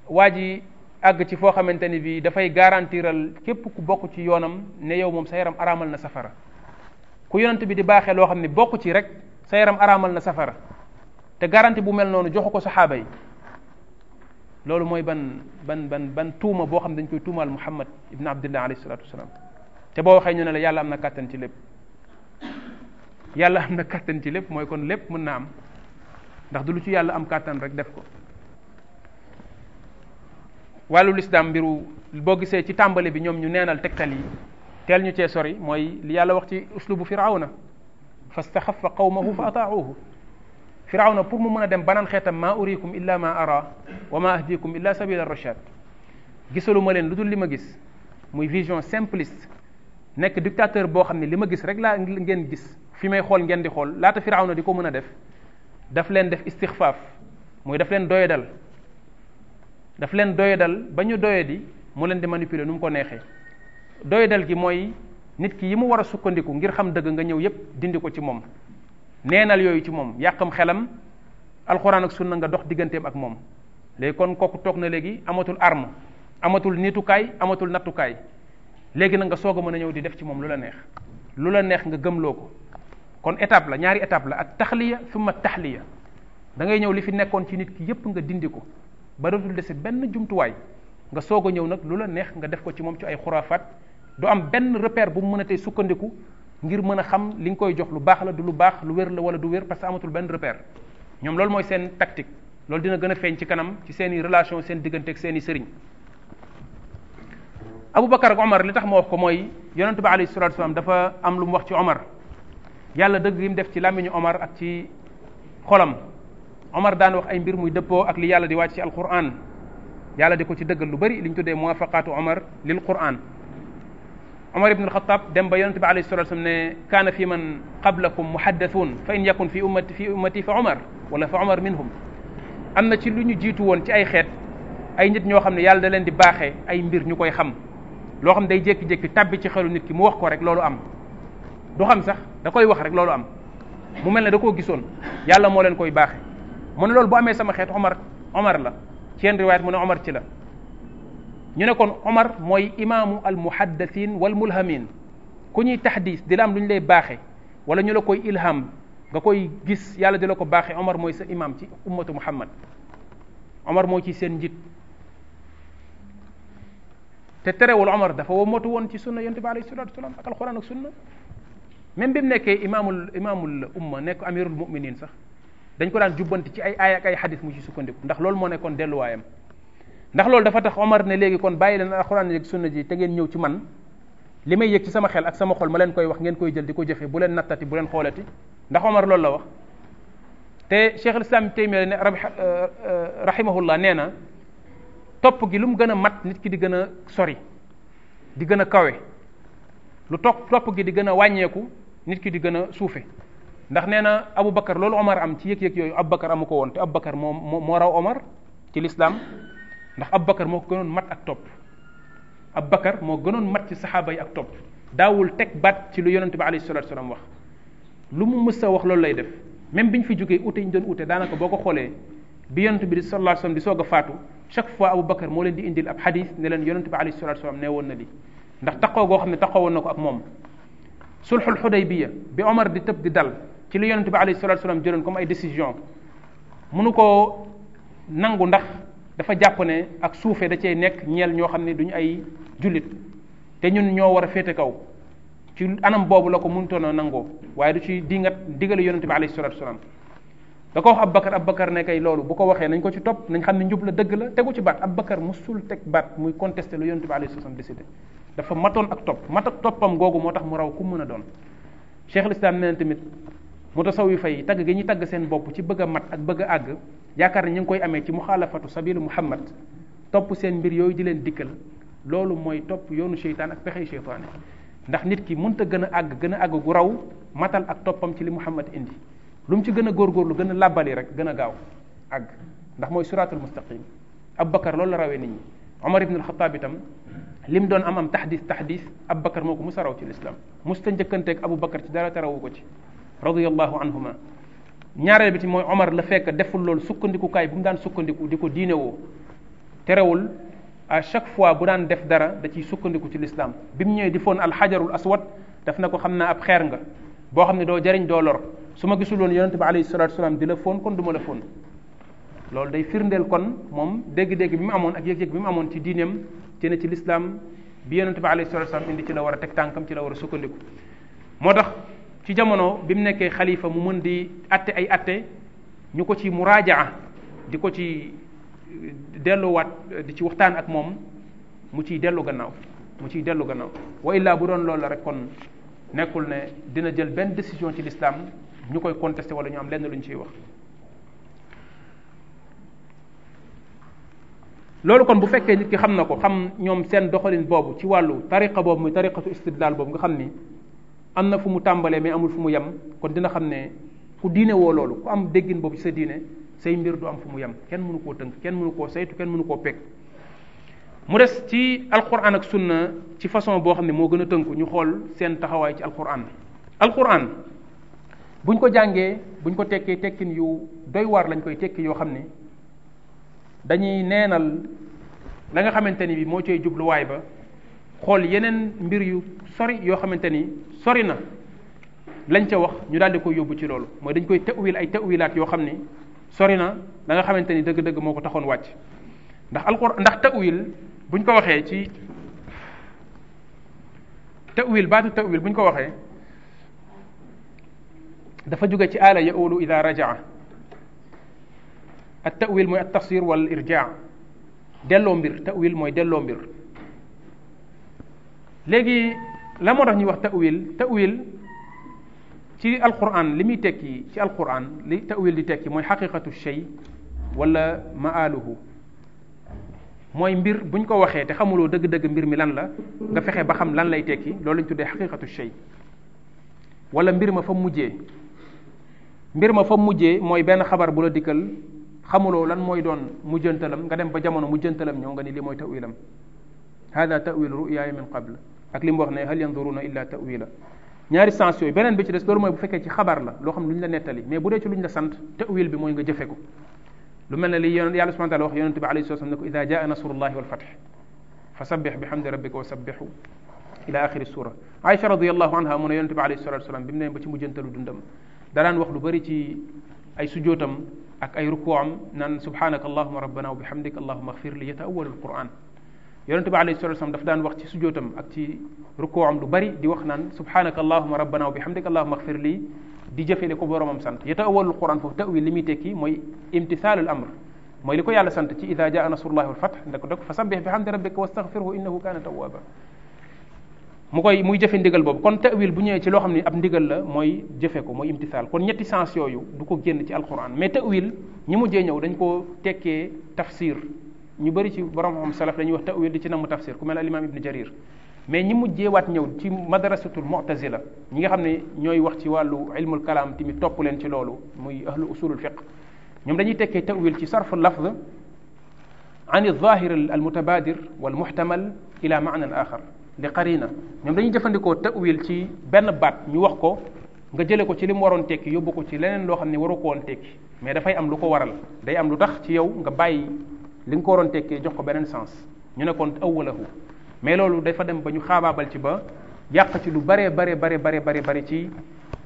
waa ji àgg ci foo xamante ni bii dafay garantiral képp ku bokk ci yoonam ne yow moom sa yaram araamal na safara ku yonent bi di baaxee loo xam ne bokk ci rek sa yaram araamal na safara te garanti bu mel noonu joxu ko saxaaba yi loolu mooy ban ban ban ban tuuma boo xam dañ koy tuumaal Muhammad ibn Abdillah alayhi salatu wasalaam te boo waxee ñu ne la yàlla am na kàttan ci lépp yàlla am na kàttan ci lépp mooy kon lépp mën na am ndax du lu ci yàlla am kàttan rek def ko wàllu lislaam mbiru boo gisee ci tàmbali bi ñoom ñu neenal tegtal yi teel ñu cee sori mooy li yàlla wax ci uslubu firawna fastaxafa qawmahu fa ataauhu firawna pour mu mën a dem banaan xeetam maa urikum illa ma ara wa ma ahdikum illa sabila rachad gisaluma leen lu dul li ma gis muy vision simpliste nekk dictateur boo xam ne li ma gis rek laa ngeen gis fi may xool ngeen di xool laata firawna di ko mën a def daf leen def istixfaaf mooy daf leen doyadal daf leen doyadal ba ñu doyadi mu leen di manipuler nu mu ko neexee doyadal gi mooy nit ki yi mu war a sukkandiku ngir xam dëgg nga ñëw yépp dindi ko ci moom neenal yooyu ci moom yàqam xelam alxuraan ak sunna nga dox digganteem ak moom léegi kon kooku toog na léegi amatul arme amatul nitukaay amatul nattukaay léegi nag nga soog a mën a ñëw di def ci moom lu la neex lu la neex nga gëmloo ko kon étape la ñaari étape la ak taxliya summa taxliya da ngay ñëw li fi nekkoon ci nit ki yépp nga dindi ko ba dootul dese benn jumtuwaay nga soog a ñëw nag lu la neex nga def ko ci moom ci ay xuraafaat du am benn repère bu mu mën a tey sukkandiku ngir mën a xam li nga koy jox lu baax la du lu baax lu wér la wala du wér parce que amatul benn repère ñoom loolu mooy seen tactique loolu dina gën a feeñ ci kanam ci seeni relation seen diggante ak seen i sëriñ Aboubacar Omar li tax ma wax ko mooy yonentu bi alayhi salatu wasalam dafa am lu mu wax ci Omar yàlla dëgg yi mu def ci làmmiñu Omar ak ci xolam Omar daan wax ay mbir muy dëppoo ak li yàlla di wàcc ci alquran yàlla di ko ci dëggal lu bari li ñu tuddee muwafaqaatu Omar lil quran Omar ibn al-Khattab dem ba yonente bi alayhi salatu wasallam ne kaana fi man qablakum muhaddathun fa in yakun fi ummati fi ummati fa Omar wala fa Omar minhum am na ci lu ñu jiitu woon ci ay xeet ay nit ñoo xam ne yàlla da leen di baaxee ay mbir ñu koy xam loo xam day jékki-jékki tabbi ci xelu nit ki mu wax ko rek loolu am du xam sax da koy wax rek loolu am mu mel ne da koo gisoon yàlla moo leen koy baaxe mu ne loolu bu amee sama xeet Omar Omar la ci yenn riwaayat mu ne Omar ci la ñu ne kon Omar mooy imaamu al muhaddathin wal mulhamin ku ñuy taxdiis di la am lu ñu lay baaxe wala ñu la koy ilham nga koy gis yàlla di la ko baaxe Omar mooy sa imaam ci ummatu Muhammad Omar mooy ci seen njit te terewul Omar dafa womatu woon ci sunna yonte bi alayhi sunna même bi mu nekkee imaamul imaamul umma nekk amirul muminin sax dañ ko daan jubbanti ci ay aaya ak ay xadis mu ci sukkandiku ndax loolu moo nekkoon delluwaayam ndax loolu dafa tax Omar ne léegi kon bàyyi leen alxuraan ak sunna ji te ngeen ñëw ci man li may yëg ci sama xel ak sama xol ma leen koy wax ngeen koy jël di ko jëfe bu leen nattati bu leen xoolati ndax Omar loolu la wax te Cheikh al-Islam Taymiya ne eh, eh, rahimahullah nee na topp gi lu mu gën a mat nit ki di gën a sori di gën a kawe lu topp topp gi di gën a wàññeeku nit ki di gën a suufe ndax nee na Aboubacar loolu Omar am ci yëg-yëg yooyu Aboubacar amu ko woon te Aboubacar moo moo raw Omar ci l'islam ndax Aboubacar moo ko gënoon mat ak topp Aboubacar moo gënoon mat ci saxaaba yi ak topp daawul teg baat ci lu yonente bi alayhi salatu wasalam wax lu mu mës a wax loolu lay def même bi ñu fi jógee ute ñu doon ute daanaka boo ko xoolee bi yonente bi sallallahu di soog a faatu chaque fois Aboubacar moo leen di indil ab xadis ne leen yonente bi alayhi salatu nee woon na li ndax taqoo goo xam ne taqoo ko ak moom sulxul xudaybiya bi Omar di tëb di dal ci li yonente bi alayhi salatu salaam jëloon comme ay décision mënu koo nangu ndax dafa jàpp ne ak suufee da cay nekk ñeel ñoo xam ne duñu ay jullit te ñun ñoo war a féete kaw ci anam boobu la ko mun mënutoon a nangoo waaye du ci dingat digale yonente bi alayhi salatu salaam da ko wax Abubakar Abubakar ne kay loolu bu ko waxee nañ ko ci topp nañ xam ne njub la dëgg la tegu ci baat Abubakar musul teg baat muy contesté lu yonente bi alayhi salaam décidé dafa matoon ak topp mat toppam googu moo tax mu raw ku mën a doon Cheikh al tamit mutasawifa yi tagg gi ñu tagg seen bopp ci bëgg a mat ak bëgg a àgg yaakaar na ñu ngi koy amee ci muxaalafatu sabilu muhammad topp seen mbir yooyu di leen dikkal loolu mooy topp yoonu seytaan ak pexey seytaane ndax nit ki mënta gën a àgg gën a àgg gu raw matal ak toppam ci li muhammad indi lu mu ci gën a góor góor lu gën a làbbali rek gën a gaaw àgg ndax mooy suratul mustaqim abubakar loolu la rawee nit ñi omar ibn alxataab itam mu doon am am taxdis taxdis abubakar moo ko musa raw ci lislaam musta njëkkanteeg abubakar ci dara te ko ci radiallahu anhuma ñaareel bi ti mooy Omar la fekk deful lool sukkandikukaay bu mu daan sukkandiku di ko diine terewul a chaque fois bu daan def dara da ciy sukkandiku ci l'islam bi mu ñëwee di foon alxajarul aswad daf na ko xam naa ab xeer nga boo xam ne doo jariñ doo loro su ma gisuloon yonente bi alayhi salatu wasalaam di la foon kon du ma la loolu day firndeel kon moom dégg-dégg bi mu amoon ak yëg-yëg bi mu amoon ci diineem te ne ci l'islam bi yonente bi alayhi salatu wasalaam indi ci la war a teg tànkam ci la war a sukkandiku moo tax ci jamono bi mu nekkee xalifa mu mën di atte ay atte ñu ko ci muraajaa di ko ci eh, delluwaat eh, di ci waxtaan ak moom mu ciy dellu gannaaw mu ciy dellu gannaaw wa illaa bu doon loolu la rek kon nekkul ne dina jël benn décision ci l'islam ñu koy contesté wala ñu am lenn lu ñu ciy wax loolu kon bu fekkee nit ki xam na ko xam ñoom seen doxalin boobu ci wàllu tariqa boobu muy tariqatu istidlal boobu nga xam ni am na fu mu tàmbalee mais amul fu mu yem kon dina xam ne ku diine woo loolu ku am déggin boobu ci sa diine say mbir du am fu mu yem kenn mënu koo tënk kenn mënu koo saytu kenn mënu koo pekk mu des ci alquran ak sunna ci façon boo xam ne moo gën a tënku ñu xool seen taxawaay ci alquran alquran buñ ko jàngee buñ ko tekkee tekkin yu doy waar lañ koy tekki yoo xam ne dañuy neenal la nga xamante ni bi moo cay jubluwaay ba xool yeneen mbir yu sori yoo xamante ni sori na lañ ca wax ñu daal di koy yóbbu ci loolu mooy dañ koy tawil ay tawilaat yoo xam ni sori na danga xamante ni dëgg-dëgg moo ko taxoon wàcc ndax alquran ndax tawil buñ ko waxee ci tawil baatu tawil ñu ko waxee dafa jóge ci aala yaulu ida rajaa at tawil mooy at tafsir wal irja delloo mbir tawil mooy delloo mbir léegi la moo tax ñuy wax ta'wil ta'wil ci alquran li muy tekki ci alquran li ta'wil di tekki mooy xaqiqatu shay wala maaluhu mooy mbir buñ ko waxee te xamuloo dëgg-dëgg mbir mi lan la nga fexe ba xam lan lay tekki loolu lañ tuddee xaqiqatu shay walla mbir ma fa mujjee mbir ma fa mujjee mooy benn xabar bu la dikkal xamuloo lan mooy doon mujjantalam nga dem ba jamono mujjantalam ñëw nga ni li mooy tawilam hada tawil ruyaaya min qabl ak li mu wax ne hal yanzuruna illa ta'wila ñaari sens yooyu beneen bi ci des loolu mooy bu fekkee ci xabaar la loo xam lu ñu nettali mais bu dee ci lu ñu sant ta'wil bi mooy nga jëfe lu mel ne li yonent yàlla subhanahu wa taala wax yonente bi alayhi salaam da daan wax lu bëri ci ay sujootam ak ay rukuam naan subhanaka allahuma rabbana wa bihamdika allahuma axfir li yataawalu alquran yonente bi alayhi salatu wasallam daf daan wax ci sujootam ak ci rukoam lu bari di wax naan subhanaka allahuma rabbana wa bihamdika allahuma axfir lii di jëfele ko boromam sant yata awalul quran foofu tawil li muy tekki mooy imtisaalul amr mooy li ko yàlla sant ci ida jaa nasrullahi wal fath nda ko dok fa sabbih bihamdi rabbika wastaghfirhu innahu kana tawwaba mu koy muy jëfe ndigal boobu kon tawil bu ñëwee ci loo xam ne ab ndigal la mooy jëfe ko mooy imtisaal kon ñetti sens yooyu du ko génn ci alquran mais tawil ñi mujjee ñëw dañ koo tekkee tafsir ñu bëri ci borom xam salaf dañuy wax tawil di ci namu tafsir ku mel al imam ibn jarir mais ñi waat ñëw ci madrasatul mu'tazila ñi nga xam ne ñooy wax ci wàllu ilmul kalam tamit topp leen ci loolu muy ahlu usulul fiqh ñoom dañuy tekkee tawil ci sarfu lafz an az-zahir al-mutabadir wal muhtamal ila ma'nan akhar li qarina ñoom dañuy jëfandikoo tawil ci benn baat ñu wax ko nga jële ko ci li mu waroon tekki yóbbu ko ci leneen loo xam ne waru ko woon tekki mais dafay am lu ko waral day am lu tax ci yow nga bàyyi li nga ko waroon tekkee jox ko beneen sens ñu ne kon awwalahu mais loolu dafa dem ba ñu xaabaabal ci ba yàq ci lu bare bare bare bare bare bare ci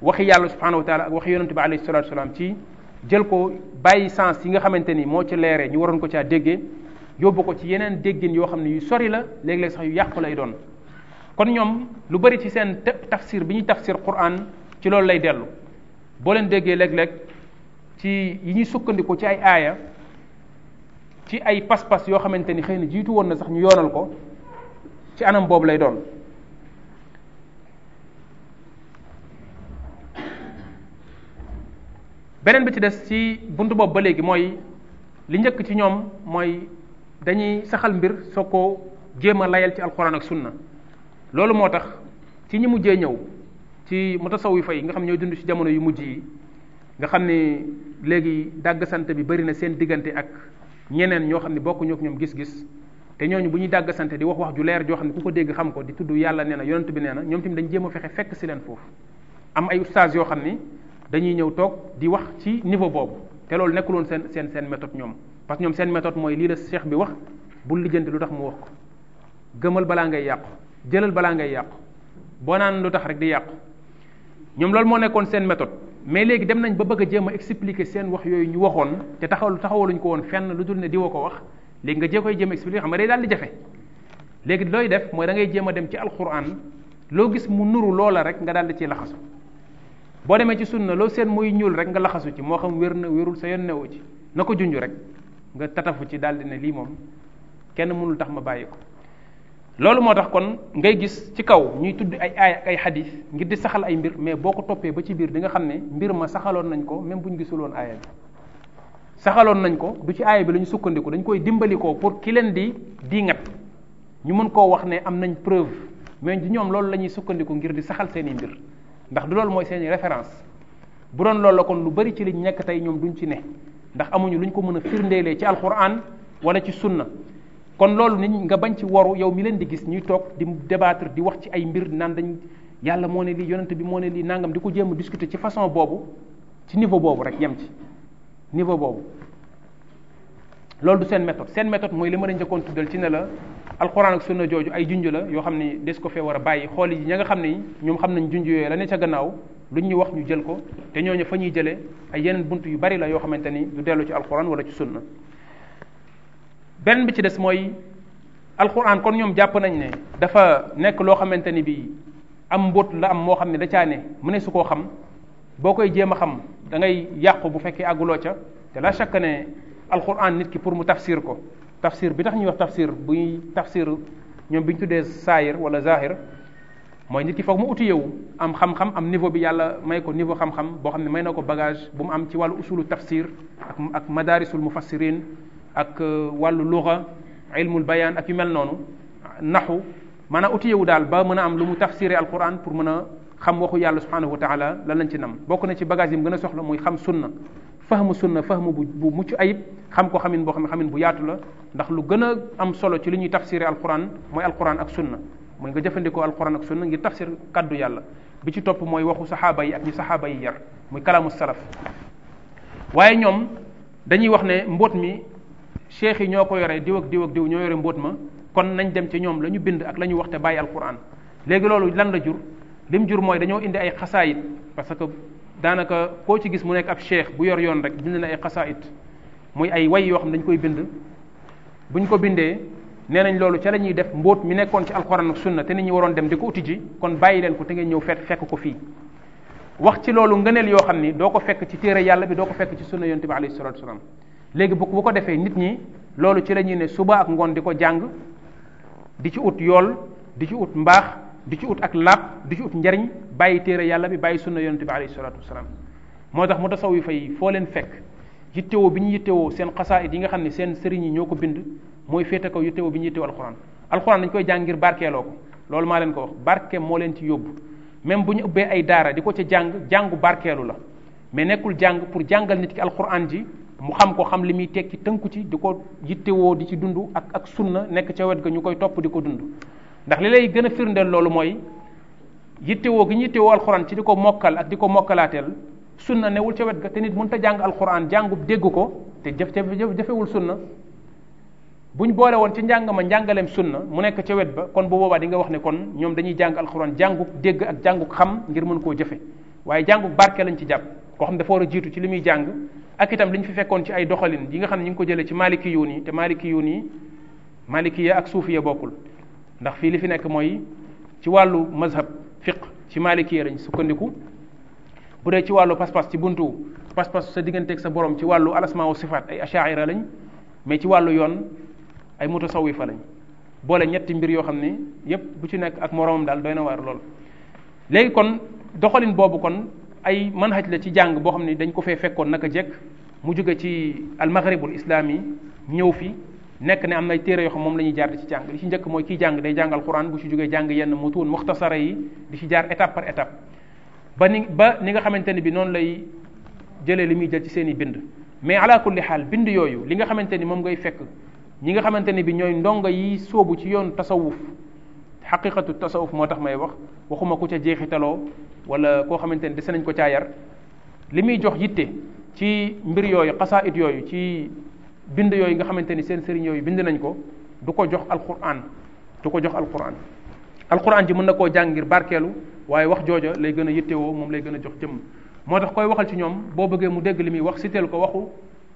waxi yàlla subhanahu wa taala ak waxi yonente bi alayhi salatu ci jël ko bàyyi sens yi nga xamante ni moo ci leeree ñu waroon ko caa déggee yóbbu ko ci yeneen déggin yoo xam ne yu sori la léegi léeg sax yu yàqu lay doon kon ñoom lu bari ci seen tafsir bi ñuy tafsir Qur'an ci loolu lay dellu boo leen déggee léeg-léeg ci yi ñuy sukkandiku ci ay aaya ci ay pas-pas yoo xamante ni xëy na jiitu woon na sax ñu yoonal ko ci anam boobu lay doon beneen bi ci des ci bunt boobu ba léegi mooy li njëkk ci ñoom mooy dañuy saxal mbir soo ko jéem a layal ci alquran ak sunna loolu moo tax ci ñi mujjee ñëw ci mutasawifa yi nga xam ñooy dund ci jamono yu mujj yi nga xam ne léegi dàgg sant bi bari na seen diggante ak ñeneen ñoo xam ne bokkuñu ñoom gis-gis te ñooñu bu ñuy dàgg sante di wax wax ju leer joo xam ne ku ko dégg xam ko di tudd yàlla nee na yonent bi nee na ñoom tamit dañ jéem fexe fekk si leen foofu am ay ustaas yoo xam ni dañuy ñëw toog di wax ci niveau boobu te loolu nekkuloon seen seen seen ñoom parce que ñoom seen méthode mooy lii la cheikh bi wax bul lijjanti lu tax mu wax ko gëmal balaa ngay yàqu jëlal balaa ngay yàqu boo naan lu tax rek di yàqu ñoom loolu moo nekkoon seen méthode mais léegi dem nañ ba bëgg a jéem a seen wax yooyu ñu waxoon te taxawal taxawaluñ ko woon fenn lu dul ne di wa ko wax léegi nga jee koy jéem a expliquer xam nga day daal jafe léegi looy def mooy da ngay jéem a dem ci alquran loo gis mu nuru loola rek nga daal di ciy laxasu boo demee ci sunna loo seen muy ñuul rek nga laxasu ci moo xam wér na wérul sa yoon newu ci na ko junju rek nga tatafu ci daldi ne lii moom kenn mënul tax ma bàyyi ko loolu moo tax kon ngay gis ci kaw ñuy tudd ay aaya ay xadis ngir di saxal ay mbir mais boo ko toppee ba ci biir di nga xam ne mbir ma saxaloon nañ ko même bu ñu gisuloon aaya bi saxaloon nañ ko du ci aaya bi la ñu sukkandiku dañ koy dimbali dimbalikoo pour ki leen di diingat ñu mën koo wax ne am nañ preuve mais di ñoom loolu la ñuy sukkandiku ngir di saxal seeni mbir ndax du loolu mooy seeni référence bu doon loolu la kon lu bari ci liñ nekk tey ñoom duñ ci ne ndax amuñu luñ ko mën a firndeelee ci alquran wala ci sunna kon loolu nit nga bañ ci waru yow mi leen di gis ñuy toog di débattre di wax ci ay mbir naan dañ yàlla moo ne lii yonent bi moo ne lii nangam di ko jéem a discuter ci façon boobu ci niveau boobu rek yem ci niveau boobu loolu du seen méthode seen méthode mooy li ma la njëkkoon tuddal ci ne la alxuraan ak sunna jooju ay junj la yoo xam ne des ko fee war a bàyyi xool yi ña nga xam ne ñoom xam nañ junj yooyu la ne ca gannaaw luñ ñuy wax ñu jël ko te ñooñu fa ñuy jëlee ay yeneen bunt yu bari la yoo xamante ni du dellu ci alxuraan wala ci sunna benn bi ci des mooy alquran kon ñoom jàpp nañ ne dafa nekk loo xamante ni bi am mbóot la am moo xam ne da caa ne mu su koo xam boo koy jéem a xam dangay ngay yàqu bu fekkee àgguloo ca te la chaque ne alquran nit ki pour mu tafsir ko tafsir bi tax ñuy wax tafsir buy tafsir ñoom bi ñu tuddee saayir wala zahir mooy nit ki foog mu uti yow am xam-xam am niveau bi yàlla may ko niveau xam-xam boo xam ne may na ko bagage bu mu am ci wàllu usulu tafsir ak ak madarisul mufassirin ak euh, wàllu luxa ilmul bayaan ak yu mel noonu naxu maanaam utiyewu daal ba mën a am lu mu tafsiré alquran pour mën a xam waxu yàlla subhanahu wa taala lan lañ ci nam bokk na ci bagage yi mu gën a soxla muy xam sunna fahmu sunna fahmu bu bu mucc ayib xam ko xamin boo xam ne xamin bu yaatu la ndax lu gën a am solo ci lu ñuy tafsiré alquran mooy alquran ak sunna mooy nga jëfandikoo alquran ak sunna ngir tafsir kaddu yàlla bi ci topp mooy waxu saxaaba yi ak ñi saxaaba yi yar muy kalaamu salaf waaye ñoom mi cheikh yi ñoo ko yore diw ak diw ak diw ñoo yore mbóot ma kon nañ dem ci ñoom la ñu bind ak la ñu wax te bàyyi alquran léegi loolu lan la jur lim jur mooy dañoo indi ay xasaayit parce que daanaka koo ci gis mu nekk ab cheikh bu yor yoon rek bind na ay it muy ay way yoo xam ne dañ koy bind buñ ko bindee nee nañ loolu ca la def mbóot mi nekkoon ci alquran ak sunna te nit ñi waroon dem di ko uti ji kon bàyyi leen ko te ngeen ñëw fekk fekk ko fii wax ci loolu ngëneel yoo xam ni doo ko fekk ci téere yàlla bi doo ko fekk ci sunna yonte léegi bu bu ko defee nit ñi loolu ci la ñuy ne suba ak ngoon di ko jàng di ci ut yool di ci ut mbaax di ci ut ak làpp di ci ut njariñ bàyyi téere yàlla bi bàyyi sunna yonente bi alayhi salatu wasalaam moo tax mu tasaw yu fay foo leen fekk yittewoo bi ñu yittewoo seen xasaayit yi nga xam ne seen sëriñ yi ñoo ko bind mooy féete kaw yittewoo bi ñu yittewoo alxuraan alxuraan dañ koy jàng ngir barkeeloo ko loolu maa leen ko wax barke moo leen ci yóbbu même bu ñu ubbee ay daara di ko ca jàng jàngu barkeelu la mais nekkul jàng pour jàngal nit ki alxuraan ji mu xam ko xam li muy tekki tënku ci di ko yittewoo di ci dund ak ak sunna nekk ca wet ga ñu koy topp di ko dund ndax li lay gën a firndeel loolu mooy yittewoo gi ñu yittewoo alxuraan ci di ko mokkal ak di ko mokkalaateel sunna newul ca wet ga te nit mun a jàng alxuraan jàngub dégg ko te jëf jëfewul sunna buñ boole woon ci njàng ma njàngaleem sunna mu nekk ca wet ba kon bu boobaa di wax ne kon ñoom dañuy jàng alxuraan dégg ak jànguk xam ngir mën koo jëfe waaye jànguk barke lañ ci jàpp koo xam dafa war a jiitu ci li muy jàng ak itam li fi fekkoon ci ay doxalin yi nga xam ne ñu ngi ko jëlee ci maliki yuun yi te maliki yuun yi maliki ya ak suufi ya bokkul ndax fii li fi nekk mooy ci wàllu mazhab fiq ci maliki ya sukkandiku bu dee ci wàllu pas-pas ci buntu pas-pas sa digganteeg sa boroom ci wàllu alasmaa wa sifaat ay ashaira lañ mais ci wàllu yoon ay fa lañ boole ñetti mbir yoo xam ne yépp bu ci nekk ak moromam daal doy na waar lool léegi kon doxalin boobu kon ay manhaj la ci jàng boo xam ne dañ ko fee fekkoon naka jekk mu jóge ci almaghribul islami ñëw fi nekk ne am na téere yoo moom la ñuy jaar di ci jàng li ci njëkk mooy kiy jàng day jàngal quran bu ci jógee jàng yenn mutuun muxtasara yi di ci jaar étape par étape ba ni ba ni nga xamante ne bi noonu lay jëlee li muy jël ci seen i bind mais ala kulli xaal bind yooyu li nga xamante ni moom ngay fekk ñi nga xamante ne bi ñooy ndongo yi sóobu ci yoon tasawuf xaqiqatu tasawuf moo tax may wax waxuma ku ca jeexitaloo wala koo xamante ne dese nañ ko caayar li muy jox yitte ci mbir yooyu xasaayit yooyu ci bind yooyu nga xamante ni seen sëriñ yooyu bind nañ ko du ko jox alquran du ko jox alquran alquran ji mën na koo jàng ngir barkeelu waaye wax jooja lay gën a woo moom lay gën a jox jëmm moo tax koy waxal ci ñoom boo bëggee mu dégg li muy wax siteel ko waxu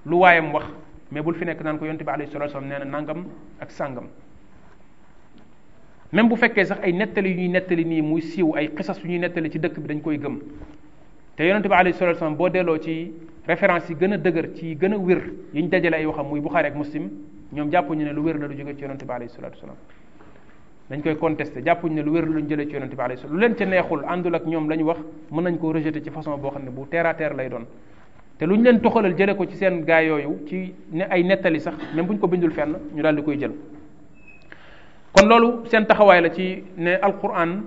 lu waayam wax mais bul fi nekk naan ko yonte bi alayhi salatu wasallam nee na nangam ak sàngam même bu fekkee sax ay nettali yu ñuy nettali nii muy siiw ay xisas yu ñuy nettali ci dëkk bi dañ koy gëm te yonente bi alayhi salatu wasallam boo delloo ci référence yi gën a dëgër ci gën a wér yi ñu dajale ay waxam muy Buxaari ak Muslim ñoom jàppuñu ne lu wér la du jóge ci yonente bi alayhi salatu wasallam dañ koy contesté jàppuñu lu wér jëlee ci yonente bi alayhi lu leen ca neexul àndul ak ñoom la ñu wax mën nañ koo rejeté ci façon boo xam ne bu terre à lay doon te lu ñu leen toxalal jële ko ci seen gaa yooyu ci ne ay nettali sax même bu ko bindul fenn ñu daal di koy jël loolu seen taxawaay la ci ne alquran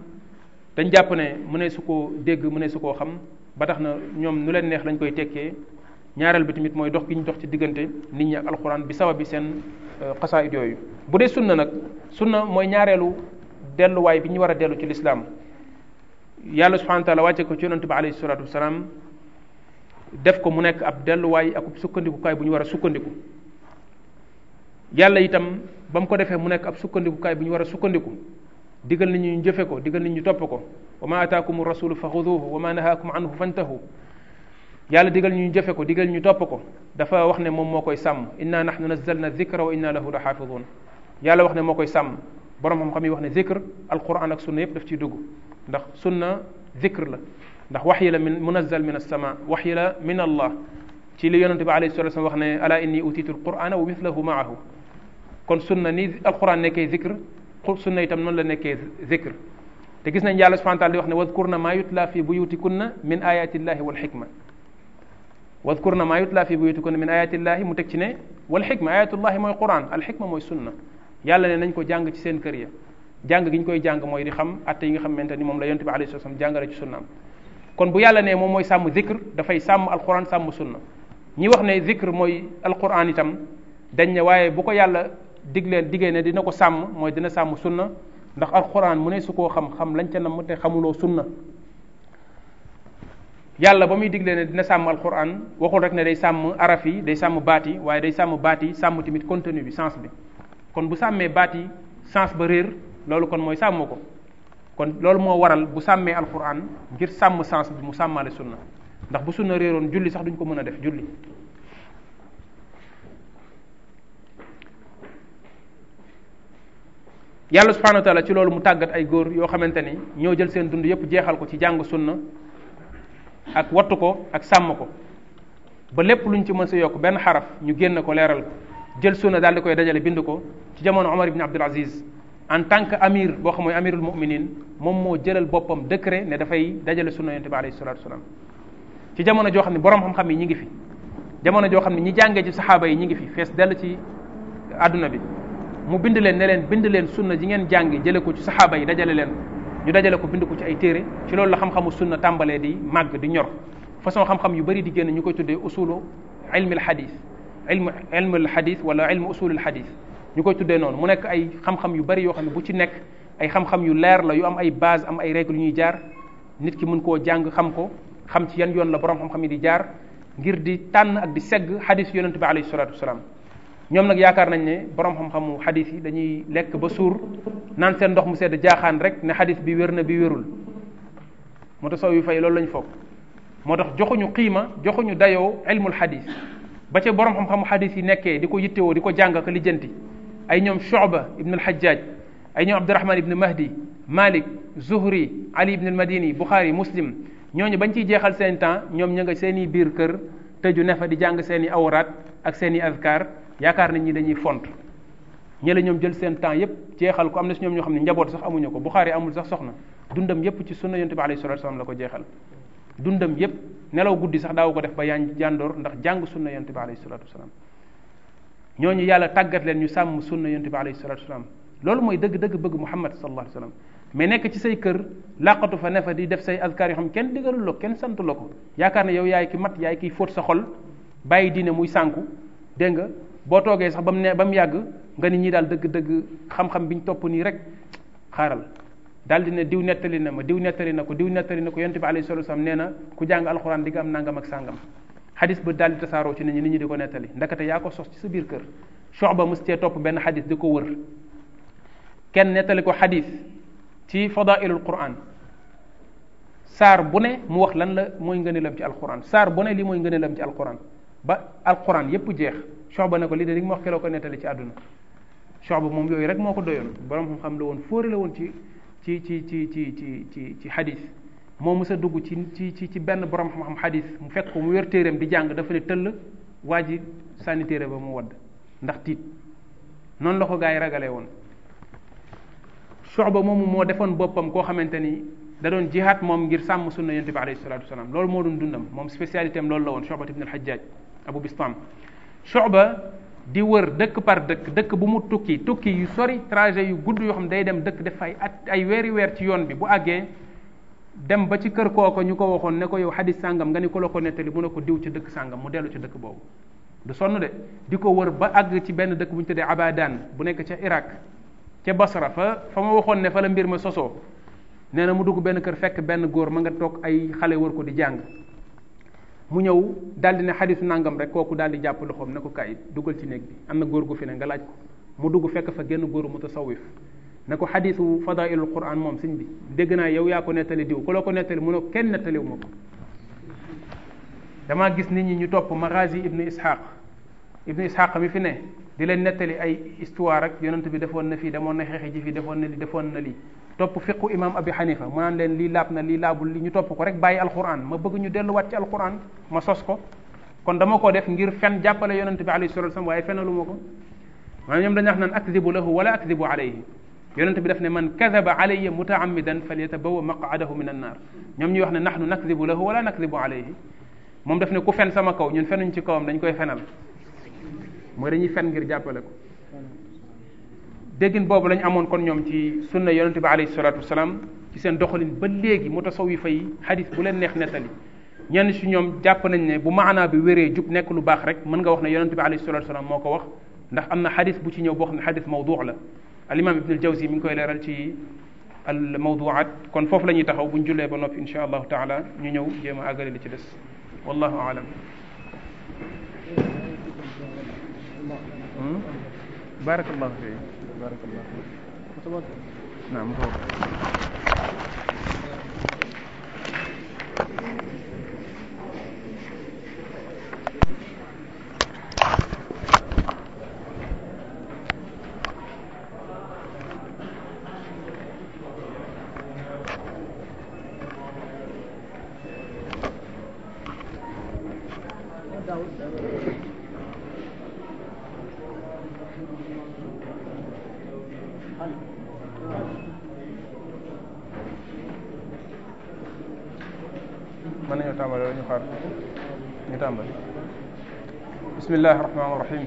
dañ jàpp ne mu ne su ko dégg mu ne su koo xam ba tax na ñoom nu leen neex lañ koy tekkee ñaareel bi tamit mooy dox gi ñu dox ci diggante nit ñi ak alquran bi sawa bi seen euh, xasaayit yooyu bu dee sunna nag sunna mooy ñaareelu delluwaay bi ñu war a dellu ci lislaam yàlla subhanahu wa taala wàcce ko ci yonante bi alayhi salatu wasalaam def ko mu nekk ab delluwaay ak sukkandiku bu ñu war a sukkandiku yàlla itam ba mu ko defee mu nekk ab sukkandikukaay bu ñu war a sukkandiku digal nañu ñu jëfe ko digal nañu ñu topp ko wa ma ataakum rasulu fa xuduhu wa ma nahaakum anhu fantahu yàlla digal ñu jëfe ko digal ñu topp ko dafa wax ne moom moo koy sàmm inna nahnu nazzalna zikra wa inna lahu la xaafidun yàlla wax ne moo koy sàmm borom xam-xam yi wax ne zikr alquran ak sunna yëpp daf ciy dugu ndax sunna zikr la ndax wax yi la min munazzal min alsama wax yi la min allah ci li yonente bi alayhi salatu wasallam wax ne ala inni utitu alqurana wa mithlahu maahu kon sunna ni alquran nekkee zikr sunna itam noonu la nekkee zikr te gis nañ yàlla subhanahu wa taala di wax ne wadkurna maa yutla fi buyutikunna min ayatillahi wal xikma wadkurna maa yutla fi buyutikunna min ayatillahi mu teg ci ne wal xikma ayatullahi mooy quran al xikma mooy sunna yàlla ne nañ ko jàng ci seen kër ya jàng gi ñu koy jàng mooy di xam atte yi nga xamante ni moom la yonent bi alayhi salaam jàngale ci sunnaam kon bu yàlla ne moom mooy sàmm zikr dafay sàmm alquran sàmm sunna ñi wax ne zikr mooy alquran itam dañ ne waaye bu ko yàlla digleen diggée ne dina ko sàmm mooy dina sàmm sunna ndax alquran mu ne su koo xam xam lañ ca nam te xamuloo sunna yàlla ba muy diglee ne dina sàmm alquran waxul rek ne day sàmm araf yi day sàmm baat yi waaye day sàmm baat yi sàmm tamit contenu bi sens bi kon bu sàmmee baat yi sens ba réer loolu kon mooy sàmm ko kon loolu moo waral bu sàmmee alquran ngir sàmm sens bi mu sàmmaale sunna ndax bu sunna réeroon julli sax duñ ko mën a def julli yàlla subhanahu wa taala ci loolu mu tàggat ay góor yoo xamante ni ñëw jël seen dund yépp jeexal ko ci jàng sunna ak wattu ko ak sàmm ko ba lépp luñ ci mën sa yokk benn xaraf ñu génn ko leeral jël sunna daal di koy dajale bind ko ci jamono Omar ibn Abdul Aziz en tant que amir boo xam mooy amirul muminin moom moo jëlal boppam décret ne dafay dajale sunna yonte bi alayhi salatu ci jamono joo xam ne borom xam-xam yi ñi ngi fi jamono joo xam ne ñi jàngee ci saxaaba yi ñi ngi fi fees dell ci àdduna bi mu bind leen ne leen bind leen sunna ji ngeen jàngi jële ko ci saxaaba yi dajale leen ñu dajale ko bind ko ci ay téere ci loolu la xam-xamu sunna tàmbalee di màgg di ñor façon xam yu bëri di génn ñu koy tuddee usulu ilmi al hadis ilmu ilmu al hadis wala ilmu usul al hadis ñu koy tuddee noonu mu nekk ay xam-xam yu bari yoo xam ne bu ci nekk ay xam-xam yu leer la yu am ay base am ay règle yu ñuy jaar nit ki mën koo jàng xam ko xam ci yan yoon la borom xam-xam yi di jaar ngir di tànn ak di segg hadis yonente bi alayhi salatu wasalaam ñoom nag yaakaar nañ ne borom xam-xamu xadis yi dañuy lekk ba suur naan seen ndox mu sedd jaaxaan rek ne xadis bi wér na bi wérul moo tax soo yu fay loolu lañ foog moo tax joxuñu xiima joxuñu dayoo ilmul xadis ba ca borom xam-xamu xadis yi nekkee di ko yittewoo di ko jàng ak lijjanti ay ñoom Shu'ba ibn al-Hajjaj ay ñoom Abdurrahman ibn Mahdi Malik Zuhri Ali ibn al-Madini Bukhari Muslim ñooñu bañ ciy jeexal seen temps ñoom ña nga seen biir kër tëju ne fa di jàng seen i awraat seen i azkar yaakaar nañ ñi dañuy font ñële ñoom jël seen temps yépp jeexal ko am na si ñoom ñoo xam ne njaboot sax amuñu ko Buxaari amul sax soxna dundam yépp ci sunna yonte bi alayhi salatu wasallam la ko jeexal dundam yépp nelaw guddi sax daawu ko def ba yaan jàndoor ndax jàng sunna yonte bi alayhi salatu wasallam ñooñu yàlla tàggat leen ñu sàmm sunna yonte bi alayhi salatu wasallam loolu mooy dëgg-dëgg bëgg Muhammad sallallahu alayhi wasallam mais nekk ci say kër laqatu fa ne fa di def say azkar yoo xam kenn digalul la kenn santu la ko yaakaar ne yow yaay ki mat yaay kiy fóot sa xol bàyyi diine muy sànku dégg nga boo toogee sax ba mu ne ba mu yàgg nga ni ñii daal dëgg-dëgg xam-xam bi ñu topp nii rek xaaral daal di ne diw nettali na ma diw nettali na ko diw nettali na ko yonent bi alayhi salaam nee na ku jàng alxuraan am nangam ak sàngam xadis ba daal di tasaaroo ci nit ñi nit ñi di ko nettali ndakate yaa ko sos ci sa biir kër ba mos cee topp benn xadis di ko wër kenn nettali ko xadis ci fadailul quran saar bu ne mu wax lan la mooy ngëneelam ci alxuraan saar bu ne lii mooy ngëneelam ci alxuraan ba alxuraan yépp jeex Shuba na ko lii de li nga ma wax keroog ko nettali ci àdduna Shuba moom yooyu rek moo ko doyoon borom xam-xam la woon fóori la woon ci ci ci ci ci ci ci ci moo mësa dugg ci ci ci ci benn borom xam-xam mu fekk ko mu yor téereem di jàng dafa ne tëll waa ji sànni téere ba mu wadd ndax tiit noonu la ko gaa yi ragalee woon Shuba moomu moo defoon boppam koo xamante ni da doon jihaat moom ngir sàmm sunna yonent bi alayhi salatu wasalaam loolu moo doon dundam moom spécialité am la woon Shuba ibn al-Hajjaj Abu Bistam Shuba di wër dëkk par dëkk dëkk bu mu tukki tukki yu sori trajet yu gudd yoo xam day dem dëkk def at ay weeri weer ci yoon bi bu àggee dem ba ci kër kooko ñu ko waxoon ne ko yow xadis sàngam nga ni ko la ko nettali mu ne ko diw ci dëkk sàngam mu dellu ci dëkk boobu du sonn de di ko wër ba àgg ci benn dëkk bu ñu tuddee Abadan bu nekk ca Irak ca Basra fa fa ma waxoon ne fa la mbir ma sosoo nee na mu dugg benn kër fekk benn góor ma nga toog ay xale wër ko di jàng mu ñëw daal di ne xadisu nangam rek kooku daal di jàpp loxoom ne ko kaay dugal ci néeg bi am na góor gu fi ne nga laaj ko mu dugg fekk fa génn góoru mutasawif ne ko xadisu fadailul quran moom siñ bi dégg naa yow yaa ko nettali diw ku la ko nettali mu ne kenn nettaliwu ma ko damaa gis nit ñi ñu topp magazi ibnu ishaq ibnu ishaq mi fi ne di leen nettali ay histoire ak yonent bi defoon na fii demoon na xeexi ji fii defoon na li defoon na lii topp fiqu imam abi xanifa mu naan leen lii laab na lii laabul li ñu topp ko rek bàyyi alquran ma bëgg ñu delluwaat ci alquran ma sos ko kon dama koo def ngir fen jàppale yonente bi alayhi salatu wasallam waaye fenalu ma ko maanaam ñoom dañuy wax naan akdibu lahu wala akdibu alayhi yonente bi def ne man kadaba alayya mutaamidan falyatabawa maqadahu min annar ñoom ñuy wax ne nahnu nakdibu lahu wala nakdibu alayhi moom def ne ku fen sama kaw ñun fenuñ ci kawam dañ koy fenal mooy dañuy fen ngir jàppale ko déggin boobu lañ amoon kon ñoom ci sunna yonente bi alayhi salatu wasalaam ci seen doxalin ba léegi mutasawifa yi fay xadis bu leen neex nettali ñenn si ñoom jàpp nañ ne bu maanaa bi wéree jub nekk lu baax rek mën nga wax ne yonente bi alayhi salatu wasalaam moo ko wax ndax am na xadis bu ci ñëw boo xam ne xadis mawduu la al imam ibn al jawzi mi ngi koy leeral ci al mawduat kon foofu la ñuy taxaw buñ jullee ba noppi insha allahu taala ñu ñëw jéem àggale li ci des wallahu alam hmm? barakallahu barakallah naam bismillahi irrahmani irrahim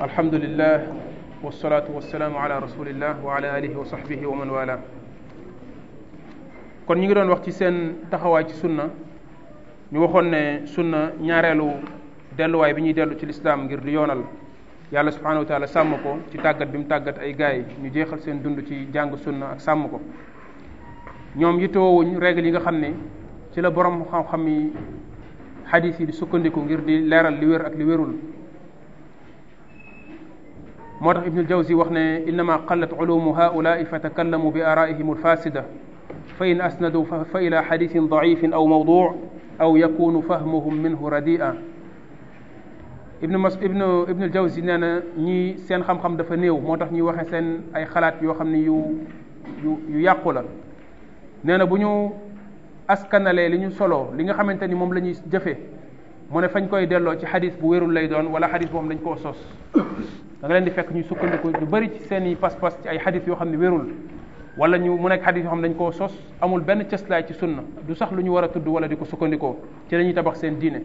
alhamdulillah wasalaatu wasalaamu ala rasulillah wa ala alihi wa sahbihi wa man wala kon ñu ngi doon wax ci seen taxawaay ci sunna ñu waxoon ne sunna ñaareelu delluwaay bi ñuy dellu ci lislaam ngir di yoonal yàlla subhanahu wa taala sàmm ko ci tàggat bi mu tàggat ay gaay ñu jeexal seen dund ci jàng sunna ak sàmm ko ñoom yittewoowuñ règle yi nga xam ne ci la borom xam-xam yi xadis yi di sukkandiku ngir di leeral li wér ak li wérul moo tax ibnul jawzi wax ne innama qallat ulumu haulaai fa takallamu bi araihim alfasida fa in asnadu fa ila xadisin daifin aw mawdu aw yakunu fahmuhum minhu radia ibnu mas ibnu ibnul jawzi nee na ñii seen xam-xam dafa néew moo tax ñuy waxe seen ay xalaat yoo xam ne yu yu yu yàqu la nee na bu ñu askanalee li ñu solo li nga xamante ni moom la ñuy jëfee mu ne fañ koy delloo ci xadis bu wérul lay doon wala xadis boobu dañ koo sos da nga leen di fekk ñu sukkandiku ñu bëri ci seen i pas-pas ci ay xadis yoo xam ne wérul wala ñu mu nekk xadis yoo xam ne dañ koo sos amul benn cëslaay ci sunna du sax lu ñu war a tudd wala di ko sukkandikoo ci la ñuy tabax seen diine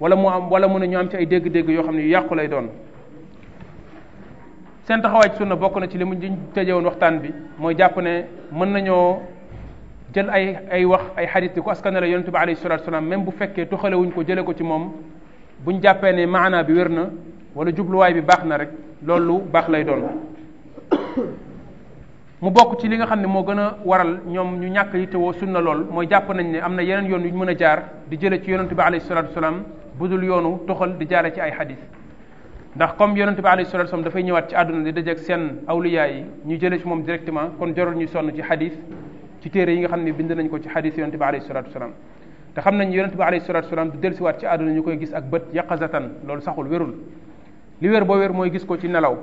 wala mu am wala mu ne ñu am ci ay dégg-dégg yoo xam ne yu yàqu lay doon seen taxawaay ci sunna bokk na ci li mu ñu tëjewoon waxtaan bi mooy jàpp ne mën nañoo jël ay ay wax ay xadis di ko askanale yonente bi alayhi salatu wasalaam même bu fekkee tuxalewuñ ko jële ko ci moom buñ jàppee ne maanaa bi wér na wala jubluwaay bi baax na rek loolu baax lay doon *coughs* mu bokk ci li nga xam ne moo gën a waral ñoom ñu ñàkk yittewoo sunna lool mooy jàpp nañ ne am na yeneen yoon yu ñu mën a jaar di jële ci yonente bi alayhi salatu bu budul yoonu tuxal di jaare ci ay xadis ndax comme yonente bi alayhi salatu dafay ñëwaat ci àdduna di dajeeg seen awliyaa yi ñu jële ci moom directement kon jarul ñu sonn ci xadis ci téere yi nga xam ne bind nañ ko ci xadis yonente bi alayhi salatu wasalaam te xam nañ yonente bi alayhi salatu wasalaam du delsiwaat ci àdduna ñu koy gis ak bët yaqazatan loolu saxul wérul li wér boo wér mooy gis ko ci nelaw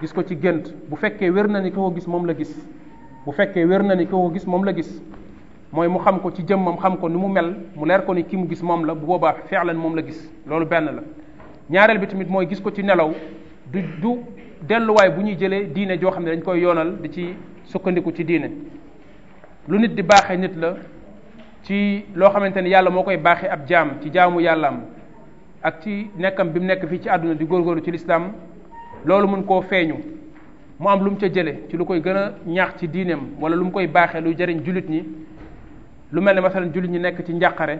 gis ko ci gént bu fekkee wér na ni ko ko gis moom la gis bu fekkee wér na ni ko gis moom la gis mooy mu xam ko ci jëmmam xam ko ni mu mel mu leer ko ni ki mu gis moom la bu boobaa fi'lan moom la gis loolu benn la ñaareel bi tamit mooy gis ko ci nelaw du du delluwaay bu ñuy jëlee diine joo xam ne dañ koy yoonal di ci sukkandiku ci diine lu nit di baaxee nit la ci loo xamante ni yàlla moo koy baaxee ab jaam ci jaamu yàllaam ak ci nekkam bi mu nekk fii ci àdduna di góorgóorlu ci lislaam loolu mën koo feeñu mu am lu mu ca jële ci lu koy gën a ñaax ci diineem wala lu mu koy baaxee lu jariñ jullit ñi lu mel ni masalan jullit ñi nekk ci njàqare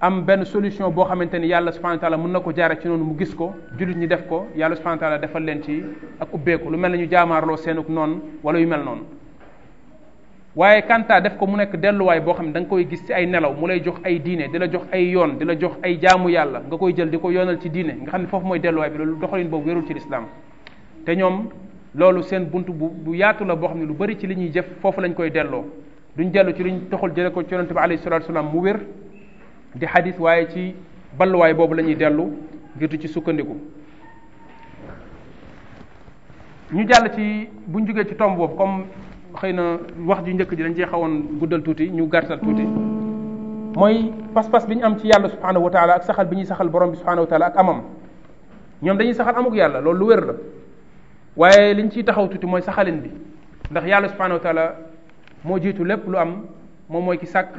am benn solution boo xamante ni yàlla subhanahu wa taala mën na ko jaare ci noonu mu gis ko jullit ñi def ko yàlla subhanahu wa defal leen ci ak ubbeeku lu mel ne ñu jaamaarloo seenuk noonu wala yu mel noonu waaye kanta def ko mu nekk delluwaay boo xam ne da koy gis ci ay nelaw mu lay jox ay diine di jox ay yoon di jox ay jaamu yàlla nga koy jël di ko yoonal ci diine nga xam ne foofu mooy delluwaay bi loolu doxalin boobu wérul ci lislaam te ñoom loolu seen bunt bu bu yaatu la boo xam ne lu bari ci li ñuy jëf foofu lañ koy delloo duñ dellu ci liñ toxal jële ko ci yonente bi alayhi salatu salaam mu wér di xadis waaye ci balluwaay boobu la dellu ngir ci sukkandiku ñu jàll ci buñ jógee ci tomb xëy na wax ju njëkk ji dañ cee xawoon guddal tuuti ñu gàttal tuuti mooy pas-pas bi ñu am ci yàlla subhanahu wa taala ak saxal bi ñuy saxal borom bi subhanahu wa taala ak amam ñoom dañuy saxal amuk yàlla loolu lu wér la waaye liñ ciy taxaw tuuti mooy saxalin bi ndax yàlla subhanahu wa moo jiitu lépp lu am moom mooy ki sàkk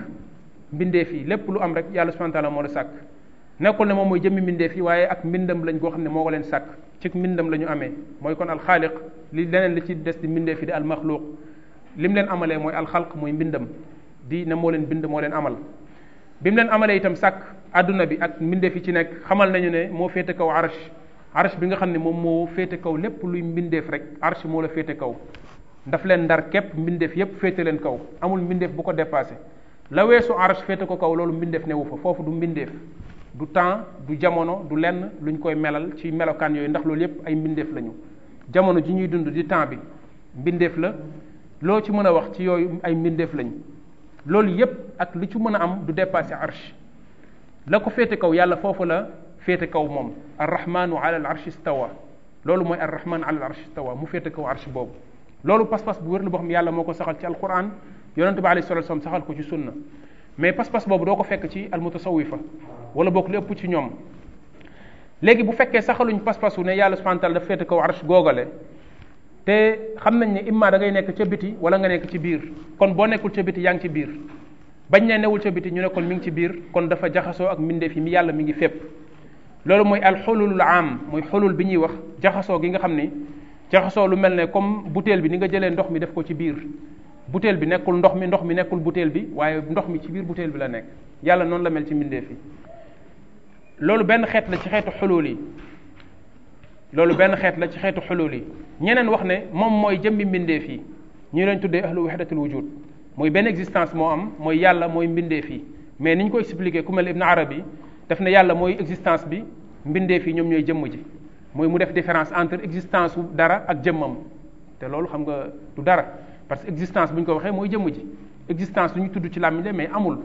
mbindeef yi lépp lu am rek yàlla subhanahu wa moo la sàkk nekkoon ne moom mooy jëmmi mbindeef yi waaye ak mbindam lañ koo xam ne moo ko leen sàkk ci mbindam la ñu amee mooy kon alxaaliq li leneen li ci des di mbindeef yi di almaxluuq lim leen amalee mooy alxalq mooy mbindam di ne moo leen bind moo leen amal bi leen amalee itam sàkk àdduna bi ak mbindeef yi ci nekk xamal nañu ne moo féete kaw arsh arsh bi nga xam ne moom moo féete kaw lépp luy mbindeef rek arsh moo la féete kaw daf leen ndar képp mbindeef yépp féete leen kaw amul mbindeef bu ko dépassé la weesu arsh féete ko kaw loolu mbindeef newu fa foofu du mbindeef du temps du jamono du lenn luñ koy melal ci melokaan yooyu ndax loolu yépp ay mbindeef lañu jamono ji ñuy dund di temps bi mbindeef la loo ci mën a wax ci yooyu ay mbindeef lañ loolu yépp ak lu ci mën a am du dépasser arsh la ko féete kaw yàlla foofu la féete kaw moom arrahmanu ala al arsh istawa loolu mooy arrahman ala al arsh istawa mu féete kaw arsh boobu loolu pas-pas bu wér la boo xam yàlla moo ko saxal ci alquran yonente bi alayhi salatu wasallam saxal ko ci sunna mais pas-pas boobu doo ko fekk ci fa wala bokk li ëpp ci ñoom léegi bu fekkee saxaluñ pas-pasu ne yàlla subhanahu wa taala dafa féete kaw arsh googale te xam nañ ne imma da ngay nekk ca biti wala nga nekk ci biir kon boo nekkul ca biti yaa ngi ci biir bañ ne newul ca biti ñu ne kon mi ngi ci biir kon dafa jaxasoo ak mbindeef yi mi yàlla mi ngi fépp loolu mooy alxululul am mooy xulul bi ñuy wax jaxasoo gi nga xam ni jaxasoo lu mel ne comme butéel bi ni nga jëlee ndox mi def ko ci biir butéel bi nekkul ndox mi ndox mi nekkul butéel bi waaye ndox mi ci biir butéel bi la nekk yàlla noonu la mel ci mbindeef loolu benn xeet la ci xeetu yi loolu benn xeet la ci xeetu xulul yi ñeneen wax ne moom mooy bi mbindeef yi ñu leen tuddee ahlu wahdatul wujud mooy benn existence moo am mooy yàlla mooy mbindeef yi mais ni ñu ko expliqué ku mel Ibn Arabi daf ne yàlla mooy existence bi mbindeef yi ñoom ñooy jëmm ji mooy mu def différence entre existence wu dara ak jëmmam te loolu xam nga du dara parce que existence bu ñu ko waxee mooy jëmm ji existence lu ñu tudd ci làmmiñ la mais amul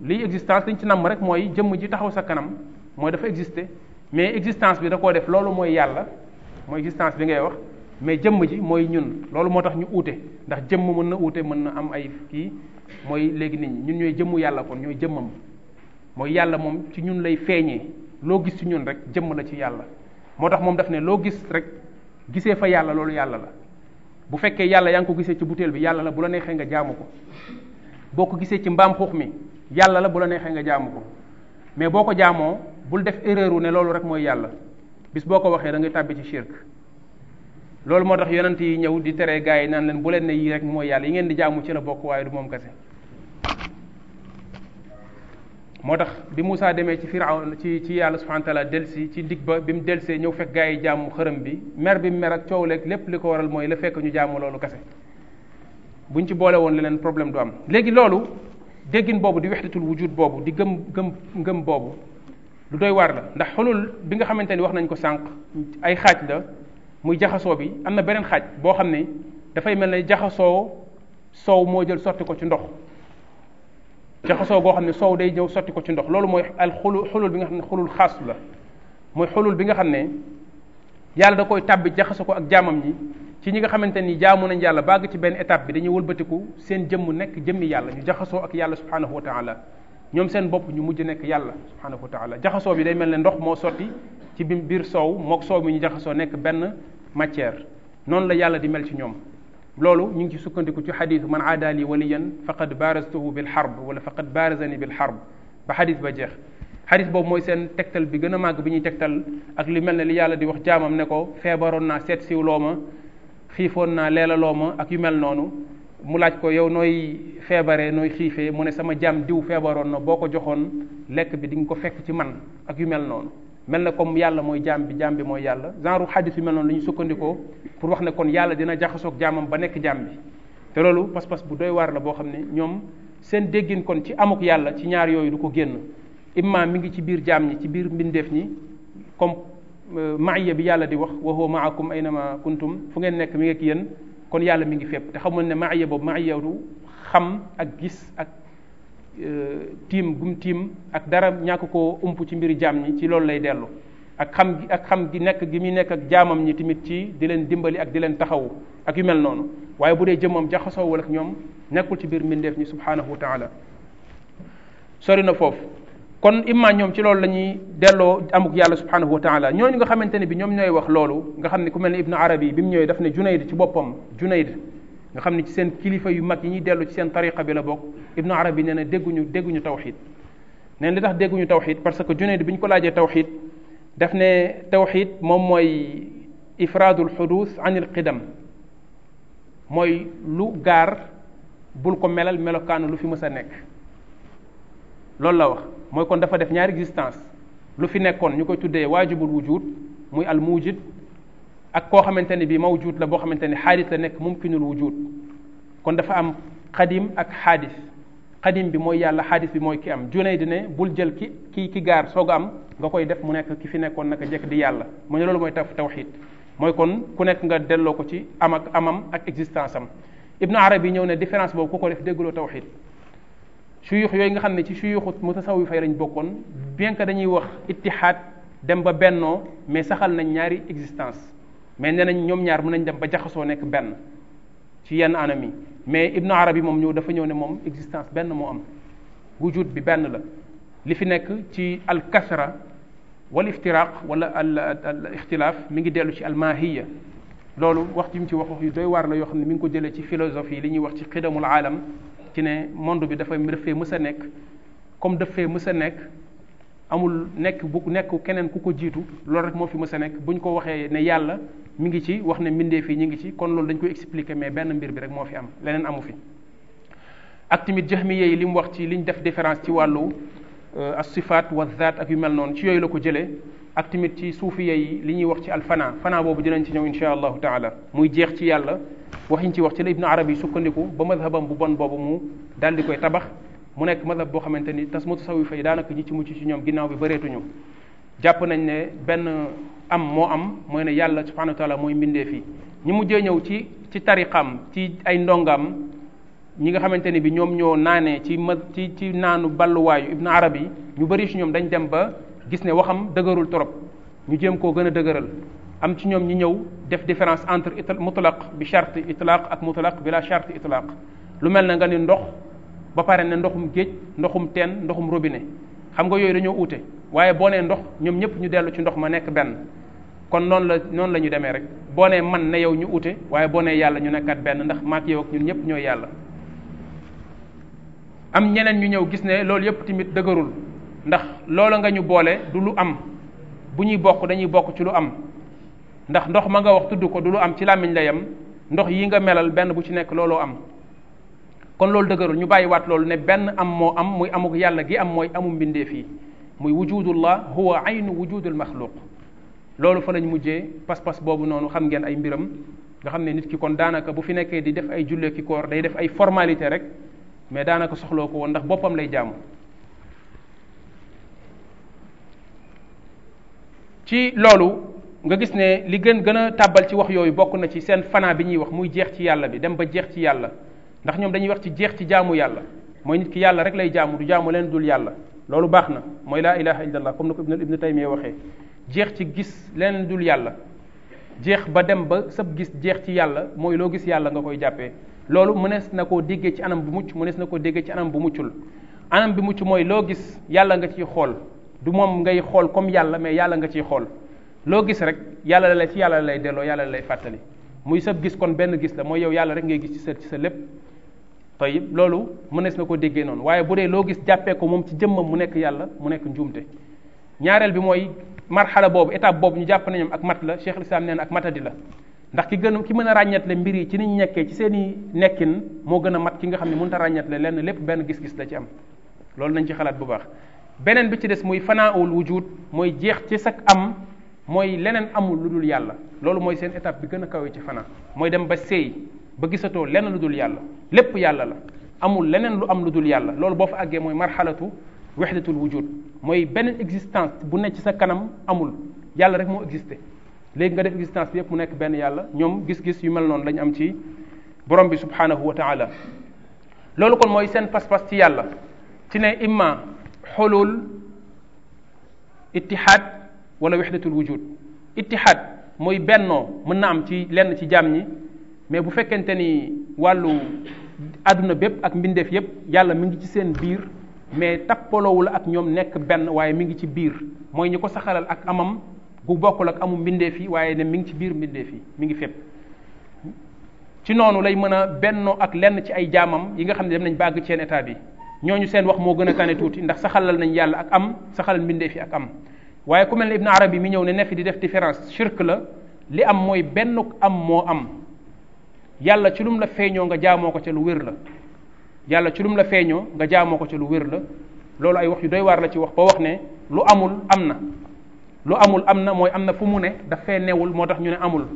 lii existence dañ ci namm rek mooy jëmm ji taxaw sa kanam mooy dafa exister mais existence bi da koo def loolu mooy yàlla mooy existence bi ngay wax mais jëmm ji mooy ñun loolu moo tax ñu uute ndax jëmm mën na uute mën na am ay kii mooy léegi nit ñi ñun ñooy jëmmu yàlla kon ñooy jëmmam mooy yàlla moom ci ñun lay feeñee loo gis ci ñun rek jëmm la ci yàlla moo tax moom daf ne loo gis rek gisee fa yàlla loolu yàlla la bu fekkee yàlla yaa ngi ko gisee ci butéel bi yàlla la bu la neexee nga jaamu ko boo ko gisee ci mbaam xuux mi yàlla la bu la neexee nga jaamu ko mais boo ko jaamoo bul def erreur wu ne loolu rek mooy yàlla bis boo ko waxee da ngay tàbbi ci shirk loolu moo tax yonent yi ñëw di tere gars yi naan leen bu leen ne yii rek mooy yàlla yi ngeen di jaamu ci la bokk waaye du moom kese moo tax bi musaa demee ci Firawn ci ci yàlla subhanahu wa taala delsi ci ndig ba bi mu delsee ñëw fekk gars yi jàmmu xërëm bi mer bi mu mer ak coow leeg lépp li ko waral mooy la fekk ñu jaamu loolu kese buñ ci boole woon leneen problème du am léegi loolu déggin boobu di wexdatul wujud boobu di gëm gëm ngëm boobu lu doy waar la ndax xulul bi nga xamante ni wax nañ ko sànq ay xaaj la muy jaxasoo bi am na beneen xaaj boo xam ne dafay mel ne jaxasoo soow moo jël sotti ko ci ndox jaxasoo goo xam ne soow day ñëw sotti ko ci ndox loolu mooy al xulu xulul bi nga xam ne xulul xaasu la mooy xulul bi nga xam ne yàlla da koy tàbbi jaxasoo ko ak jaamam ñi ci ñi nga xamante ni jaamu nañ yàlla bàgg ci benn étape bi dañuy wëlbatiku seen jëmm nekk jëmmi yàlla ñu jaxasoo ak yàlla subhanahu wa taala ñoom seen bopp ñu mujj nekk yàlla subhanahu wa taala jaxasoo bi day mel ne ndox moo sotti ci bi biir soow mook soow mi ñu jaxasoo nekk benn matière noonu la yàlla di mel ci ñoom loolu ñu ngi ci sukkandiku ci xadisu man aadaali waliyan faqad baarastuhu bil harb wala faqad baarazani bil harb ba xadis ba jeex xadis boobu mooy seen tegtal bi gën a màgg bi ñuy tegtal ak li mel ne li yàlla di wax jaamam ne ko feebaroon naa seet siwloo ma xiifoon naa leelaloo ma ak yu mel noonu mu laaj ko yow nooy feebaree nooy xiifee mu ne sama jaam diw feebaroon na boo ko joxoon lekk bi di nga ko fekk ci man ak yu mel noonu mel na comme yàlla mooy jaam bi jaam bi mooy yàlla genre xadis yu mel noonu la ñu sukkandikoo pour wax ne kon yàlla dina jaxasoog jaamam ba nekk jaam bi te loolu pas-pas bu doy waar la boo xam ne ñoom seen déggin kon ci amuk yàlla ci ñaar yooyu du ko génn imma mi ngi ci biir jaam ñi ci biir mbindeef ñi comme euh, maaya bi yàlla di wax wa ay na ma kuntum fu ngeen nekk mi ngi ak kon yàlla mi ngi fépp te xamoon ne maaya boobu maayatu xam ak gis ak euh, tiim gum tiim ak dara ñàkk ko ump ci mbiri jaam ñi ci loolu lay dellu ak xam gi ak xam gi nekk gi muy nekk ak jaamam ñi tamit ci di leen dimbali ak di leen taxawu ak yu mel noonu waaye bu dee jëmmam jaxasoo wala ak ñoom nekkul ci biir mbindeef ñi subhaanahu wa taala sori na foofu kon imma ñoom ci loolu la ñuy delloo amuk yàlla subhanahu wa taala ñooñu nga xamante ne bi ñoom ñooy wax loolu nga xam ni ku mel ne ibnu arabi bi mu ñëwee daf ne junayd ci boppam junayd nga xam ne ci seen kilifa yu mag yi ñuy dellu ci seen tariqa bi la bokk ibnu arabi nee na dégguñu dégguñu tawxid neen li tax dégguñu tawxid parce que junayd bi ñu ko laajee tawxid daf ne tawxid moom mooy ifraadul xudus anil qidam mooy lu gaar bul ko melal melokaanu lu fi mës a nekk loolu la mooy kon dafa def ñaari existence lu fi nekkoon ñu koy tuddee waajibul wujud muy al mujid ak koo xamante ne bii mawjud la boo xamante ne xaadis la nekk mumkinul wujud kon dafa am xadim ak xaadis xadim bi mooy yàlla xaadis bi mooy ki am junay di ne bul jël ki ki ki gaar soog a am nga koy def mu nekk ki fi nekkoon naka jekk di yàlla mu ne loolu mooy taf tawxid mooy kon ku nekk nga delloo ko ci am ak amam ak existence am ibnu arabi yi ñëw ne différence boobu ku ko def déggloo tawxid suyux yooyu nga xam ne ci suyuxu mutasawi fay lañ bokkoon bien que dañuy wax ittihaad dem ba bennoo mais saxal nañ ñaari existence mais nee nañ ñoom ñaar mun nañ dem ba jaxasoo nekk benn ci yenn anam yi mais Ibnu Arabi moom ñëw dafa ñëw ne moom existence benn moo am wujud bi benn la li fi nekk ci al kasra wal iftiraq wala al al ixtilaaf mi ngi dellu ci al maahiya loolu wax ji mu ci wax wax yu doy waar la yoo xam ne mi ngi ko jëlee ci philosophie li ñuy wax ci xidamul aalam ci ne monde bi dafay daf fee mës nekk comme daf fee mës a nekk amul nekk bu nekk keneen ku ko jiitu loolu rek moo fi mës a nekk bu ñu ko waxee ne yàlla mu ngi ci wax ne mbindee fii ñu ngi ci kon loolu dañ koy expliquer mais benn mbir bi rek moo fi am leneen amu fi ak jex mi yeey li mu wax ci li ñu def différence ci wàllu euh, as-sifaat wal zaat ak yu mel noonu ci yooyu la ko jëlee ak tamit ci suufiya yeey li ñuy wax ci alfana fana boobu dinañ ci ñëw insha allahu taala muy jeex ci yàlla waxiñ ci wax ci la ibnu arabi sukkandiku ba madhabam bu bon boobu mu daal di koy tabax mu nekk madhab boo xamante ni tas mutasawif yi daanaka ñi ci mujj ci ñoom ginnaaw bi bareetuñu jàpp nañ ne benn am moo am mooy ne yàlla subhanahu wa mooy mbindee fii ñi mujjee ñëw ci ci tariqam ci ay ndongaam ñi nga xamante ni bi ñoom ñoo naanee ci ma ci ci naanu balluwaayu ibnu yi ñu bari ci ñoom dañ dem ba gis ne waxam dëgërul trop ñu jéem koo gën a dëgëral am ci ñoom ñi ñëw def différence entre it mutlaq bi charte itlaq ak mutlaq bi la charte itlaq lu mel na nga ni ndox ba pare ne ndoxum géej ndoxum teen ndoxum robine xam nga yooyu dañoo ute waaye boo nee ndox ñoom ñëpp ñu dellu ci ndox ma nekk benn kon noonu la noonu la ñu demee rek boo nee man ne yow ñu uute waaye boo nee yàlla ñu nekkat benn ndax maak yow ak ñun ñëpp ñooy yàlla am ñeneen ñu ñëw gis ne loolu yëpp tamit dëgërul ndax loola nga ñu boole du lu am bu ñuy bokk dañuy bokk ci lu am ndax ndox ma nga wax tudd ko du lu am ci làmmiñ la yem ndox yi nga melal benn bu ci nekk looloo am kon loolu dëgërul ñu bàyyiwaat loolu ne benn am moo am muy amuk yàlla gi am mooy amu mbindeef yi muy wujudullah huwa aynu wujudul maxluq loolu fa lañ mujjee pas-pas boobu noonu xam ngeen ay mbiram nga xam ne nit ki kon daanaka bu fi nekkee di def ay jullee ki day def ay formalité rek mais daanaka soxloo ko woon ndax boppam lay jaamu ci loolu nga gis ne li gën gën a tàbbal ci wax yooyu bokk na ci seen fanaa bi ñuy wax muy jeex ci yàlla bi dem ba jeex ci yàlla ndax ñoom dañuy wax ci jeex ci jaamu yàlla mooy nit ki yàlla rek lay jaamu du jaamu leen dul yàlla loolu baax na mooy laa ilaha illallah comme na ko ibnu taymiya waxee jeex ci gis leen dul yàlla jeex ba dem ba sab gis jeex ci yàlla mooy loo gis yàlla nga koy jàppee loolu mënees na koo déggee ci anam bu mucc mënees na koo déggee ci anam bu muccul anam bi mucc mooy loo gis yàlla nga ciy xool du moom ngay xool comme yàlla mais yàlla nga ciy xool loo gis rek yàlla la la ci yàlla lay delloo yàlla lay fàttali muy sab gis kon benn gis la mooy yow yàlla rek ngay gis ci sa ci sa lépp tayib loolu mënees na ko déggee noonu waaye bu dee loo gis jàppee ko moom ci jëmmam mu nekk yàlla mu nekk njuumte ñaareel bi mooy marxala boobu étape boobu ñu jàpp nañu ak mat la cheikh lislaam nee na ak matadi la ndax ki gën ki mën a ràññatle mbir yi ci niñ nekkee ci seen nekkin moo gën a mat ki nga xam ne mënut a ràññatle lenn lépp benn gis-gis la am loolu nañ ci xalaat bu baax beneen bi ci des muy fanaawul wujud mooy jeex ci sak am mooy leneen amul lu dul yàlla loolu mooy seen étape bi gën a kawe ci fanaa mooy dem ba seey ba gisatoo leneen lu dul yàlla lépp yàlla la amul leneen lu am lu dul yàlla loolu boo fa àggee mooy marxalatu wahdatul wujud mooy benn existence bu ne ci sa kanam amul yàlla rek moo existé léegi nga def existence yëpp mu nekk benn yàlla ñoom gis-gis yu mel noonu lañu am ci borom bi subhanahu wa taala loolu kon mooy seen pas-pas ci yàlla ci ne imma xulul ittihaad wala wahdatul wujud ittihaad mooy bennoo mën na am ci lenn ci jaam yi mais bu fekkente ni wàllu àdduna bépp ak mbindeef yépp yàlla mi ngi ci seen biir mais tappalowul ak ñoom nekk benn waaye mi ngi ci biir mooy ñu ko saxalal ak amam bu bokkul ak amu mbindeef yi waaye ne mi ngi ci biir mbindeef yi mi ngi fepp ci noonu lay mën a bennoo ak lenn ci ay jaamam yi nga xam ne dem nañ bàgg seen état bi ñooñu seen wax moo gën a tane tuuti ndax saxalal nañ yàlla ak am saxalal mbindeef yi ak am waaye ku mel ne Ibn Arabi mi ñëw ne ne fi di def différence shirk la li am mooy benn am moo am yàlla ci lum la feeñoo nga jaamoo ko ca lu wér la yàlla ci lum la feeñoo nga jaamoo ko ca lu la loolu ay wax yu doy waar la ci wax ba wax ne lu amul am na lu amul am na mooy am na fu mu ne daf fee newul moo tax ñu ne amul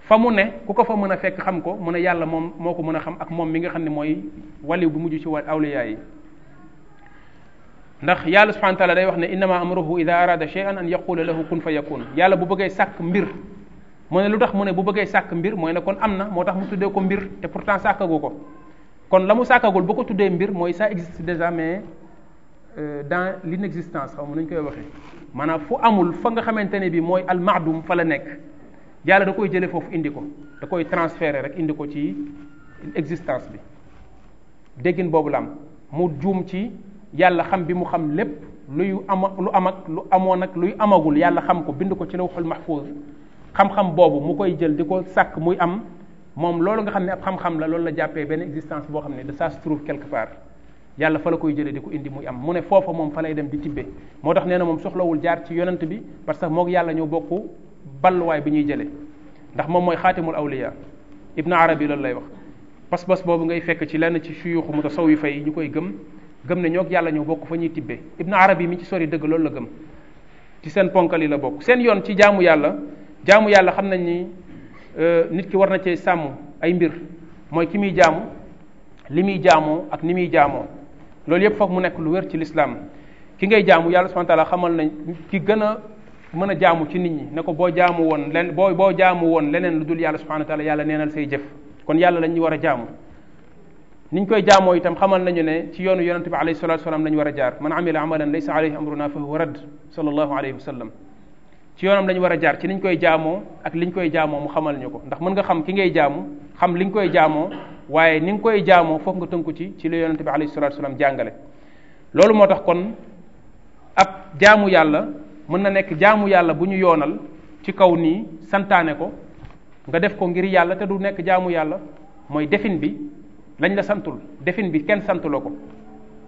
fa mu ne ku ko fa mën a fekk xam ko mu ne yàlla moom moo ko mën a xam ak moom mi nga xam ne mooy waliw bu mujj ci wa yi ndax yàlla subhanahu wa day wax ne innama amruhu ida arada shay'an an yaqula lahu kun fa yakun yàlla bu bëggee sàkk mbir mu ne lu tax mu ne bu bëggee sàkk mbir mooy ne kon am na moo tax mu tuddee ko mbir te pourtant sàkkagu ko kon la mu sàkkagul bu ko tuddee mbir mooy ça existe déjà mais euh, dans l'inexistence xaw ma nu ñu koy waxee maanaam fu amul fa nga xamante ne bi mooy almaadum fa la nekk yàlla da koy jëlee foofu indi ko da koy transférer rek indi ko ci existence bi déggin boobu la ci yàlla xam bi mu xam lépp luy ama lu am ak lu amoon ak luy amagul yàlla xam ko bind ko ci lawhul mahfuz xam-xam boobu mu koy jël di ko sàkk muy am moom loolu nga xam ne ab xam-xam la loolu la jàppee benn existence boo xam ne de ça se trouve quelque part yàlla fa la koy jëlee di ko indi muy am mu ne foofa moom fa lay dem di tibbe moo tax nee na moom soxlawul jaar ci yonent bi parce que moog yàlla ñoo bokk balluwaay bi ñuy jëlee ndax moom mooy xaatimul awliya ibnu arabi loolu lay wax pas-pas boobu ngay fekk ci lenn ci suyuxu mutasawwifa yi ñu koy gëm gëm ne ñoog yàlla ñoo bokk fa ñuy tibbee ibnu arabi mi ci sori dëgg loolu la gëm ci seen ponkal yi la bokk seen yoon ci jaamu yàlla jaamu yàlla xam nañ ni euh, nit ki war na cee sàmm ay mbir mooy ki muy jaamu li muy jaamoo ak ni muy jaamoo loolu yépp foog mu nekk lu wér ci lislaam ki ngay jaamu yàlla subhanahu wa xamal nañ ki gën a mën a jaamu ci nit ñi ne ko boo jaamu woon len boo boo jaamu woon leneen lu dul yàlla subhanahu wa taala yàlla neenal say jëf kon yàlla lañ ñu war a jaamu niñ koy jaamoo itam xamal nañu ne ci yoonu yonente bi alayhi salatu wasalam lañu war a jaar man amila amalan laysa alayhi amruna fa huwa radd sallallahu alayhi wa sallam ci yoonam lañu war a jaar ci niñ koy jaamoo ak liñ koy jaamoo mu xamal ñu ko ndax mën nga xam ki ngay jaamu xam liñ koy jaamoo waaye ni nga koy jaamoo foog nga tënku ci ci li yonente bi alayhi salatu wasalam jàngale loolu moo tax kon ab jaamu yàlla mën na nekk jaamu yàlla bu ñu yoonal ci kaw nii santaane ko nga def ko ngir yàlla te du nekk jaamu yàlla mooy defin bi lañ la santul defin bi kenn santuloo ko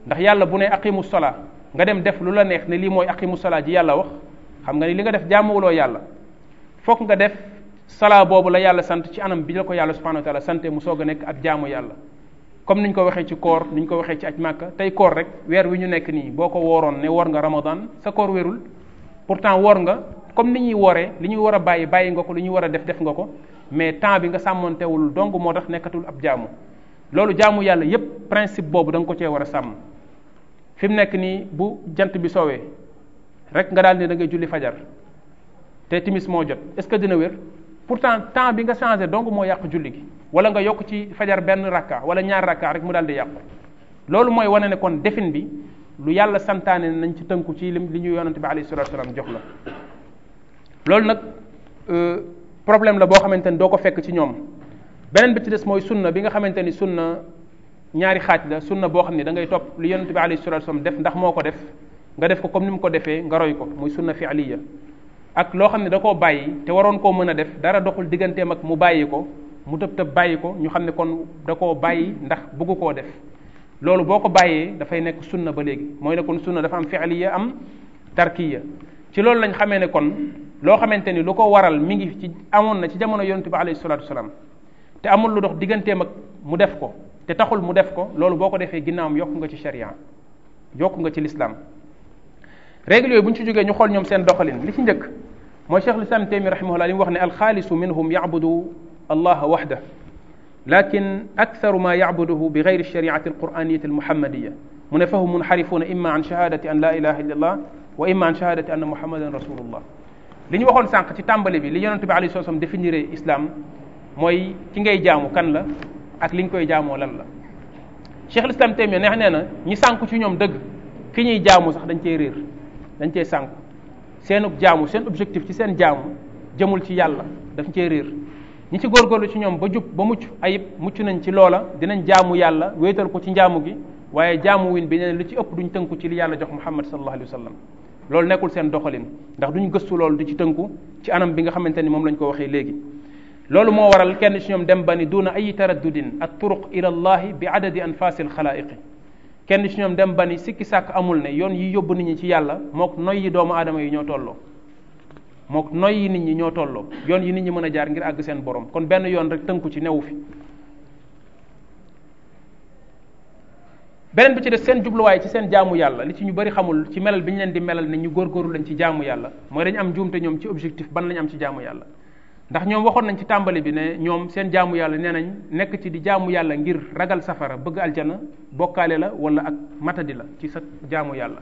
ndax yàlla bu ne aqimu sola nga dem def lu la neex ne lii mooy aqimu sola ji yàlla wax xam nga ni li nga def jaamuwuloo yàlla fokk nga def salaa boobu la yàlla sant ci anam bi la ko yàlla subhanahu wa taala sante mu soog a nekk ab jaamu yàlla comme ñu ko waxee ci koor ñu ko waxee ci aj màkka tey koor rek weer wi ñu nekk nii boo ko wooroon ne woor nga ramadan sa koor wérul pourtant woor nga comme ni ñuy wooree li ñuy war a bàyyi bàyyi nga ko li ñuy war a def def nga ko mais temps bi nga sàmmoontewul donc moo tax nekkatul ab jaamu loolu jaamu yàlla yépp principe boobu danga ko cee war a sàmm fi mu nekk nii bu jant bi soowee rek nga daal ne da ngay julli fajar te timis moo jot est-ce que dina wér pourtant temps bi nga changé donc moo yàq julli gi wala nga yokk ci fajar benn rakka wala ñaar rakka rek mu daal di yàqu loolu mooy wane ne kon defin bi lu yàlla santaane nañ ci tënku ci lim li ñu yonante bi alayhi salatu wasalam jox la loolu nag euh, problème la boo xamante ne doo ko fekk ci ñoom beneen bi ci des mooy sunna bi nga xamante ni sunna ñaari xaaj la sunna boo xam ne da ngay topp lu yonent bi alayhi salatu def ndax moo ko def nga def ko comme ni mu ko defee nga roy ko muy sunna fi'liya ak loo xam ne da koo bàyyi te waroon koo mën a def dara doxul digganteem ak mu bàyyi ko mu tëb tëb bàyyi ko ñu xam ne kon da koo bàyyi ndax bëggu koo def loolu boo ko bàyyee dafay nekk sunna ba léegi mooy ne kon sunna dafa am fi'liya am tarkiya ci loolu lañ xamee ne kon loo xamante ni lu ko waral mi ngi ci amoon na ci jamono yonent bi alayhi salatu wasallam te amul lu dox digganteem ak mu def ko te taxul mu def ko loolu boo ko defee ginnaawam yokku nga ci sharia yokku nga ci l'islam règle yooyu bu ñu ci jógee ñu xool ñoom seen doxalin li ci njëkk mooy cheikh lislam taymi rahimahullah li mu wax ne alxaalisu minhum yabudu allaha waxda lakin aktharu ma yabuduhu bi gayri shariati alquraniyati almuhammadiya mu ne fahum munxarifuuna imma an shahadati an la ilaha illa allah wa imma an shahadati anna muhammadan rasulullah li ñu waxoon sànq ci tàmbali bi li yonente bi alayhi salaam définir islam mooy ki ngay jaamu kan la ak li nga koy jaamoo lan la Cheikh Islam Taymiyya neex nee na ñi sànku ci ñoom dëgg ki ñuy jaamu sax dañ cee réer dañ cee sànku seen jaamu seen objectif ci seen jaamu jëmul ci yàlla daf cee réer ñi ci góorgóorlu ci ñoom ba jub ba mucc ayib mucc nañ ci loola dinañ jaamu yàlla wéetal ko ci njaamu gi waaye jaamu win bi nee lu ci ëpp duñ tënku ci li yàlla jox Muhammad sallallahu alayhi wa sallam loolu nekkul seen doxalin ndax duñ gëstu loolu di ci tënku ci anam bi nga xamante ni moom lañ ko waxee léegi loolu moo waral kenn ci ñoom dem ba ni duuna ay taraddudin ak turuq ila allahi bi adadi anfasil xalaayiqi kenn ci ñoom dem ba ni sikki sàkk amul ne yoon yi yóbbu nit ñi ci yàlla mook noy yi doomu adama yi ñoo tolloo mook noy yi nit ñi ñoo tolloo yoon yi nit ñi mën a jaar ngir àgg seen borom kon benn yoon rek tënku ci newu fi beneen bi ci des seen jubluwaay ci seen jaamu yàlla li ci ñu bari xamul ci melal bi ñu leen di melal ne ñu góorgóorlu lañ ci jaamu yàlla mooy dañu am njuumte ñoom ci objectif ban lañ am ci jaamu yàlla ndax ñoom waxoon nañ ci tàmbali bi ne ñoom seen jaamu yàlla ne nañ nekk ci di jaamu yàlla ngir ragal safara bëgg aljana bokkaale la wala ak matadi la ci sa jaamu yàlla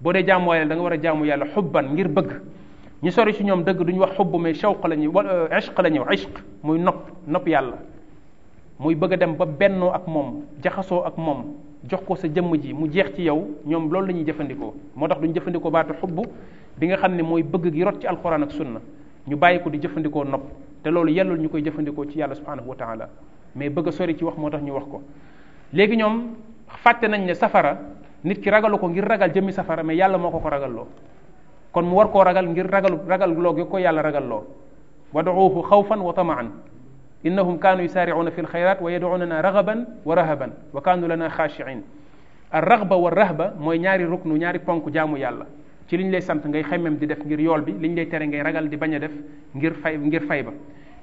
boo dee jaamu yàlla da nga war a jaamu yàlla xubban ngir bëgg ñu sori si ñoom dëgg duñu wax xubb may shawq la ñuy wala euh, ishq la ñuy wax ishq muy nopp nopp yàlla muy bëgg a dem ba bennoo ak moom jaxasoo ak moom jox ko sa jëmm ji mu jeex ci yow ñoom loolu la ñuy jëfandikoo moo tax duñu jëfandikoo baatu xubb bi nga xam ne mooy bëgg gi ci alquran ak sunna ñu bàyyi ko di jëfandikoo nopp te loolu yellul ñu koy jëfandikoo ci yàlla subhanahu wa taala mais bëgg sori ci wax moo tax ñu wax ko léegi ñoom fàtte nañ ne safara nit ki ragalu ko ngir ragal jëmmi safara mais yàlla moo ko ko ragalloo kon mu war koo ragal ngir ragalu ragal loo ko yàlla ragalloo wad'uuhu xawfan wa tamaan innahum kaanu yusaaricuuna fi lxayraat wa yad'uunana ragaban wa rahaban wa kaanu lana xaashiin ar raxba wa rahba mooy ñaari ruknu ñaari ponk jaamu yàlla ci liñ lay sant ngay xemmem di def ngir yool bi liñ lay tere ngay ragal di bañ a def ngir fay ngir fay ba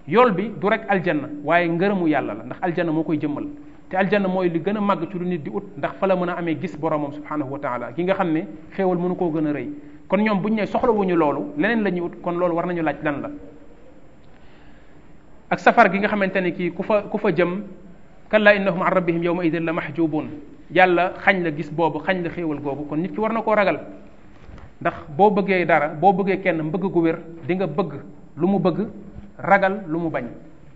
yool bi du rek aljanna waaye ngërëmu yàlla la ndax aljanna moo koy jëmmal te aljanna mooy li gën a màgg ci lu nit di ut ndax fa la mën a amee gis boromam subhanahu wa taala ki nga xam ne xéewal mënu koo gën a kon ñoom buñ ne soxlawuñu loolu leneen la ñuy ut kon loolu war nañu laaj lan la ak gi nga xamante ne kii ku fa ku fa jëm kalla innahum an rabbihim yawma idin la mahjubun yàlla xañ la gis boobu xañ la xéewal googu kon nit ki war na koo ragal ndax boo bëggee dara boo bëggee kenn mbëgg gu wér di nga bëgg lu mu bëgg ragal lu mu bañ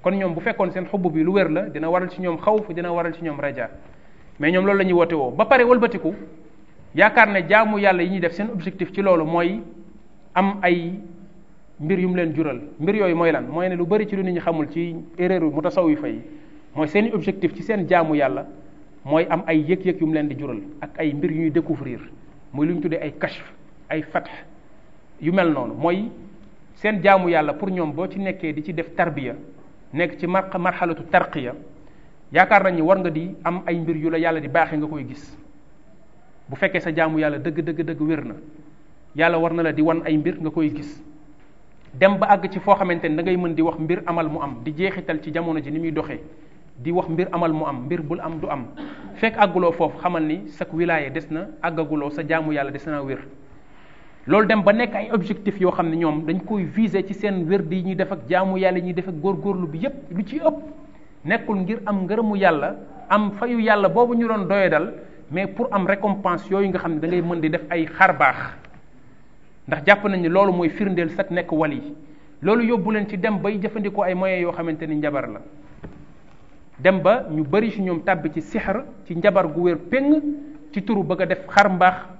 kon ñoom bu fekkoon seen xubb bi lu wér la dina waral ci ñoom xawf dina waral ci ñoom raja mais ñoom loolu la ñuy woo ba pare walbatiku yaakaar ne jaamu yàlla yi ñuy def seen objectif ci loolu mooy am ay mbir yu mu leen jural mbir yooyu mooy lan mooy ne lu bari ci lu nit ñi xamul ci erreur yu mutasawifa mooy seen objectif ci seen jaamu yàlla mooy am ay yëg-yëg yu mu leen di jural ak ay mbir yu ñuy découvrir muy lu ñu tuddee ay kashf ay fatx yu mel noonu mooy seen jaamu yàlla pour ñoom boo ci nekkee di ci def tarbiya nekk ci mar marxalatu tarqiya yaakaar nañ ni war nga di am ay mbir yu la yàlla di baaxee nga koy gis bu fekkee sa jaamu yàlla dëgg dëgg dëgg wér na yàlla war na la di wan ay mbir nga koy gis dem ba àgg ci foo xamante ne dangay mën di wax mbir amal mu am di jeexital ci jamono ji ni muy doxee di wax mbir amal mu am mbir bul am du am fekk àgguloo foofu xamal ni sak wilaaye des na àggaguloo sa jaamu yàlla des naa wér loolu dem ba nekk ay objectif yoo xam ne ñoom dañ koy viser ci seen wérdi yi ñuy def ak jaamu yàlla yi ñuy def ak góor góorlu bi yépp lu ci ëpp nekkul ngir am ngërëmu yàlla am fayu yàlla boobu ñu doon doyadal mais pour am récompense yooyu nga xam ne da ngay mën di def ay xar baax ndax jàpp nañ ne loolu mooy firndeel sax nekk wal yi loolu yóbbu leen ci dem bay jëfandikoo ay moyens yoo xamante ni njabar la dem ba ñu bari si ñoom tàbbi ci sixar ci njabar gu wér péng ci turu bëgg a def xar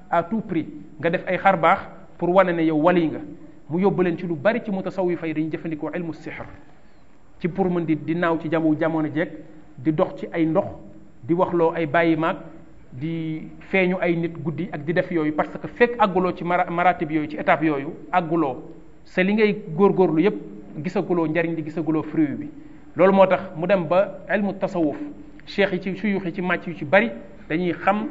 à tout prix nga def ay xar baax pour wane ne yow wali nga mu yóbbu leen ci lu bari ci mutasawwifa yi dañuy jëfandikoo ilmu sihr ci pour mën di di naaw ci jamo jamono jeeg di dox ci ay ndox di waxloo ay bàyyi maag di feeñu ay nit guddi ak di def yooyu parce que fekk àgguloo ci mara maratib yooyu ci étape yooyu àgguloo sa li ngay góor góorlu yépp gisaguloo njariñ li gisaguloo fruit bi loolu moo tax mu dem ba elmu tasawuf cheikh yi ci suyux yi ci màcc yu ci bari dañuy xam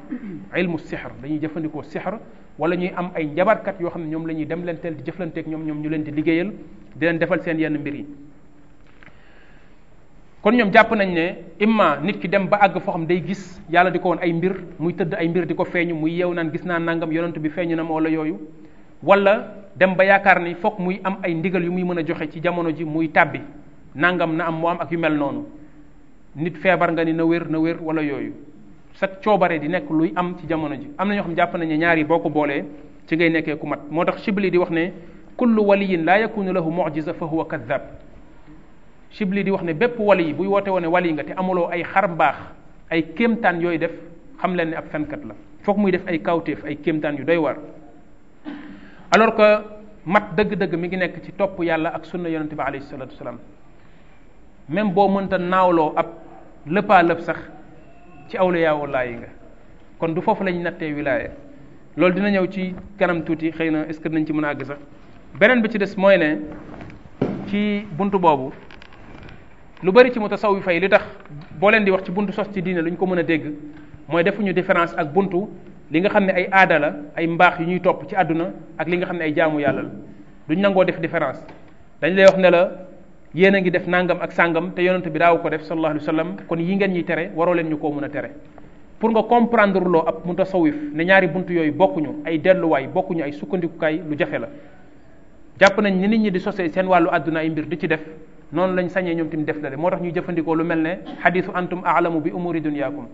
ilmu sixr dañuy jëfandikoo sixr wala ñuy am ay njabarkat yoo xam ne ñoom la ñuy dem leen teel di jëflanteeg ñoom ñoom ñu leen di liggéeyal di leen defal seen yenn mbir yi kon ñoom jàpp nañ ne imma nit ki dem ba àgg foo xam day gis yàlla di ko woon ay mbir muy tëdd ay mbir di ko feeñu muy yeew naan gis naa nangam yonent bi feeñu na ma wala yooyu wala dem ba yaakaar ni foog muy am ay ndigal yu muy mën a joxe ci jamono ji muy tàbbi nangam na am mu am ak yu mel noonu nit feebar nga ni na wér na wér wala yooyu sa coobare di nekk luy am ci jamono ji am na ñoo xam jàpp nañu ñaar yi boo ko boolee ci ngay nekkee ku mat moo tax Shibli di wax ne kullu waliyin laa yakunu lahu mu'jiza fa huwa kadhab Shibli di wax ne bépp wali yi buy woote woon ne wali nga te amuloo ay xar mbaax ay kéemtaan yooy def xam leen ne ab fenkat la foog muy def ay kawteef ay kéemtaan yu doy war alors que mat dëgg-dëgg mi ngi nekk ci topp yàlla ak sunna yonente bi alayhi salatu wasalam même boo mënta naawloo ab lëppaa sax ci yaa awliyaawullaa yi nga kon du foofu lañ nattee wilaaya loolu dina ñëw ci kanam tuuti xëy na est-ce que nañ ci mën a àgg sax beneen bi ci des mooy ne ci bunt boobu lu bari ci mutasawwifa fay li tax boo leen di wax ci buntu sos ci diine lu ñu ko mën a dégg mooy defuñu différence ak buntu li nga xam ne ay aada la ay mbaax yu ñuy topp ci àdduna ak li nga xam ne ay jaamu yàlla la duñ nangoo def différence dañ lay wax ne yéen a ngi def nangam ak sàngam te yonent bi daaw ko def sallallahu alayhi wa sallam kon yi ngeen ñuy tere waroo leen ñu koo mën a tere pour nga comprendre loo ab mutasawif ne ñaari bunt yooyu bokkuñu ay delluwaay bokkuñu ay sukkandikukaay lu jafe la jàpp nañ ni nit ñi di sosee seen wàllu àdduna ay mbir di ci def noonu lañ sañee ñoom tamit def la de moo tax ñuy jëfandikoo lu mel ne xadisu antum aalamu bi umuri dunyaakum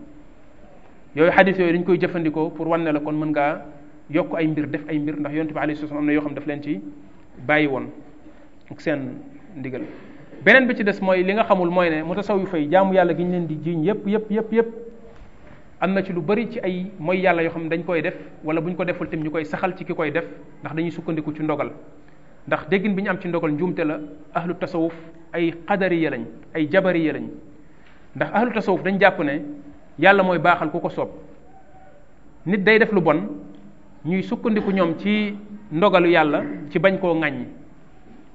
yooyu xadis yooyu dañ koy jëfandikoo pour wan ne la kon mën ngaa yokk ay mbir def ay mbir ndax yonent bi alayhi salaam am na yoo xam daf leen ci bàyyi woon ak seen ndigal beneen bi ci des mooy li nga xamul mooy ne mu tasaw yu fay jaamu yàlla gi ñu leen di jiiñ yépp yépp yépp yépp am na ci lu bari ci ay mooy yàlla yoo xam ne dañ koy def wala bu ñu ko deful tamit ñu koy saxal ci ki koy def ndax dañuy sukkandiku ci ndogal ndax déggin bi ñu am ci ndogal njuumte la ahlu tasawuf ay qadariya lañ ay jabariya lañ ndax ahlu tasawuf dañ jàpp ne yàlla mooy baaxal ku ko soob nit day def lu bon ñuy sukkandiku ñoom ci ndogalu yàlla ci bañ koo ŋàññi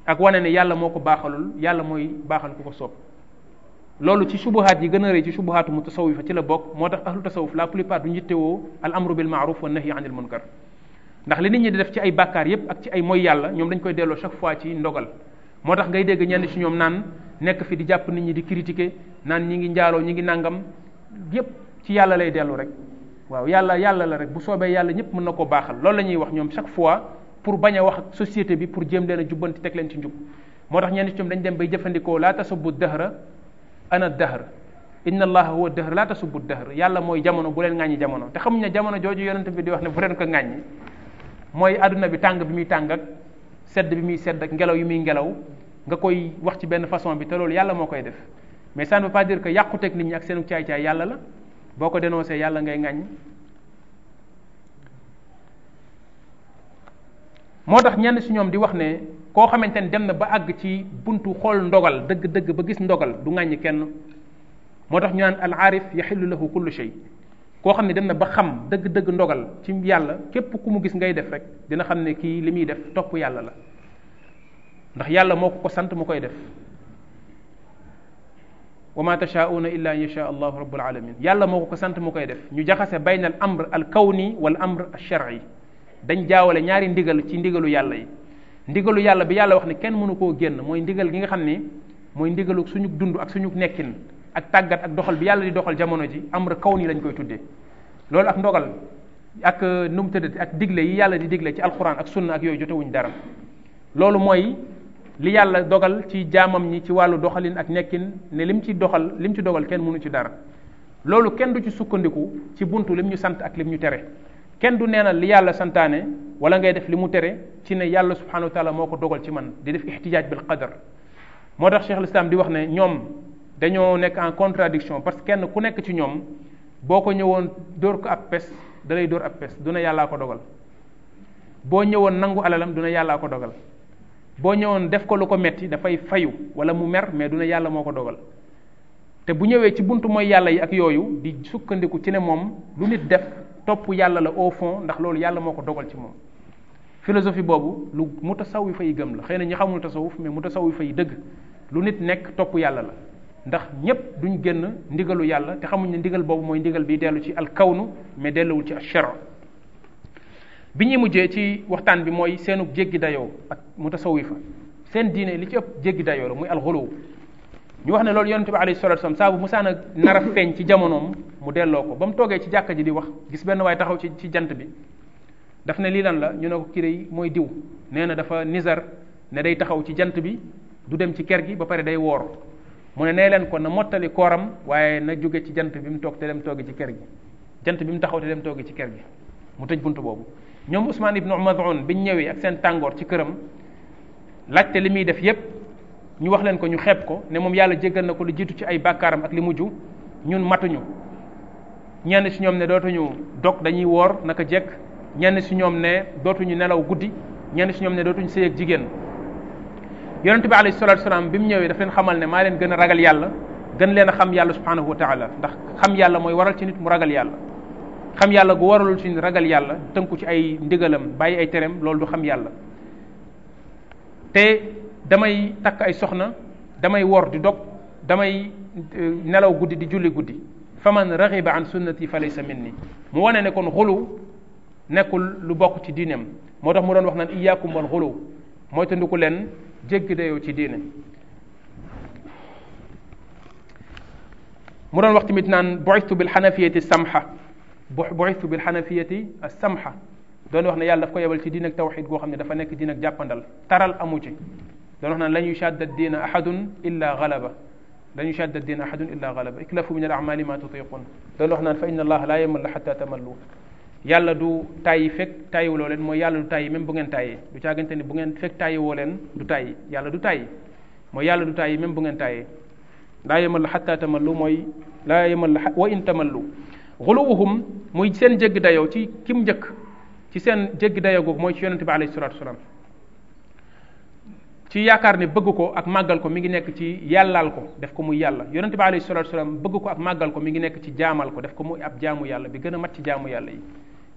ak wane ne yàlla moo ko baaxalul yàlla mooy baaxal ku ko soob loolu ci subuhaat yi gën a rëy ci subuhaatu mu tasawifa ci la bokk moo tax ahlu tasawuf la plupart du njittewoo al amru bil maaruf wa li nit ñi def ci ay bàkkaar yépp ak ci ay mooy ñoom dañ koy delloo chaque fois ci ndogal moo tax ngay dégg ñenn ci ñoom naan nekk fi di jàpp nit ñi di critiquer naan ñi ngi njaaloo ñi ngi nangam yépp ci yàlla lay dellu rek waaw yàlla yàlla la rek bu soobee yàlla ñëpp mën na koo baaxal loolu la ñuy wax ñoom chaque fois pour bañ a wax société bi pour jéem leen a jubbanti teg leen ci njub moo tax ñenn ci ñoom dañ dem bay jëfandikoo laa tasubbu dahra ana dahr inna allaha huwa dahr laa tasubbu dahr yàlla mooy jamono bu leen ŋàññi jamono te xamuñ na jamono jooju yonent bi di wax ne bu leen ko ŋàññi mooy àdduna bi tàng bi muy tàng ak sedd bi muy sedd ak ngelaw yi muy ngelaw nga koy wax ci benn façon bi te loolu yàlla moo koy def mais ça ne veut pas dire que yàquteeg nit ñi ak seenu caay yàlla la boo ko dénoncé yàlla ngay ŋàññi moo tax ñan su ñoom di wax ne koo xamante ne dem na ba àgg ci buntu xool ndogal dëgg-dëgg ba gis ndogal du ŋàññi kenn moo tax ñu naan al aarif yaxillu lahu kullu shay koo xam ne dem na ba xam dëgg-dëgg ndogal ci yàlla képp ku mu gis ngay def rek dina xam ne kii li muy def topp yàlla la ndax yàlla moo ko ko sant mu koy def wa ma tashaauna illa an yasha allahu rabbul alamin yàlla moo ko ko sant mu koy def ñu jaxase bayna al amr al kawni wal amr al shar'i dañ jaawale ñaari ndigal ci ndigalu yàlla yi ndigalu yàlla bi yàlla wax ne kenn mënu koo génn mooy ndigal gi nga xam ni mooy ndigalu suñu dund ak suñu nekkin ak tàggat ak doxal bi yàlla di doxal jamono ji amra kaw nii lañ koy tuddee loolu ak ndogal ak euh, nu mu tëddati ak digle yi yàlla di digle ci alxuraan ak sunna ak yooyu jotewuñ dara loolu mooy li yàlla dogal ci jaamam ñi ci wàllu doxalin ak nekkin ne lim ci doxal lim ci dogal kenn mënu ci dara loolu kenn du ci sukkandiku ci buntu lim ñu sant ak lim ñu tere kenn du neenal li yàlla santaane wala ngay def li mu tere ci ne yàlla subhanahu wa taala moo ko dogal ci man di def ixtijaaj bil qadar moo tax cheikh l'islam di wax ne ñoom dañoo nekk en contradiction parce que kenn ku nekk ci ñoom boo ko ñëwoon dóor ko ab pes da dóor ab pes du ne yàllaa ko dogal boo ñëwoon nangu alalam du ne yàllaa ko dogal boo ñëwoon def ko lu ko metti dafay fayu wala mu mer mais du ne yàlla moo ko dogal te bu ñëwee ci bunt mooy yàlla yi ak yooyu di sukkandiku ci ne moom lu nit def topp yàlla la au fond ndax loolu yàlla moo ko dogal ci moom philosophie boobu lu mu tasaw fay gëm la xëy na ñi xamul tasawuf mais mu tasaw fay dëgg lu nit nekk topp yàlla la ndax ñépp duñ génn ndigalu yàlla te xamuñ ne ndigal boobu mooy ndigal bi dellu ci alkawnu mais delluwul ci ashar bi ñuy mujjee ci waxtaan bi mooy seenu jéggi dayoo ak mu tasawifa seen diine li ci ëpp jéggi dayoo la muy alxuluw ñu wax ne loolu yonente bi alayhi salatu wasallam saa bu musaan a nar feeñ ci jamonoom mu delloo ko ba mu toogee ci jàkka ji di wax gis benn waaye taxaw ci ci jant bi daf ne lii lan la ñu ne ko kiré mooy diw nee na dafa nizar ne day taxaw ci jant bi du dem ci kër gi ba pare day woor mu ne nee leen ko na mottali kooram waaye na jóge ci jant bi mu toog te dem toogi ci kër gi jant bi mu taxaw te dem toogi ci ker gi mu tëj buntu boobu ñoom Usmaan ibnu Mad'un biñ ñëwee ak seen tàngoor ci këram laajte li muy def yépp ñu wax leen ko ñu xeeb ko ne moom yàlla jéggal na ko lu jiitu ci ay bàkkaaram ak li mujj ñun matuñu ñenn si ñoom ne dootuñu dog dañuy woor naka jekk ñenn si ñoom ne dootuñu nelaw guddi ñenn si ñoom ne dootuñu sëy ak jigéen yonente bi alayhi salatu salaam bi mu ñëwee daf leen xamal ne maa leen gën a ragal yàlla gën leen a xam yàlla subhanahu wa taala ndax xam yàlla mooy waral ci nit mu ragal yàlla xam yàlla gu waralul ci nit ragal yàlla tënku ci ay ndigalam bàyyi ay tereem loolu du xam yàlla damay takk ay soxna damay wor di dog damay euh, nelaw guddi di julli guddi fa man raxiba an sunnati fa laysa minni mu wane ne kon xulu nekkul lu bokk ci diineem moo tax mu doon wax naan iyaakum wal xulu mooy tandiku leen jéggi dayoo ci diine mu doon wax tamit naan buistu bil xanafiyati samxa buistu bil xanafiyati samxa doon wax ne yàlla daf ko yebal ci diin ak tawxid goo xam ne dafa nekk diin ak jàppandal taral amu ci doon wax naan lan yushadda diina a illa galaba lan yushadda diina ahadun illa galaba iklafu min al amali ma tutiqun doon wax naan fa inna allaha laa yamallu xatta tamallu yàlla du tàyyi fekk tàyyiwuloo leen mooy yàlla du tàyyi même bu ngeen tàyyee du caagante ni bu ngeen fekk tàyyiwoo leen du tàyyi yàlla du tàyyi mooy yàlla du tàyyi même bu ngeen tàyyee laa yamallu xatta tamallu mooy laa yamallu wa in tamallu xuluwuhum muy seen jégg dayoo ci kim njëkk ci seen jégg dayoo googu mooy ci yonente bi alayhi salatu wasalam ci yaakaar ne bëgg ko ak màggal ko mi ngi nekk ci yàllaal ko def ko muy yàlla yonente bi alayhi salatu salaam bëgg ko ak màggal ko mi ngi nekk ci jaamal ko def ko muy ab jaamu yàlla bi gën a mat ci jaamu yàlla yi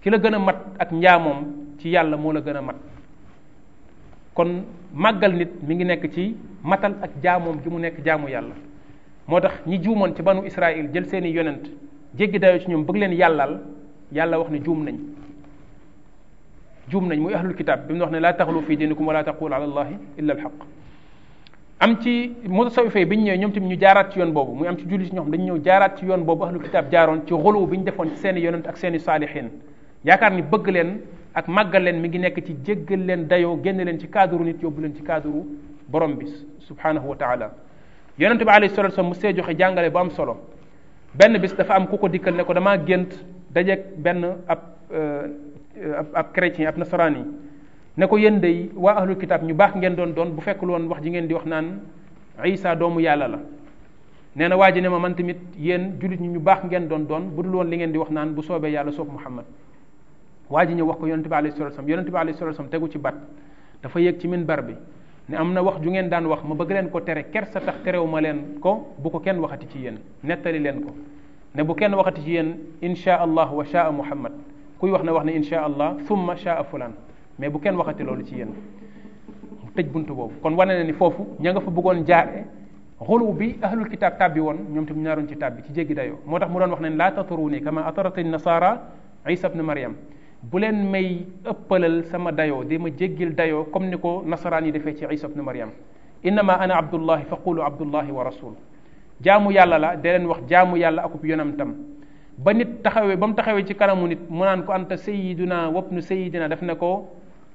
ki la gën a mat ak njaamoom ci yàlla moo la gën a mat kon màggal nit mi ngi nekk ci matal ak jaamoom ji mu nekk jaamu yàlla moo tax ñi juumoon ci banu Israël jël seeni yonent jéggi dayoo ci ñoom bëgg leen yàllal yàlla wax ne juum nañ juum nañ muy ahlul kitab bi mu wax ne laa taxlu fi dinikum wala taqulu ala illa alxaq am ci mutasawifa yi bi ñu ñëwee ñoom tamit ñu jaaraat ci yoon boobu mu am ci jullit ñoo xam dañu ñëw jaaraat ci yoon boobu ahlul kitab jaaroon ci xulu bi ñu defoon ci seeni yonent ak seeni saalihin yaakaar ni bëgg leen ak màggal leen mi ngi nekk ci jéggal leen dayoo génn leen ci cadre nit yóbbu leen ci cadre borom bi subhanahu wa taala yonente bi alayhi salatu wasallam mu see joxe jàngale bu am solo benn bis dafa am ku ko dikkal ne ko damaa gént dajeeg benn ab euh, ab ab chrétien ab nasaraan yi ne ko yéen day waa ahlul kitab ñu baax ngeen doon doon bu fekk woon wax ji ngeen di wax naan isa doomu yàlla la nee na waa ji ne ma man tamit yéen jullit ñi ñu baax ngeen doon doon bu dul woon li ngeen di wax naan bu soobee yàlla soob muhammad waa ji ñëw wax ko yonente bi alayhi salatu wasallam yonente bi alayhi salatu wasallam tegu ci bat dafa yéeg ci minbar bi ne am na wax ju ngeen wax ma bëgg leen ko tere kersa tax terew ma leen ko bu ko kenn waxati ci yéen nettali leen ko ne bu kenn waxati ci yéen insha allah wa shaa muhammad kuy wax na wax ne insha allah summa shaa fulaan mais bu kenn waxati loolu ci yéen mu tëj buntu boobu kon wane na ni foofu ña nga fa bëggoon jaare xulu bi ahlul kitaab bi woon ñoom tam ñaaroon ci bi ci jéggi dayoo moo tax mu doon wax ne laa tataruni kama atarati nasara isa ibn mariam bu leen may ëppalal sama dayoo di ma jéggil dayoo comme ni ko nasaraan yi defee ci isa ibn mariam innama ana abdullahi fa qulu abdullahi wa rasul jaamu yàlla la de leen wax jaamu yàlla akub yonam tam ba nit taxawee ba mu taxawee ci kanamu nit mu naan ko anta sayiduna wabnu sayidina def ne ko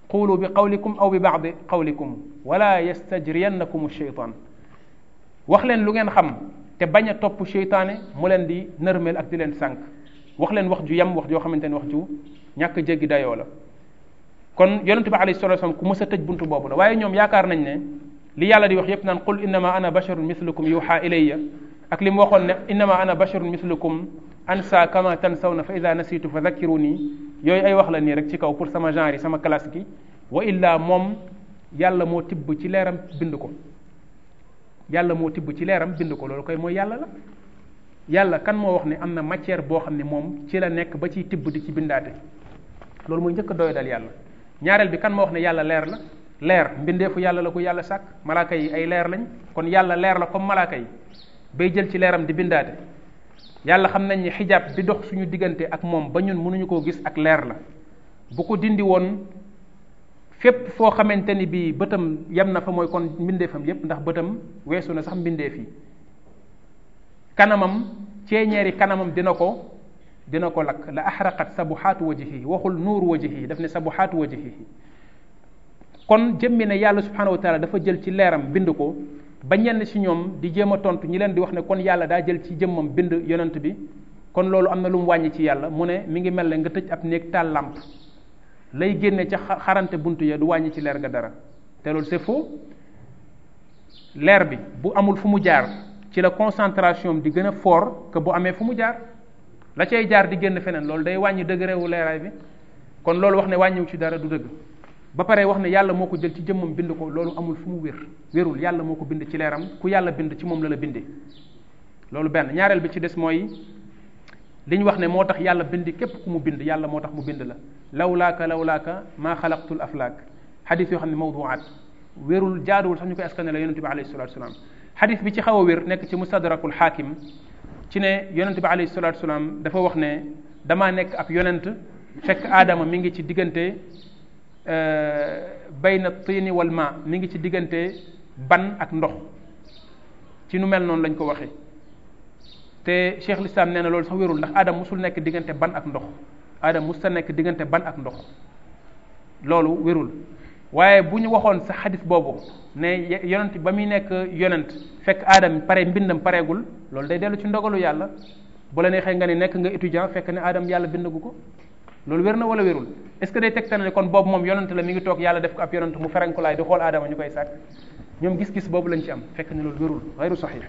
quulu bi qawlikum aw bi baadi qawlikum wala yastajriyannakum cheytaan wax leen lu ngeen xam te bañ a topp cheytaane mu leen di nërmeel ak di leen sànq wax leen wax ju yam wax joo xamante ne wax ju ñàkk jéggi dayoo la kon yonente bi alayhi salatu wasallam ku mës a tëj buntu boobu la waaye ñoom yaakaar nañ ne li yàlla di wax yépp naan qul innama ana basharun mislukum yuha ilayya ak li mu waxoon ne innama ana basharun mislukum ansa kama na fa ida nasitu fa zakkiruni yooyu ay wax la nii rek ci kaw pour sama genre yi sama classe gi wa illa moom yàlla moo tibb ci leeram bind ko yàlla moo tibb ci leeram bind ko loolu koy mooy yàlla la yàlla kan moo wax ne am na matière boo xam ne moom ci la nekk ba ciy tibb di ci bindaate loolu mooy njëkk a doy dal yàlla ñaareel bi kan moo wax ne yàlla leer la leer mbindeefu yàlla la ko yàlla sàkk malaaka yi ay leer lañ kon yàlla leer la comme malaaka yi bay jël ci leeram di bindaate yàlla xam nañ ni xijaab bi dox suñu diggante ak moom ba ñun mënuñu koo gis ak leer la bu ko dindi woon fépp foo xamante ni bii bëtam yam na fa mooy kon mbindeefam yépp ndax bëtam weesu na sax mbindeef yi kanamam ceeñeeri kanamam dina ko dina ko lakk la axraqat sabuhaatu wajihi waxul nuur wajihi daf ne sabuhaatu wajihi kon jëmmi ne yàlla subhanahu wa taala dafa jël ci leeram bind ko ba ñenn ci ñoom di jéem a tontu ñi leen di wax ne kon yàlla daa jël ci jëmmam bind yonent bi kon loolu am na lu mu wàññi ci yàlla mu ne mi ngi mel ne nga tëj ab néeg taal làmp lay génne ca xarante bunt ya du wàññi ci leer ga dara te loolu c'est faux leer bi bu amul fu mu jaar ci la concentration di gën a foor que bu amee fu mu jaar la cay jaar di génn feneen loolu day wàññi degré wu leeraay bi kon loolu wax ne wàññiwu ci dara du dëgg ba pare wax ne yàlla moo ko jël ci jëmmam bind ko loolu amul fu mu wér wérul yàlla moo ko bind ci leeram ku yàlla bind ci moom la la bindee loolu benn ñaareel bi ci des mooy li wax ne moo tax yàlla bind képp ku mu bind yàlla moo tax mu bind la lawlaaka lawlaaka maa xalaqtul aflaak xadis yoo xam ne mawduwaat wérul jaaduwul sax ñu koy askane la yonente bi alayhi salatu wasalaam xadis bi ci xaw a wér nekk ci mustadrakul xaakim ci ne yonente bi alayhi salatu wasalaam dafa wax ne damaa nekk ab yonent fekk aadama mi ngi ci diggante Euh, bay tiini wal ma mi ngi ci diggante ban ak ndox ci nu mel noonu lañ ko waxee te cheikh lislaam nee na loolu sax wérul ndax aadam mosul nekk diggante ban ak ndox aadam sa nekk diggante ban ak ndox loolu wérul waaye bu ñu waxoon sa xadis boobu ne yonent ba muy nekk yonent fekk aadam pare mbindam pareegul loolu day dellu ci ndogalu yàlla bu la neexee nga ne nekk nga étudiant fekk ne aadam yàlla bindagu ko loolu wér na wala wérul est-ce que day tegtal ne kon boob moom yonante la mi ngi toog yàlla def ko ab yonante mu ferenkulaay di xool aadama ñu koy sàkk ñoom gis-gis boobu lañ ci am fekk ne loolu wérul xayru saxiix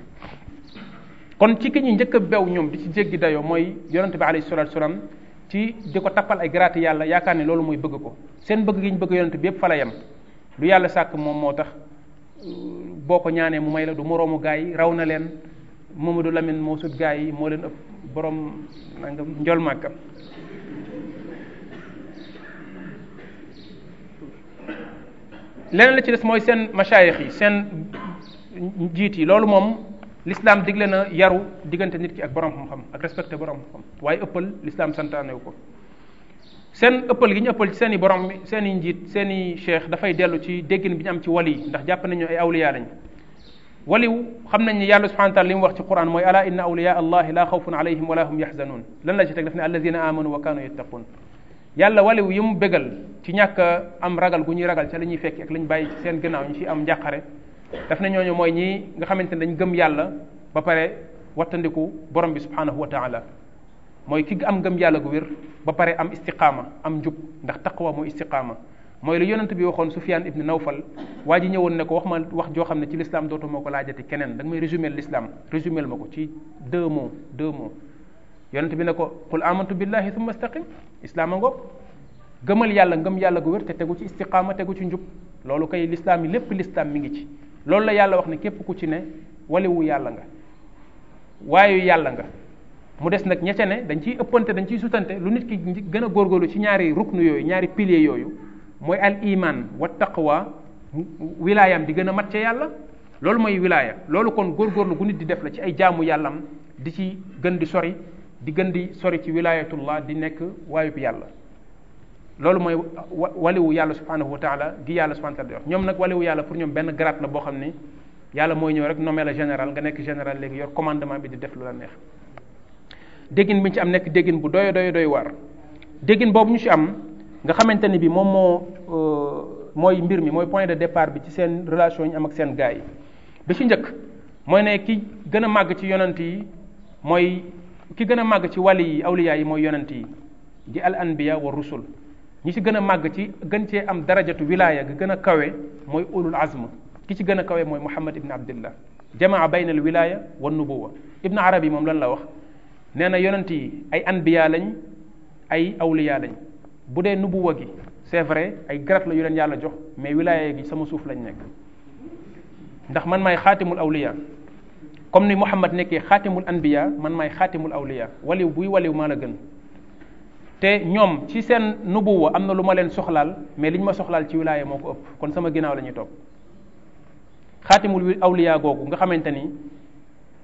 kon ci ki ñu njëkk a bew ñoom di ci jéggi dayoo mooy yonante bi alayhi salatu wasalam ci di ko tappal ay gratte yàlla yaakaar ne loolu mooy bëgg ko seen bëgg gi ñu bëgg yonante bi yépp fa la lu yàlla sàkk moom moo tax euh, boo ko ñaanee mu may la du moroomu gaa yi raw na leen Mamadou Lamine moo sut gaa moo leen ëpp borom nangam njol màkkam leneen la ci des mooy seen machaayix yi seen njiit yi loolu moom l'islam digle na yaru diggante nit ki ak borom xam ak respecté borom xam-xam waaye ëppal l'islam santaanewu ko seen ëppal gi ñu ëppal ci seen borom seen i njiit seen i cheikh dafay dellu ci déggin bi ñu am ci wali yi ndax jàpp ay awliya lañ waliw xam nañ ne yàlla subhanahu wa taala li mu wax ci quran mooy ala inna awliya la xawfun alayhim wala hum yaxzanuun lan la ci teg daf ne allazina amanu wa kaanu yàlla waliw yi mu bégal ci ñàkk am ragal gu ñuy ragal ca la ñuy fekki ak la ñu bàyyi ci seen gannaaw ñu ci am njàqare daf na ñooñu mooy ñii nga xamante ne dañ gëm yàlla ba pare wattandiku borom bi subhanahu wa taala mooy kii am gëm yàlla gu wér ba pare am istiqaama am njub ndax taqwa mooy istiqaama mooy lu yonent bi waxoon Sufyaan ibn Nawfal waa ji ñëwoon ne ko wax ma wax joo xam ne ci l'islam dootu moo ko laajati keneen da nga may résumer l'islam résumer ma ko ci deux mots deux mots yonent bi ne ko qul amantu billahi thumma istaqim islaama ngoog gëmal yàlla ngëm yàlla gu wér te tegu ci istiqaama tegu ci njub loolu kay lislaam lépp lislaam mi ngi ci loolu la yàlla wax ne képp ku ci ne waliwu yàlla nga waayu yàlla nga mu des nag ñecce ne dañ ciy ëppante dañ ciy sutante lu nit ki gën a góorgóorlu ci ñaari ruknu yooyu ñaari piliers yooyu mooy al iman wa taqwa wilaayam di gën a mat ca yàlla loolu mooy wilaaya loolu kon góorgóorlu gu nit di def la ci ay jaamu yàllam di ci gën di sori diggante gën di sori ci wilayatullah di nekk waayub yàlla loolu mooy waliwu yàlla subhanahu wa taala gi yàlla subhanahu wa taala di ñoom nag waliwu yàlla pour ñoom benn grade la boo xam ne yàlla mooy ñëw rek nommé général nga nekk général léegi yor commandement bi di def lu la neex déggin bi ñu ci am nekk déggin bu doy doy doy waar déggin boobu ñu ci am nga xamante ni bi moom moo euh, mooy mbir mi mooy point de départ bi ci seen relation yi am ak seen gars yi bi ci njëkk mooy ki gën a màgg ci yonent yi mooy ki gën a màgg ci wàlli yi awliya yi mooy yonent yi di al anbiya wa rusul ñi ci gën a màgg ci gën cee am darajatu wilaaya gi gën a kawe mooy ulul azm ki ci gën a kawe mooy muhammad ibn abdillah jamaa bayna al wilaya wa nubuwa ibn yi moom lan la wax nee na yonent yi ay anbiya lañ ay awliya lañ bu dee nubuwa gi c'est vrai ay garat la yu leen yàlla jox mais wilaaya gi sama suuf lañ nekk ndax man maay xaatimul awliya comme ni Muhammad nekkee xaatimul anbiya man maay xaatimul awliya waliw buy waliw maa la gën te ñoom ci seen nubuwa am na lu ma leen soxlaal mais li ñu ma soxlaal ci wilaaya moo ko ëpp kon sama ginnaaw la ñuy topp xaatimul awliya googu nga xamante ni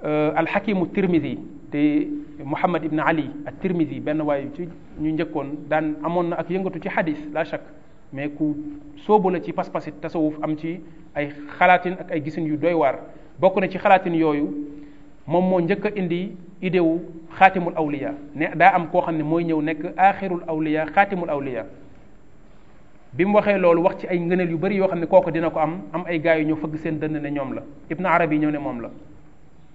euh, alxakimu tirmidi te Muhammad ibn Ali ak tirmidi benn waaye ci ñu njëkkoon daan amoon na ak yëngatu ci xadis la chak mais ku soobu la ci pas-pasit tasawuf am ci ay xalaatin ak ay gisin yu doy waar bokk na ci xalaatin yooyu moom moo njëkk a indi idée wu xaatimul awliya ne daa am koo xam ne mooy ñëw nekk axirul awliya xaatimul awliya bi mu waxee loolu wax ci ay ngëneel yu bari yoo xam ne kooku dina ko am am ay gars yu ñëw fëgg seen dënn ne ñoom la ibn yi ñëw ne moom la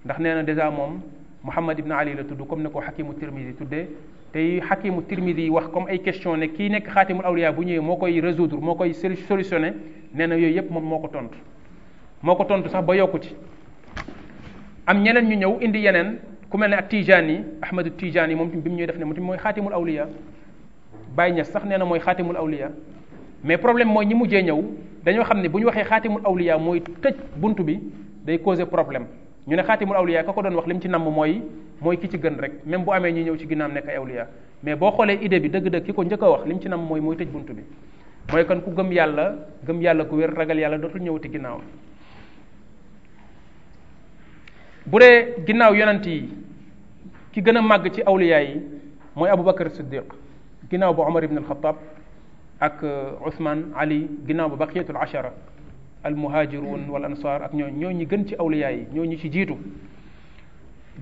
ndax nee na dèjà moom muhammad ibn ali la tudd comme ne ko xakimu tirmidi tuddee tey xakimu tirmidi yi wax comme ay question ne kii nekk xaatimul awliya bu ñëwee moo koy résoudre moo koy solutionné nee na yooyu yépp moom moo ko tontu moo ko tontu sax ba yokku ci am ñeneen ñu ñëw indi yeneen ku mel ne ak Tijani yi Ahmadu Tijani yi moom bi mu ñuy def ne mooy xaatimul awliya Baye Niass sax nee na mooy xaatimul awliya mais problème mooy ñi mujjee ñëw dañoo xam ne bu ñu waxee xaatimul awliya mooy tëj bunt bi day causer problème ñu ne xaatimul awliya ka ko doon wax li mu ci namm mooy mooy ki ci gën rek même bu amee ñu ñëw ci ginnaam nekk ay awliya mais boo xoolee idée bi dëgg-dëgg ko njëkk wax li mu ci namm mooy mooy tëj buntu bi mooy kon ku gëm yàlla gëm yàlla ku wér ragal yàlla dootul ñëwati ginnaawam bu dee ginnaaw yonent yi ki gën a màgg ci awliyaa yi mooy abu Siddiq ginnaaw ba Omar ibn al-Khattab ak euh, Ousmane Ali ginnaaw ba baqiyatul ashara al muhajirun wal ansar ak ñooñu ñoo ñi gën ci awliyaa yi ñoo ñi ci jiitu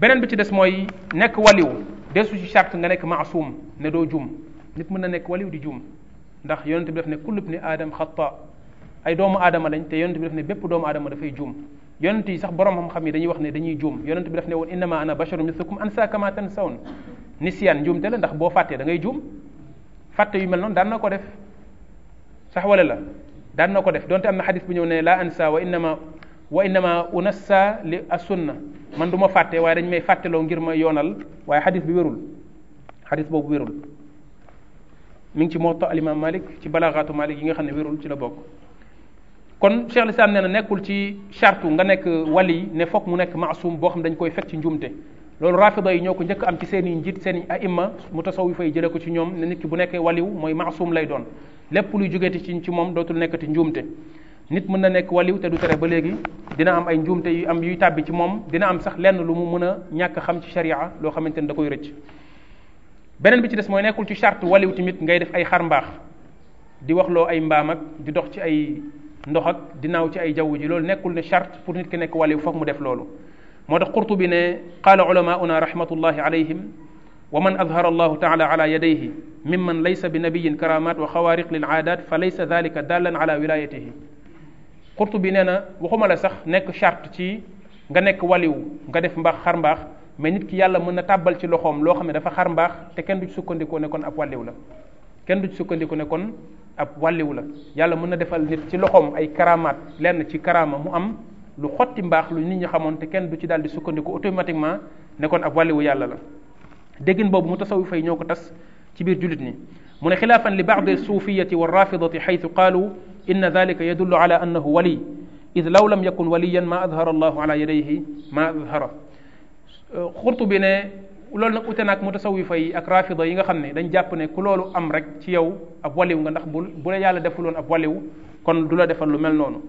beneen bi ci des mooy nekk waliw desu ci charte nga nekk maasum ne doo jum nit mën na nekk waliw di jum ndax yonent bi def ne kullu ibni aadam xata ay doomu aadama lañ te yonent bi def ne bépp doomu aadama dafay jum yonent yi sax borom xam-xam yi dañuy wax ne dañuy juum yonent bi daf ne woon innama ana basharu mislukum ansa kama tansawun nisyan njuumte la ndax boo fàttee da ngay juum fàtte yu mel noonu daan na ko def sax wala la daan na ko def donte am na xadis bu ñëw ne la ansa wa innama wa innama unassa li na man du ma fàtte waaye dañ may fàtteloo ngir ma yoonal waaye xadis bi wérul xadis boobu wérul mi ngi ci Muwatta al imam Malik ci balaaxaatu Malik yi nga xam ne wérul ci la bokk kon Cheikh Lislaam na nekkul ci charte nga nekk wali ne foog mu nekk maasum boo xam dañ koy fekk ci njuumte loolu rafida yi ñoo ko njëkk am seen i njiit seen i aima mu tasaw fay jëlee ko ci ñoom ne nit ki nekkee waliw mooy maasum lay doon lépp luy jógeeti ci ci moom dootul nekkati njuumte nit mën na nekk waliw du tere ba léegi dina am ay njuumte yu am yuy tàbbi ci moom dina am sax lenn lu mu mën a ñàkk xam ci sharia loo xamante ni da koy rëcc beneen bi ci des mooy nekkul ci charte waliw tamit ngay def ay xar mbaax di loo ay mbaam ak di dox ci ay ndox ak dinaaw ci ay jaww ji loolu nekkul ne charte pour nit ki nekk wàllu foog mu def loolu moo tax qurtubi ne qaala ulamauna rahmatullahi alayhim wa man adhara allahu taala ala yadayhi mimman laysa bi nabiyin karamat wa xawaariq lil aadat fa laysa dalika dallan ala wilayatihi qurtubi nee na waxuma la sax nekk charte ci nga nekk walliw nga def mbaax xar mbaax mais nit ki yàlla mën na tàbbal ci loxoom loo xam ne dafa xar mbaax te kenn du ci sukkandiku ne kon ab waliw la kenn du sukkandiku ne kon ab wàlliwu la yàlla mën na defal nit ci loxoom ay karamaat lenn ci karama mu am lu xotti mbaax lu nit ñi xamoon te kenn du ci daal di sukkandiku automatiquement ne kon ab wàlliwu yàlla la déggin boobu mu tasawufa yi ñoo ko tas ci biir jullit ñi mu ne xilaafan li baadi suufiyati wa rafidati xaytu qaalu inna dalika yadullu ala annahu wali id law lam yakun waliyan ma adhara allahu ala yadayhi ma adhara xurtu bi ne loolu nag ute naag mutasawifa yi ak rafida yi nga xam ne dañ jàpp ne ku loolu am rek ci yow ab waliw nga ndax bul bu la yàlla defuloon ab waliw kon du la defal lu mel noonu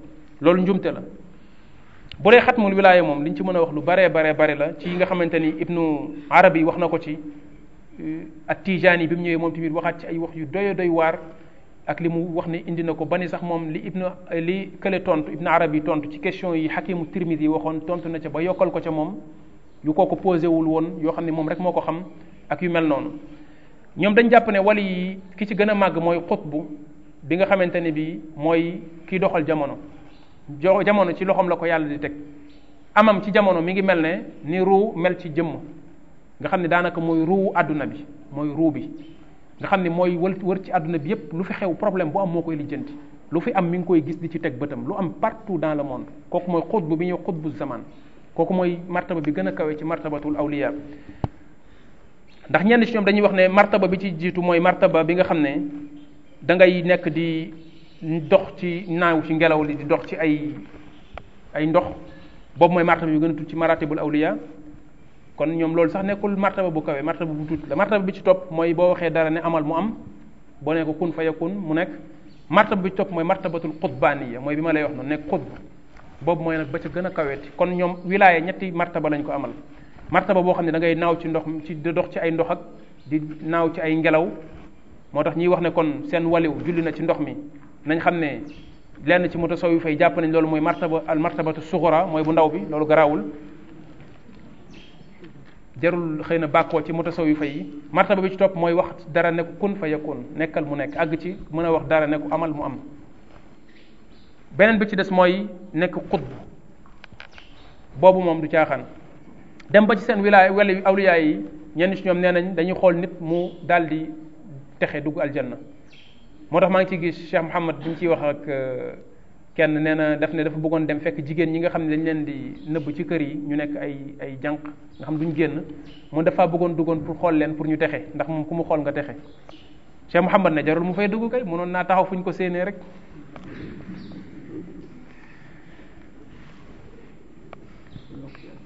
loolu njumte la bu xat xatmul wilaaya moom liñ ci mën a wax lu baree baree bare la ci nga xamante ni ibnu arabi wax na ko ci euh, ak tijaani bi mu ñëwee moom tamit waxaat ci ay wax yu doy doy waar ak li mu wax ne indi na ko ba ni sax moom li ibnu li kële tontu ibnu arabi tontu ci question yi xakimu tirmidi yi waxoon tontu na ca ba yokkal ko ca moom yu kooku posé wul woon yoo xam ne moom rek moo ko xam ak yu mel noonu ñoom dañ jàpp ne wali yi ki ci gën a màgg mooy bu bi nga xamante ni bi mooy kiy doxal jamono jo jamono ci loxoom la ko yàlla di teg amam ci jamono mi ngi mel ne ni ruu mel ci jëmm nga xam ne daanaka mooy ruu àdduna bi mooy ruu bi nga xam ne mooy wër wër ci àdduna bi yépp lu fi xew problème bu am moo koy lijjanti lu fi am mi ngi koy gis li ci teg bëtam lu am partout dans le monde kooku mooy xutbu bi ñuy xutbu zaman kooku mooy martaba bi gën a kawee ci martabatul awliya ndax ñenn ci ñoom dañuy wax ne martaba bi ci jiitu mooy martaba bi nga xam ne da ngay nekk di dox ci naaw ci ngelaw li di dox ci ay ay ndox boobu mooy martaba bi gën a tudd ci maratibul awliya kon ñoom loolu sax nekkul martaba bu kawe martaba bu tuut la martaba bi ci topp mooy boo waxee dara ne amal mu am boo ne ko kun fa yakun mu nekk martaba bi ci topp mooy martabatul qutbaniya mooy bi ma lay wax noonu nekk qutb boobu mooy nag ba ca gën a kaweeti kon ñoom wilaaya ñetti martaba lañ ko amal martaba boo xam ne dangay naaw ci ndox ci di dox ci ay ndox ak di naaw ci ay ngelaw moo tax ñiy wax ne kon seen waliw julli na ci ndox mi nañ xam ne lenn ci moto sow yu fay jàpp nañ loolu mooy martaba al martabatu suxura mooy bu ndaw bi loolu garawul jarul xëy na bàkkoo ci moto sow yu fay yi martaba bi ci topp mooy wax dara ne ko kun fa yakun nekkal mu nekk àgg ci mën a wax dara ne amal mu am beneen bi ci des mooy nekk xutb boobu moom du caaxaan dem ba ci seen wilaay wala awliyaa yi ñenn si ñoom nee nañ dañuy xool nit mu daal di texe dugg aljanna moo tax maa ngi ciy gis Cheikh Mouhamed bi ñu ciy wax ak euh, kenn nee na daf ne dafa bëggoon dem fekk jigéen ñi nga xam ne dañ leen di nëbb ci kër yi ñu nekk ay ay jànq nga xam duñ génn mu dafa bëggoon duggoon pour xool leen pour ñu texe ndax moom ku mu xool nga texe Cheikh Mouhamed ne jarul mu dugg mënoon naa taxaw fu ñu ko séenee rek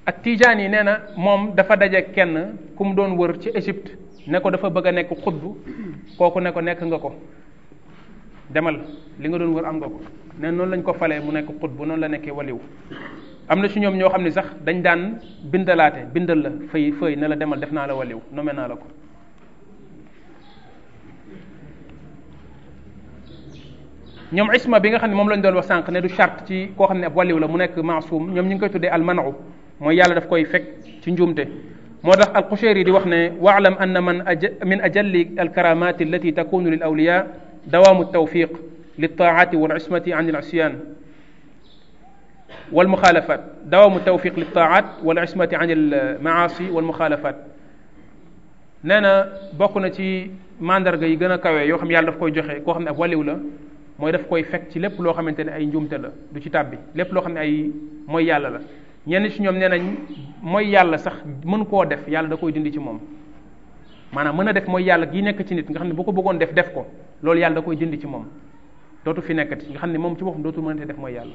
ak tijaan yi nee na moom dafa daje kenn ku mu doon wër ci Égypte ne ko dafa bëgg a nekk xutbu kooku ne ko nekk nga ko demal li nga doon wër am nga ko ne noonu lañ ko falee mu nekk xutbu noonu la nekkee waliw am na ci ñoom ñoo xam ne sax dañ daan bindalaate bindal la fay fëy ne la demal def naa la waliw nommé naa la ko ñoom isma bi nga xam ne moom lañ doon wax sànq ne du charte ci koo xam ne ab waliw la mu nekk maasum ñoom ñu ngi koy tuddee almanu mooy yàlla daf koy fekk ci njuumte moo tax alqushayri yi di wax ne waalam anna man aj min ajalli alkaramati allati takunu lil awliya dawaamu tawfiq liltaati walismati an ilisyan walmuxaalafat dawaamu tawfiq liltaat walismati an almaasi nee na bokk na ci mandarga yi gën a kawe yoo xam yàlla daf koy joxe koo xam ne ab waliw la mooy daf koy fekk ci lépp loo xamante ne ay njuumte la du ci tàbbi lépp loo xam ne ay mooy yàlla la ñenn ci ñoom nee nañ mooy yàlla sax mën koo def yàlla da koy dindi ci moom maanaam mën a def mooy yàlla gi nekk ci nit nga xam ne boo ko bëggoon def def ko loolu yàlla da koy dindi ci moom dootu fi nekkati nga xam ne moom ci boppam dootul mënate def mooy yàlla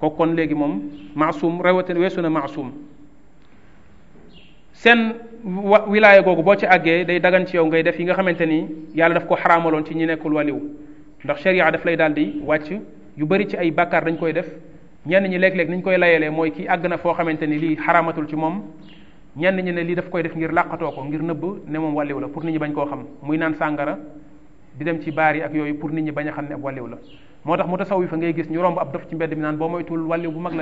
kooku kon léegi moom maasum rawatina weesu na maasum seen wa wilaaya googu boo ci àggee day dagan ci yow ngay def yi nga xamante ni yàlla daf ko xaraamaloon ci ñu nekkul waliw ndax sharia daf lay daal di wàcc yu bari ci ay bàkkaar dañ koy def ñenn ñi léeg-léeg ni ñu koy layalee mooy kii àgg na foo xamante ni lii xaraamatul ci moom ñenn ñi ne lii daf koy def ngir làqatoo ko ngir nëbb ne moom wàlliw la pour nit ñi bañ koo xam muy naan sàngara di dem ci baar yi ak yooyu pour nit ñi bañ a xam ne ab wàlliw la moo tax mu tasawi fa ngay gis ñu romb ab dof ci mbedd mi naan boo moytul wàlliw bu mag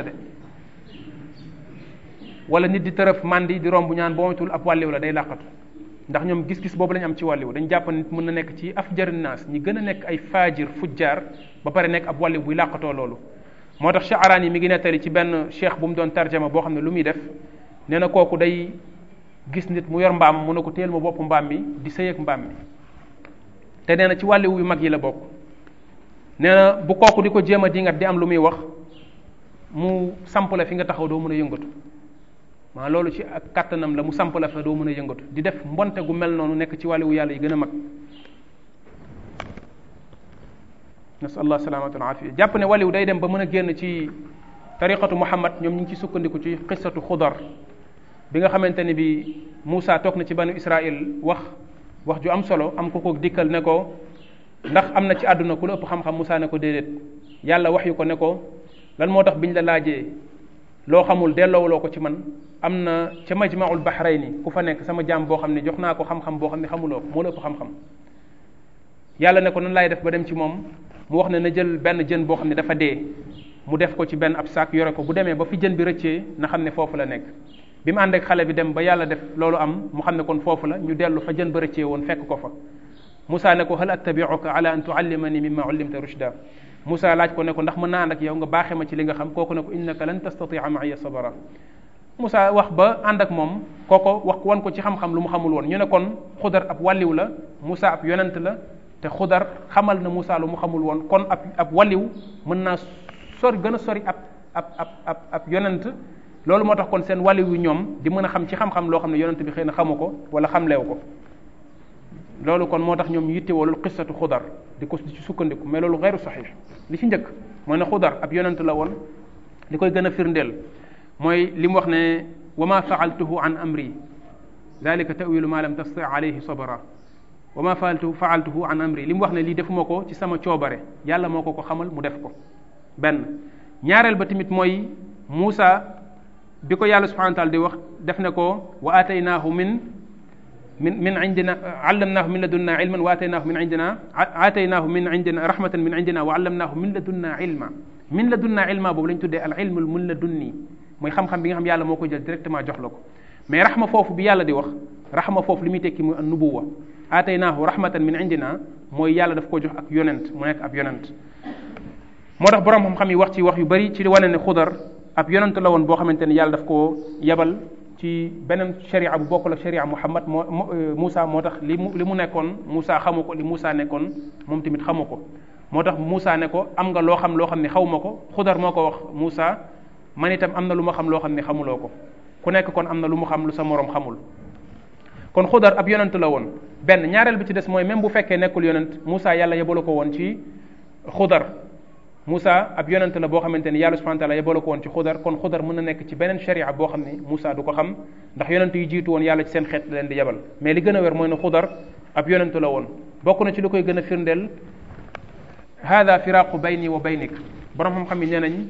la de nit di tërëf mandi di romb ñaan boo moytul ab wàlliw la day làqatu ndax ñoom gis-gis boobu lañ am ci wàlliw dañ jàpp nit mën na nekk ci afjarin naas ñi gën a nekk ay faajir fujjaar ba pare nekk ab wàlliw buy làqatoo loolu moo tax yi mi ngi nettali ci benn cheikh bu mu doon tarjama boo xam ne lu muy def nee na kooku day gis nit mu yor mbaam mu ne ko teel ma bopp mbaam mi di sëy ak mbaam mi te nee na ci wàlliwu yu mag yi la bokk nee na bu kooku di ko jéem a dingat di am lu muy wax mu samp la fi nga taxaw doo mën a yëngatu maa loolu ci ak kattanam la mu samp la fa doo mën a yëngatu di def mbonte gu mel noonu nekk ci wàlliwu yàlla yi gën a mag nasallah salaamata wal afiya jàpp ne waliw day dem ba mën a génn ci tariqatu muhammad ñoom ñu ngi ci sukkandiku ci xissatu xudar bi nga xamante ni bi Moussa toog na ci banu Israil wax wax ju am solo am ko ko dikkal ne ko ndax am na ci àdduna ku la ëpp xam-xam Moussa ne ko déedéet yàlla wax yu ko ne ko lan moo tax biñ la laajee loo xamul delloowuloo ko ci man am na ca majmaul bahrayni ku fa nekk sama jaam boo xam ne jox naa ko xam-xam boo xam ne xamuloo ko moo yàlla ne ko laay def ba dem ci moom mu wax ne na jël benn jën boo xam ne dafa dee mu def ko ci benn ab saak yore ko bu demee ba fi jën bi rëccee na xam ne foofu la nekk bi mu ànd ak xale bi dem ba yàlla def loolu am mu xam ne kon foofu la ñu dellu fa jën ba rëccee woon fekk ko fa Moussa ne ko hal attabiuka ala an tuallimani mimma ullimta rushda Moussa laaj ko ne ndax mën naa ànd ak yow nga baaxee ma ci li nga xam kooku ne ko innaka lan tastatia maaya sabara Moussa wax ba ànd ak moom kooko wax wan ko ci xam-xam lu mu xamul woon ñu ne kon xudar ab wàlliw la Moussa ab la te xudar xamal na Moussa lu mu xamul woon kon ab ab waliw mën naa sori gën a sori ab ab ab ab yonent loolu moo tax kon seen waliw yu ñoom di mën a xam ci xam-xam loo xam ne yonent bi xëy na xamu ko wala xamleew ko loolu kon moo tax ñoom yitte woolul qissatu xudar di ko ci sukkandiku mais loolu xeyru saxiix li ci njëkk mooy ne xudar ab yonent la woon li koy gën a firndeel mooy li mu wax ne wa ma faaltuhu an amri dalika tawilu ma lam tasti alayhi sabara wa ma faaltu faaltuhu an amri li mu wax ne lii defuma ko ci sama coobare yàlla moo ko ko xamal mu def ko benn ñaareel ba tamit mooy Muusa bi ko yàlla subhanahu wa di wax def ne ko wa ataynaahu min min min indina allamnaahu min ladunna ilman wa ataynaahu min indina ataynaahu min indina rahmatan min indina wa allamnaahu min ladunna ilma min ladunna ilma boobu la ñu tuddee al ilmul mun ladunni mooy xam-xam bi nga xam yàlla moo ko jël directement jox la ko mais raxma foofu bi yàlla di wax raxma foofu li muy tekki muy an nubuwa aataynaahu rahmatan min indina mooy yàlla daf ko jox ak yonent mu nekk ab yonent moo tax borom xam-xam yi wax ci wax yu bari ci wane ne xudar ab yonent la woon boo xamante ne yàlla daf koo yebal ci beneen sharia bu bokkul ak sharia Muhammad moo euh, Moussa moo tax li mu li mu nekkoon Moussa xamu ko li Moussa nekkoon moom tamit xamu ko moo tax Moussa ne ko am nga loo xam loo xam ne xaw ko xudar moo ko wax Moussa man itam na lu ma xam loo xam ne xamuloo ko ku nekk kon am na lu mu xam lu sa moroom xamul kon xudar ab yonent la woon benn ñaareel bi ci des mooy même bu fekkee nekkul yonent Moussa yàlla yebala ko woon ci xudar Moussa ab yonent la boo xamante ni yàlla subhanahu wa taala ko woon ci xudar kon xudar mën na nekk ci beneen sharia boo xam ne Moussa du ko xam ndax yonent yu jiitu woon yàlla ci seen xeet leen di yebal mais li gën a wér mooy ne xudar ab yonent la woon bokk na ci lu koy gën a firndeel hada firaqu bayni wa baynik borom xam-xam yi nee nañ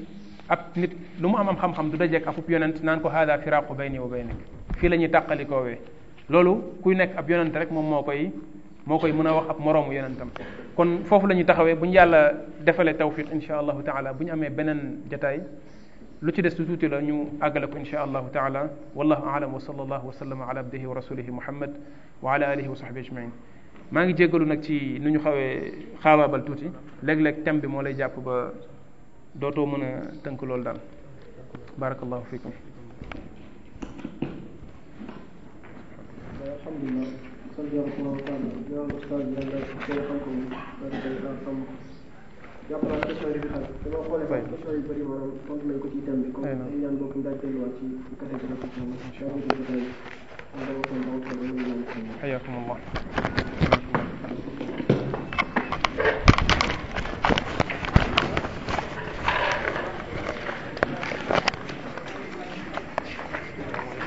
ab nit lu mu am am xam-xam du dajeek afub yonent naan ko hada firaqu bayni wa baynik fii la ñuy tàqalikoowee loolu kuy nekk ab yonent rek moom moo koy moo koy mën a wax ab moroomu yonentam kon foofu la ñuy taxawee bu ñu yàlla defalee tawfiq insha allahu taala bu ñu amee beneen jataay lu ci des tuuti la ñu àggale ko insha allahu taala wallahu aalam wa sallallahu wa sallama ala abdihi wa rasulihi muhammad wa ala alihi wa sahbi ajmain maa ngi jéggalu nag ci nu ñu xawee xaabaabal tuuti léeg-léeg thème bi moo lay jàpp ba dootoo mën a tënk loolu daal barakallahu fikum alhamdulilah sant yàlla subhanahu wa taala ñaan ustaz bi yàlla teel xam-xam dara day daal xam jàpp naa question yi di xaar dama xoole fa question yu bëri ma tontu nañ ko ci thème bi comme ay ñaan bokk ndaaj delluwaat ci catégorie bi xam inchallah dama ko dama ko dama ko حياكم الله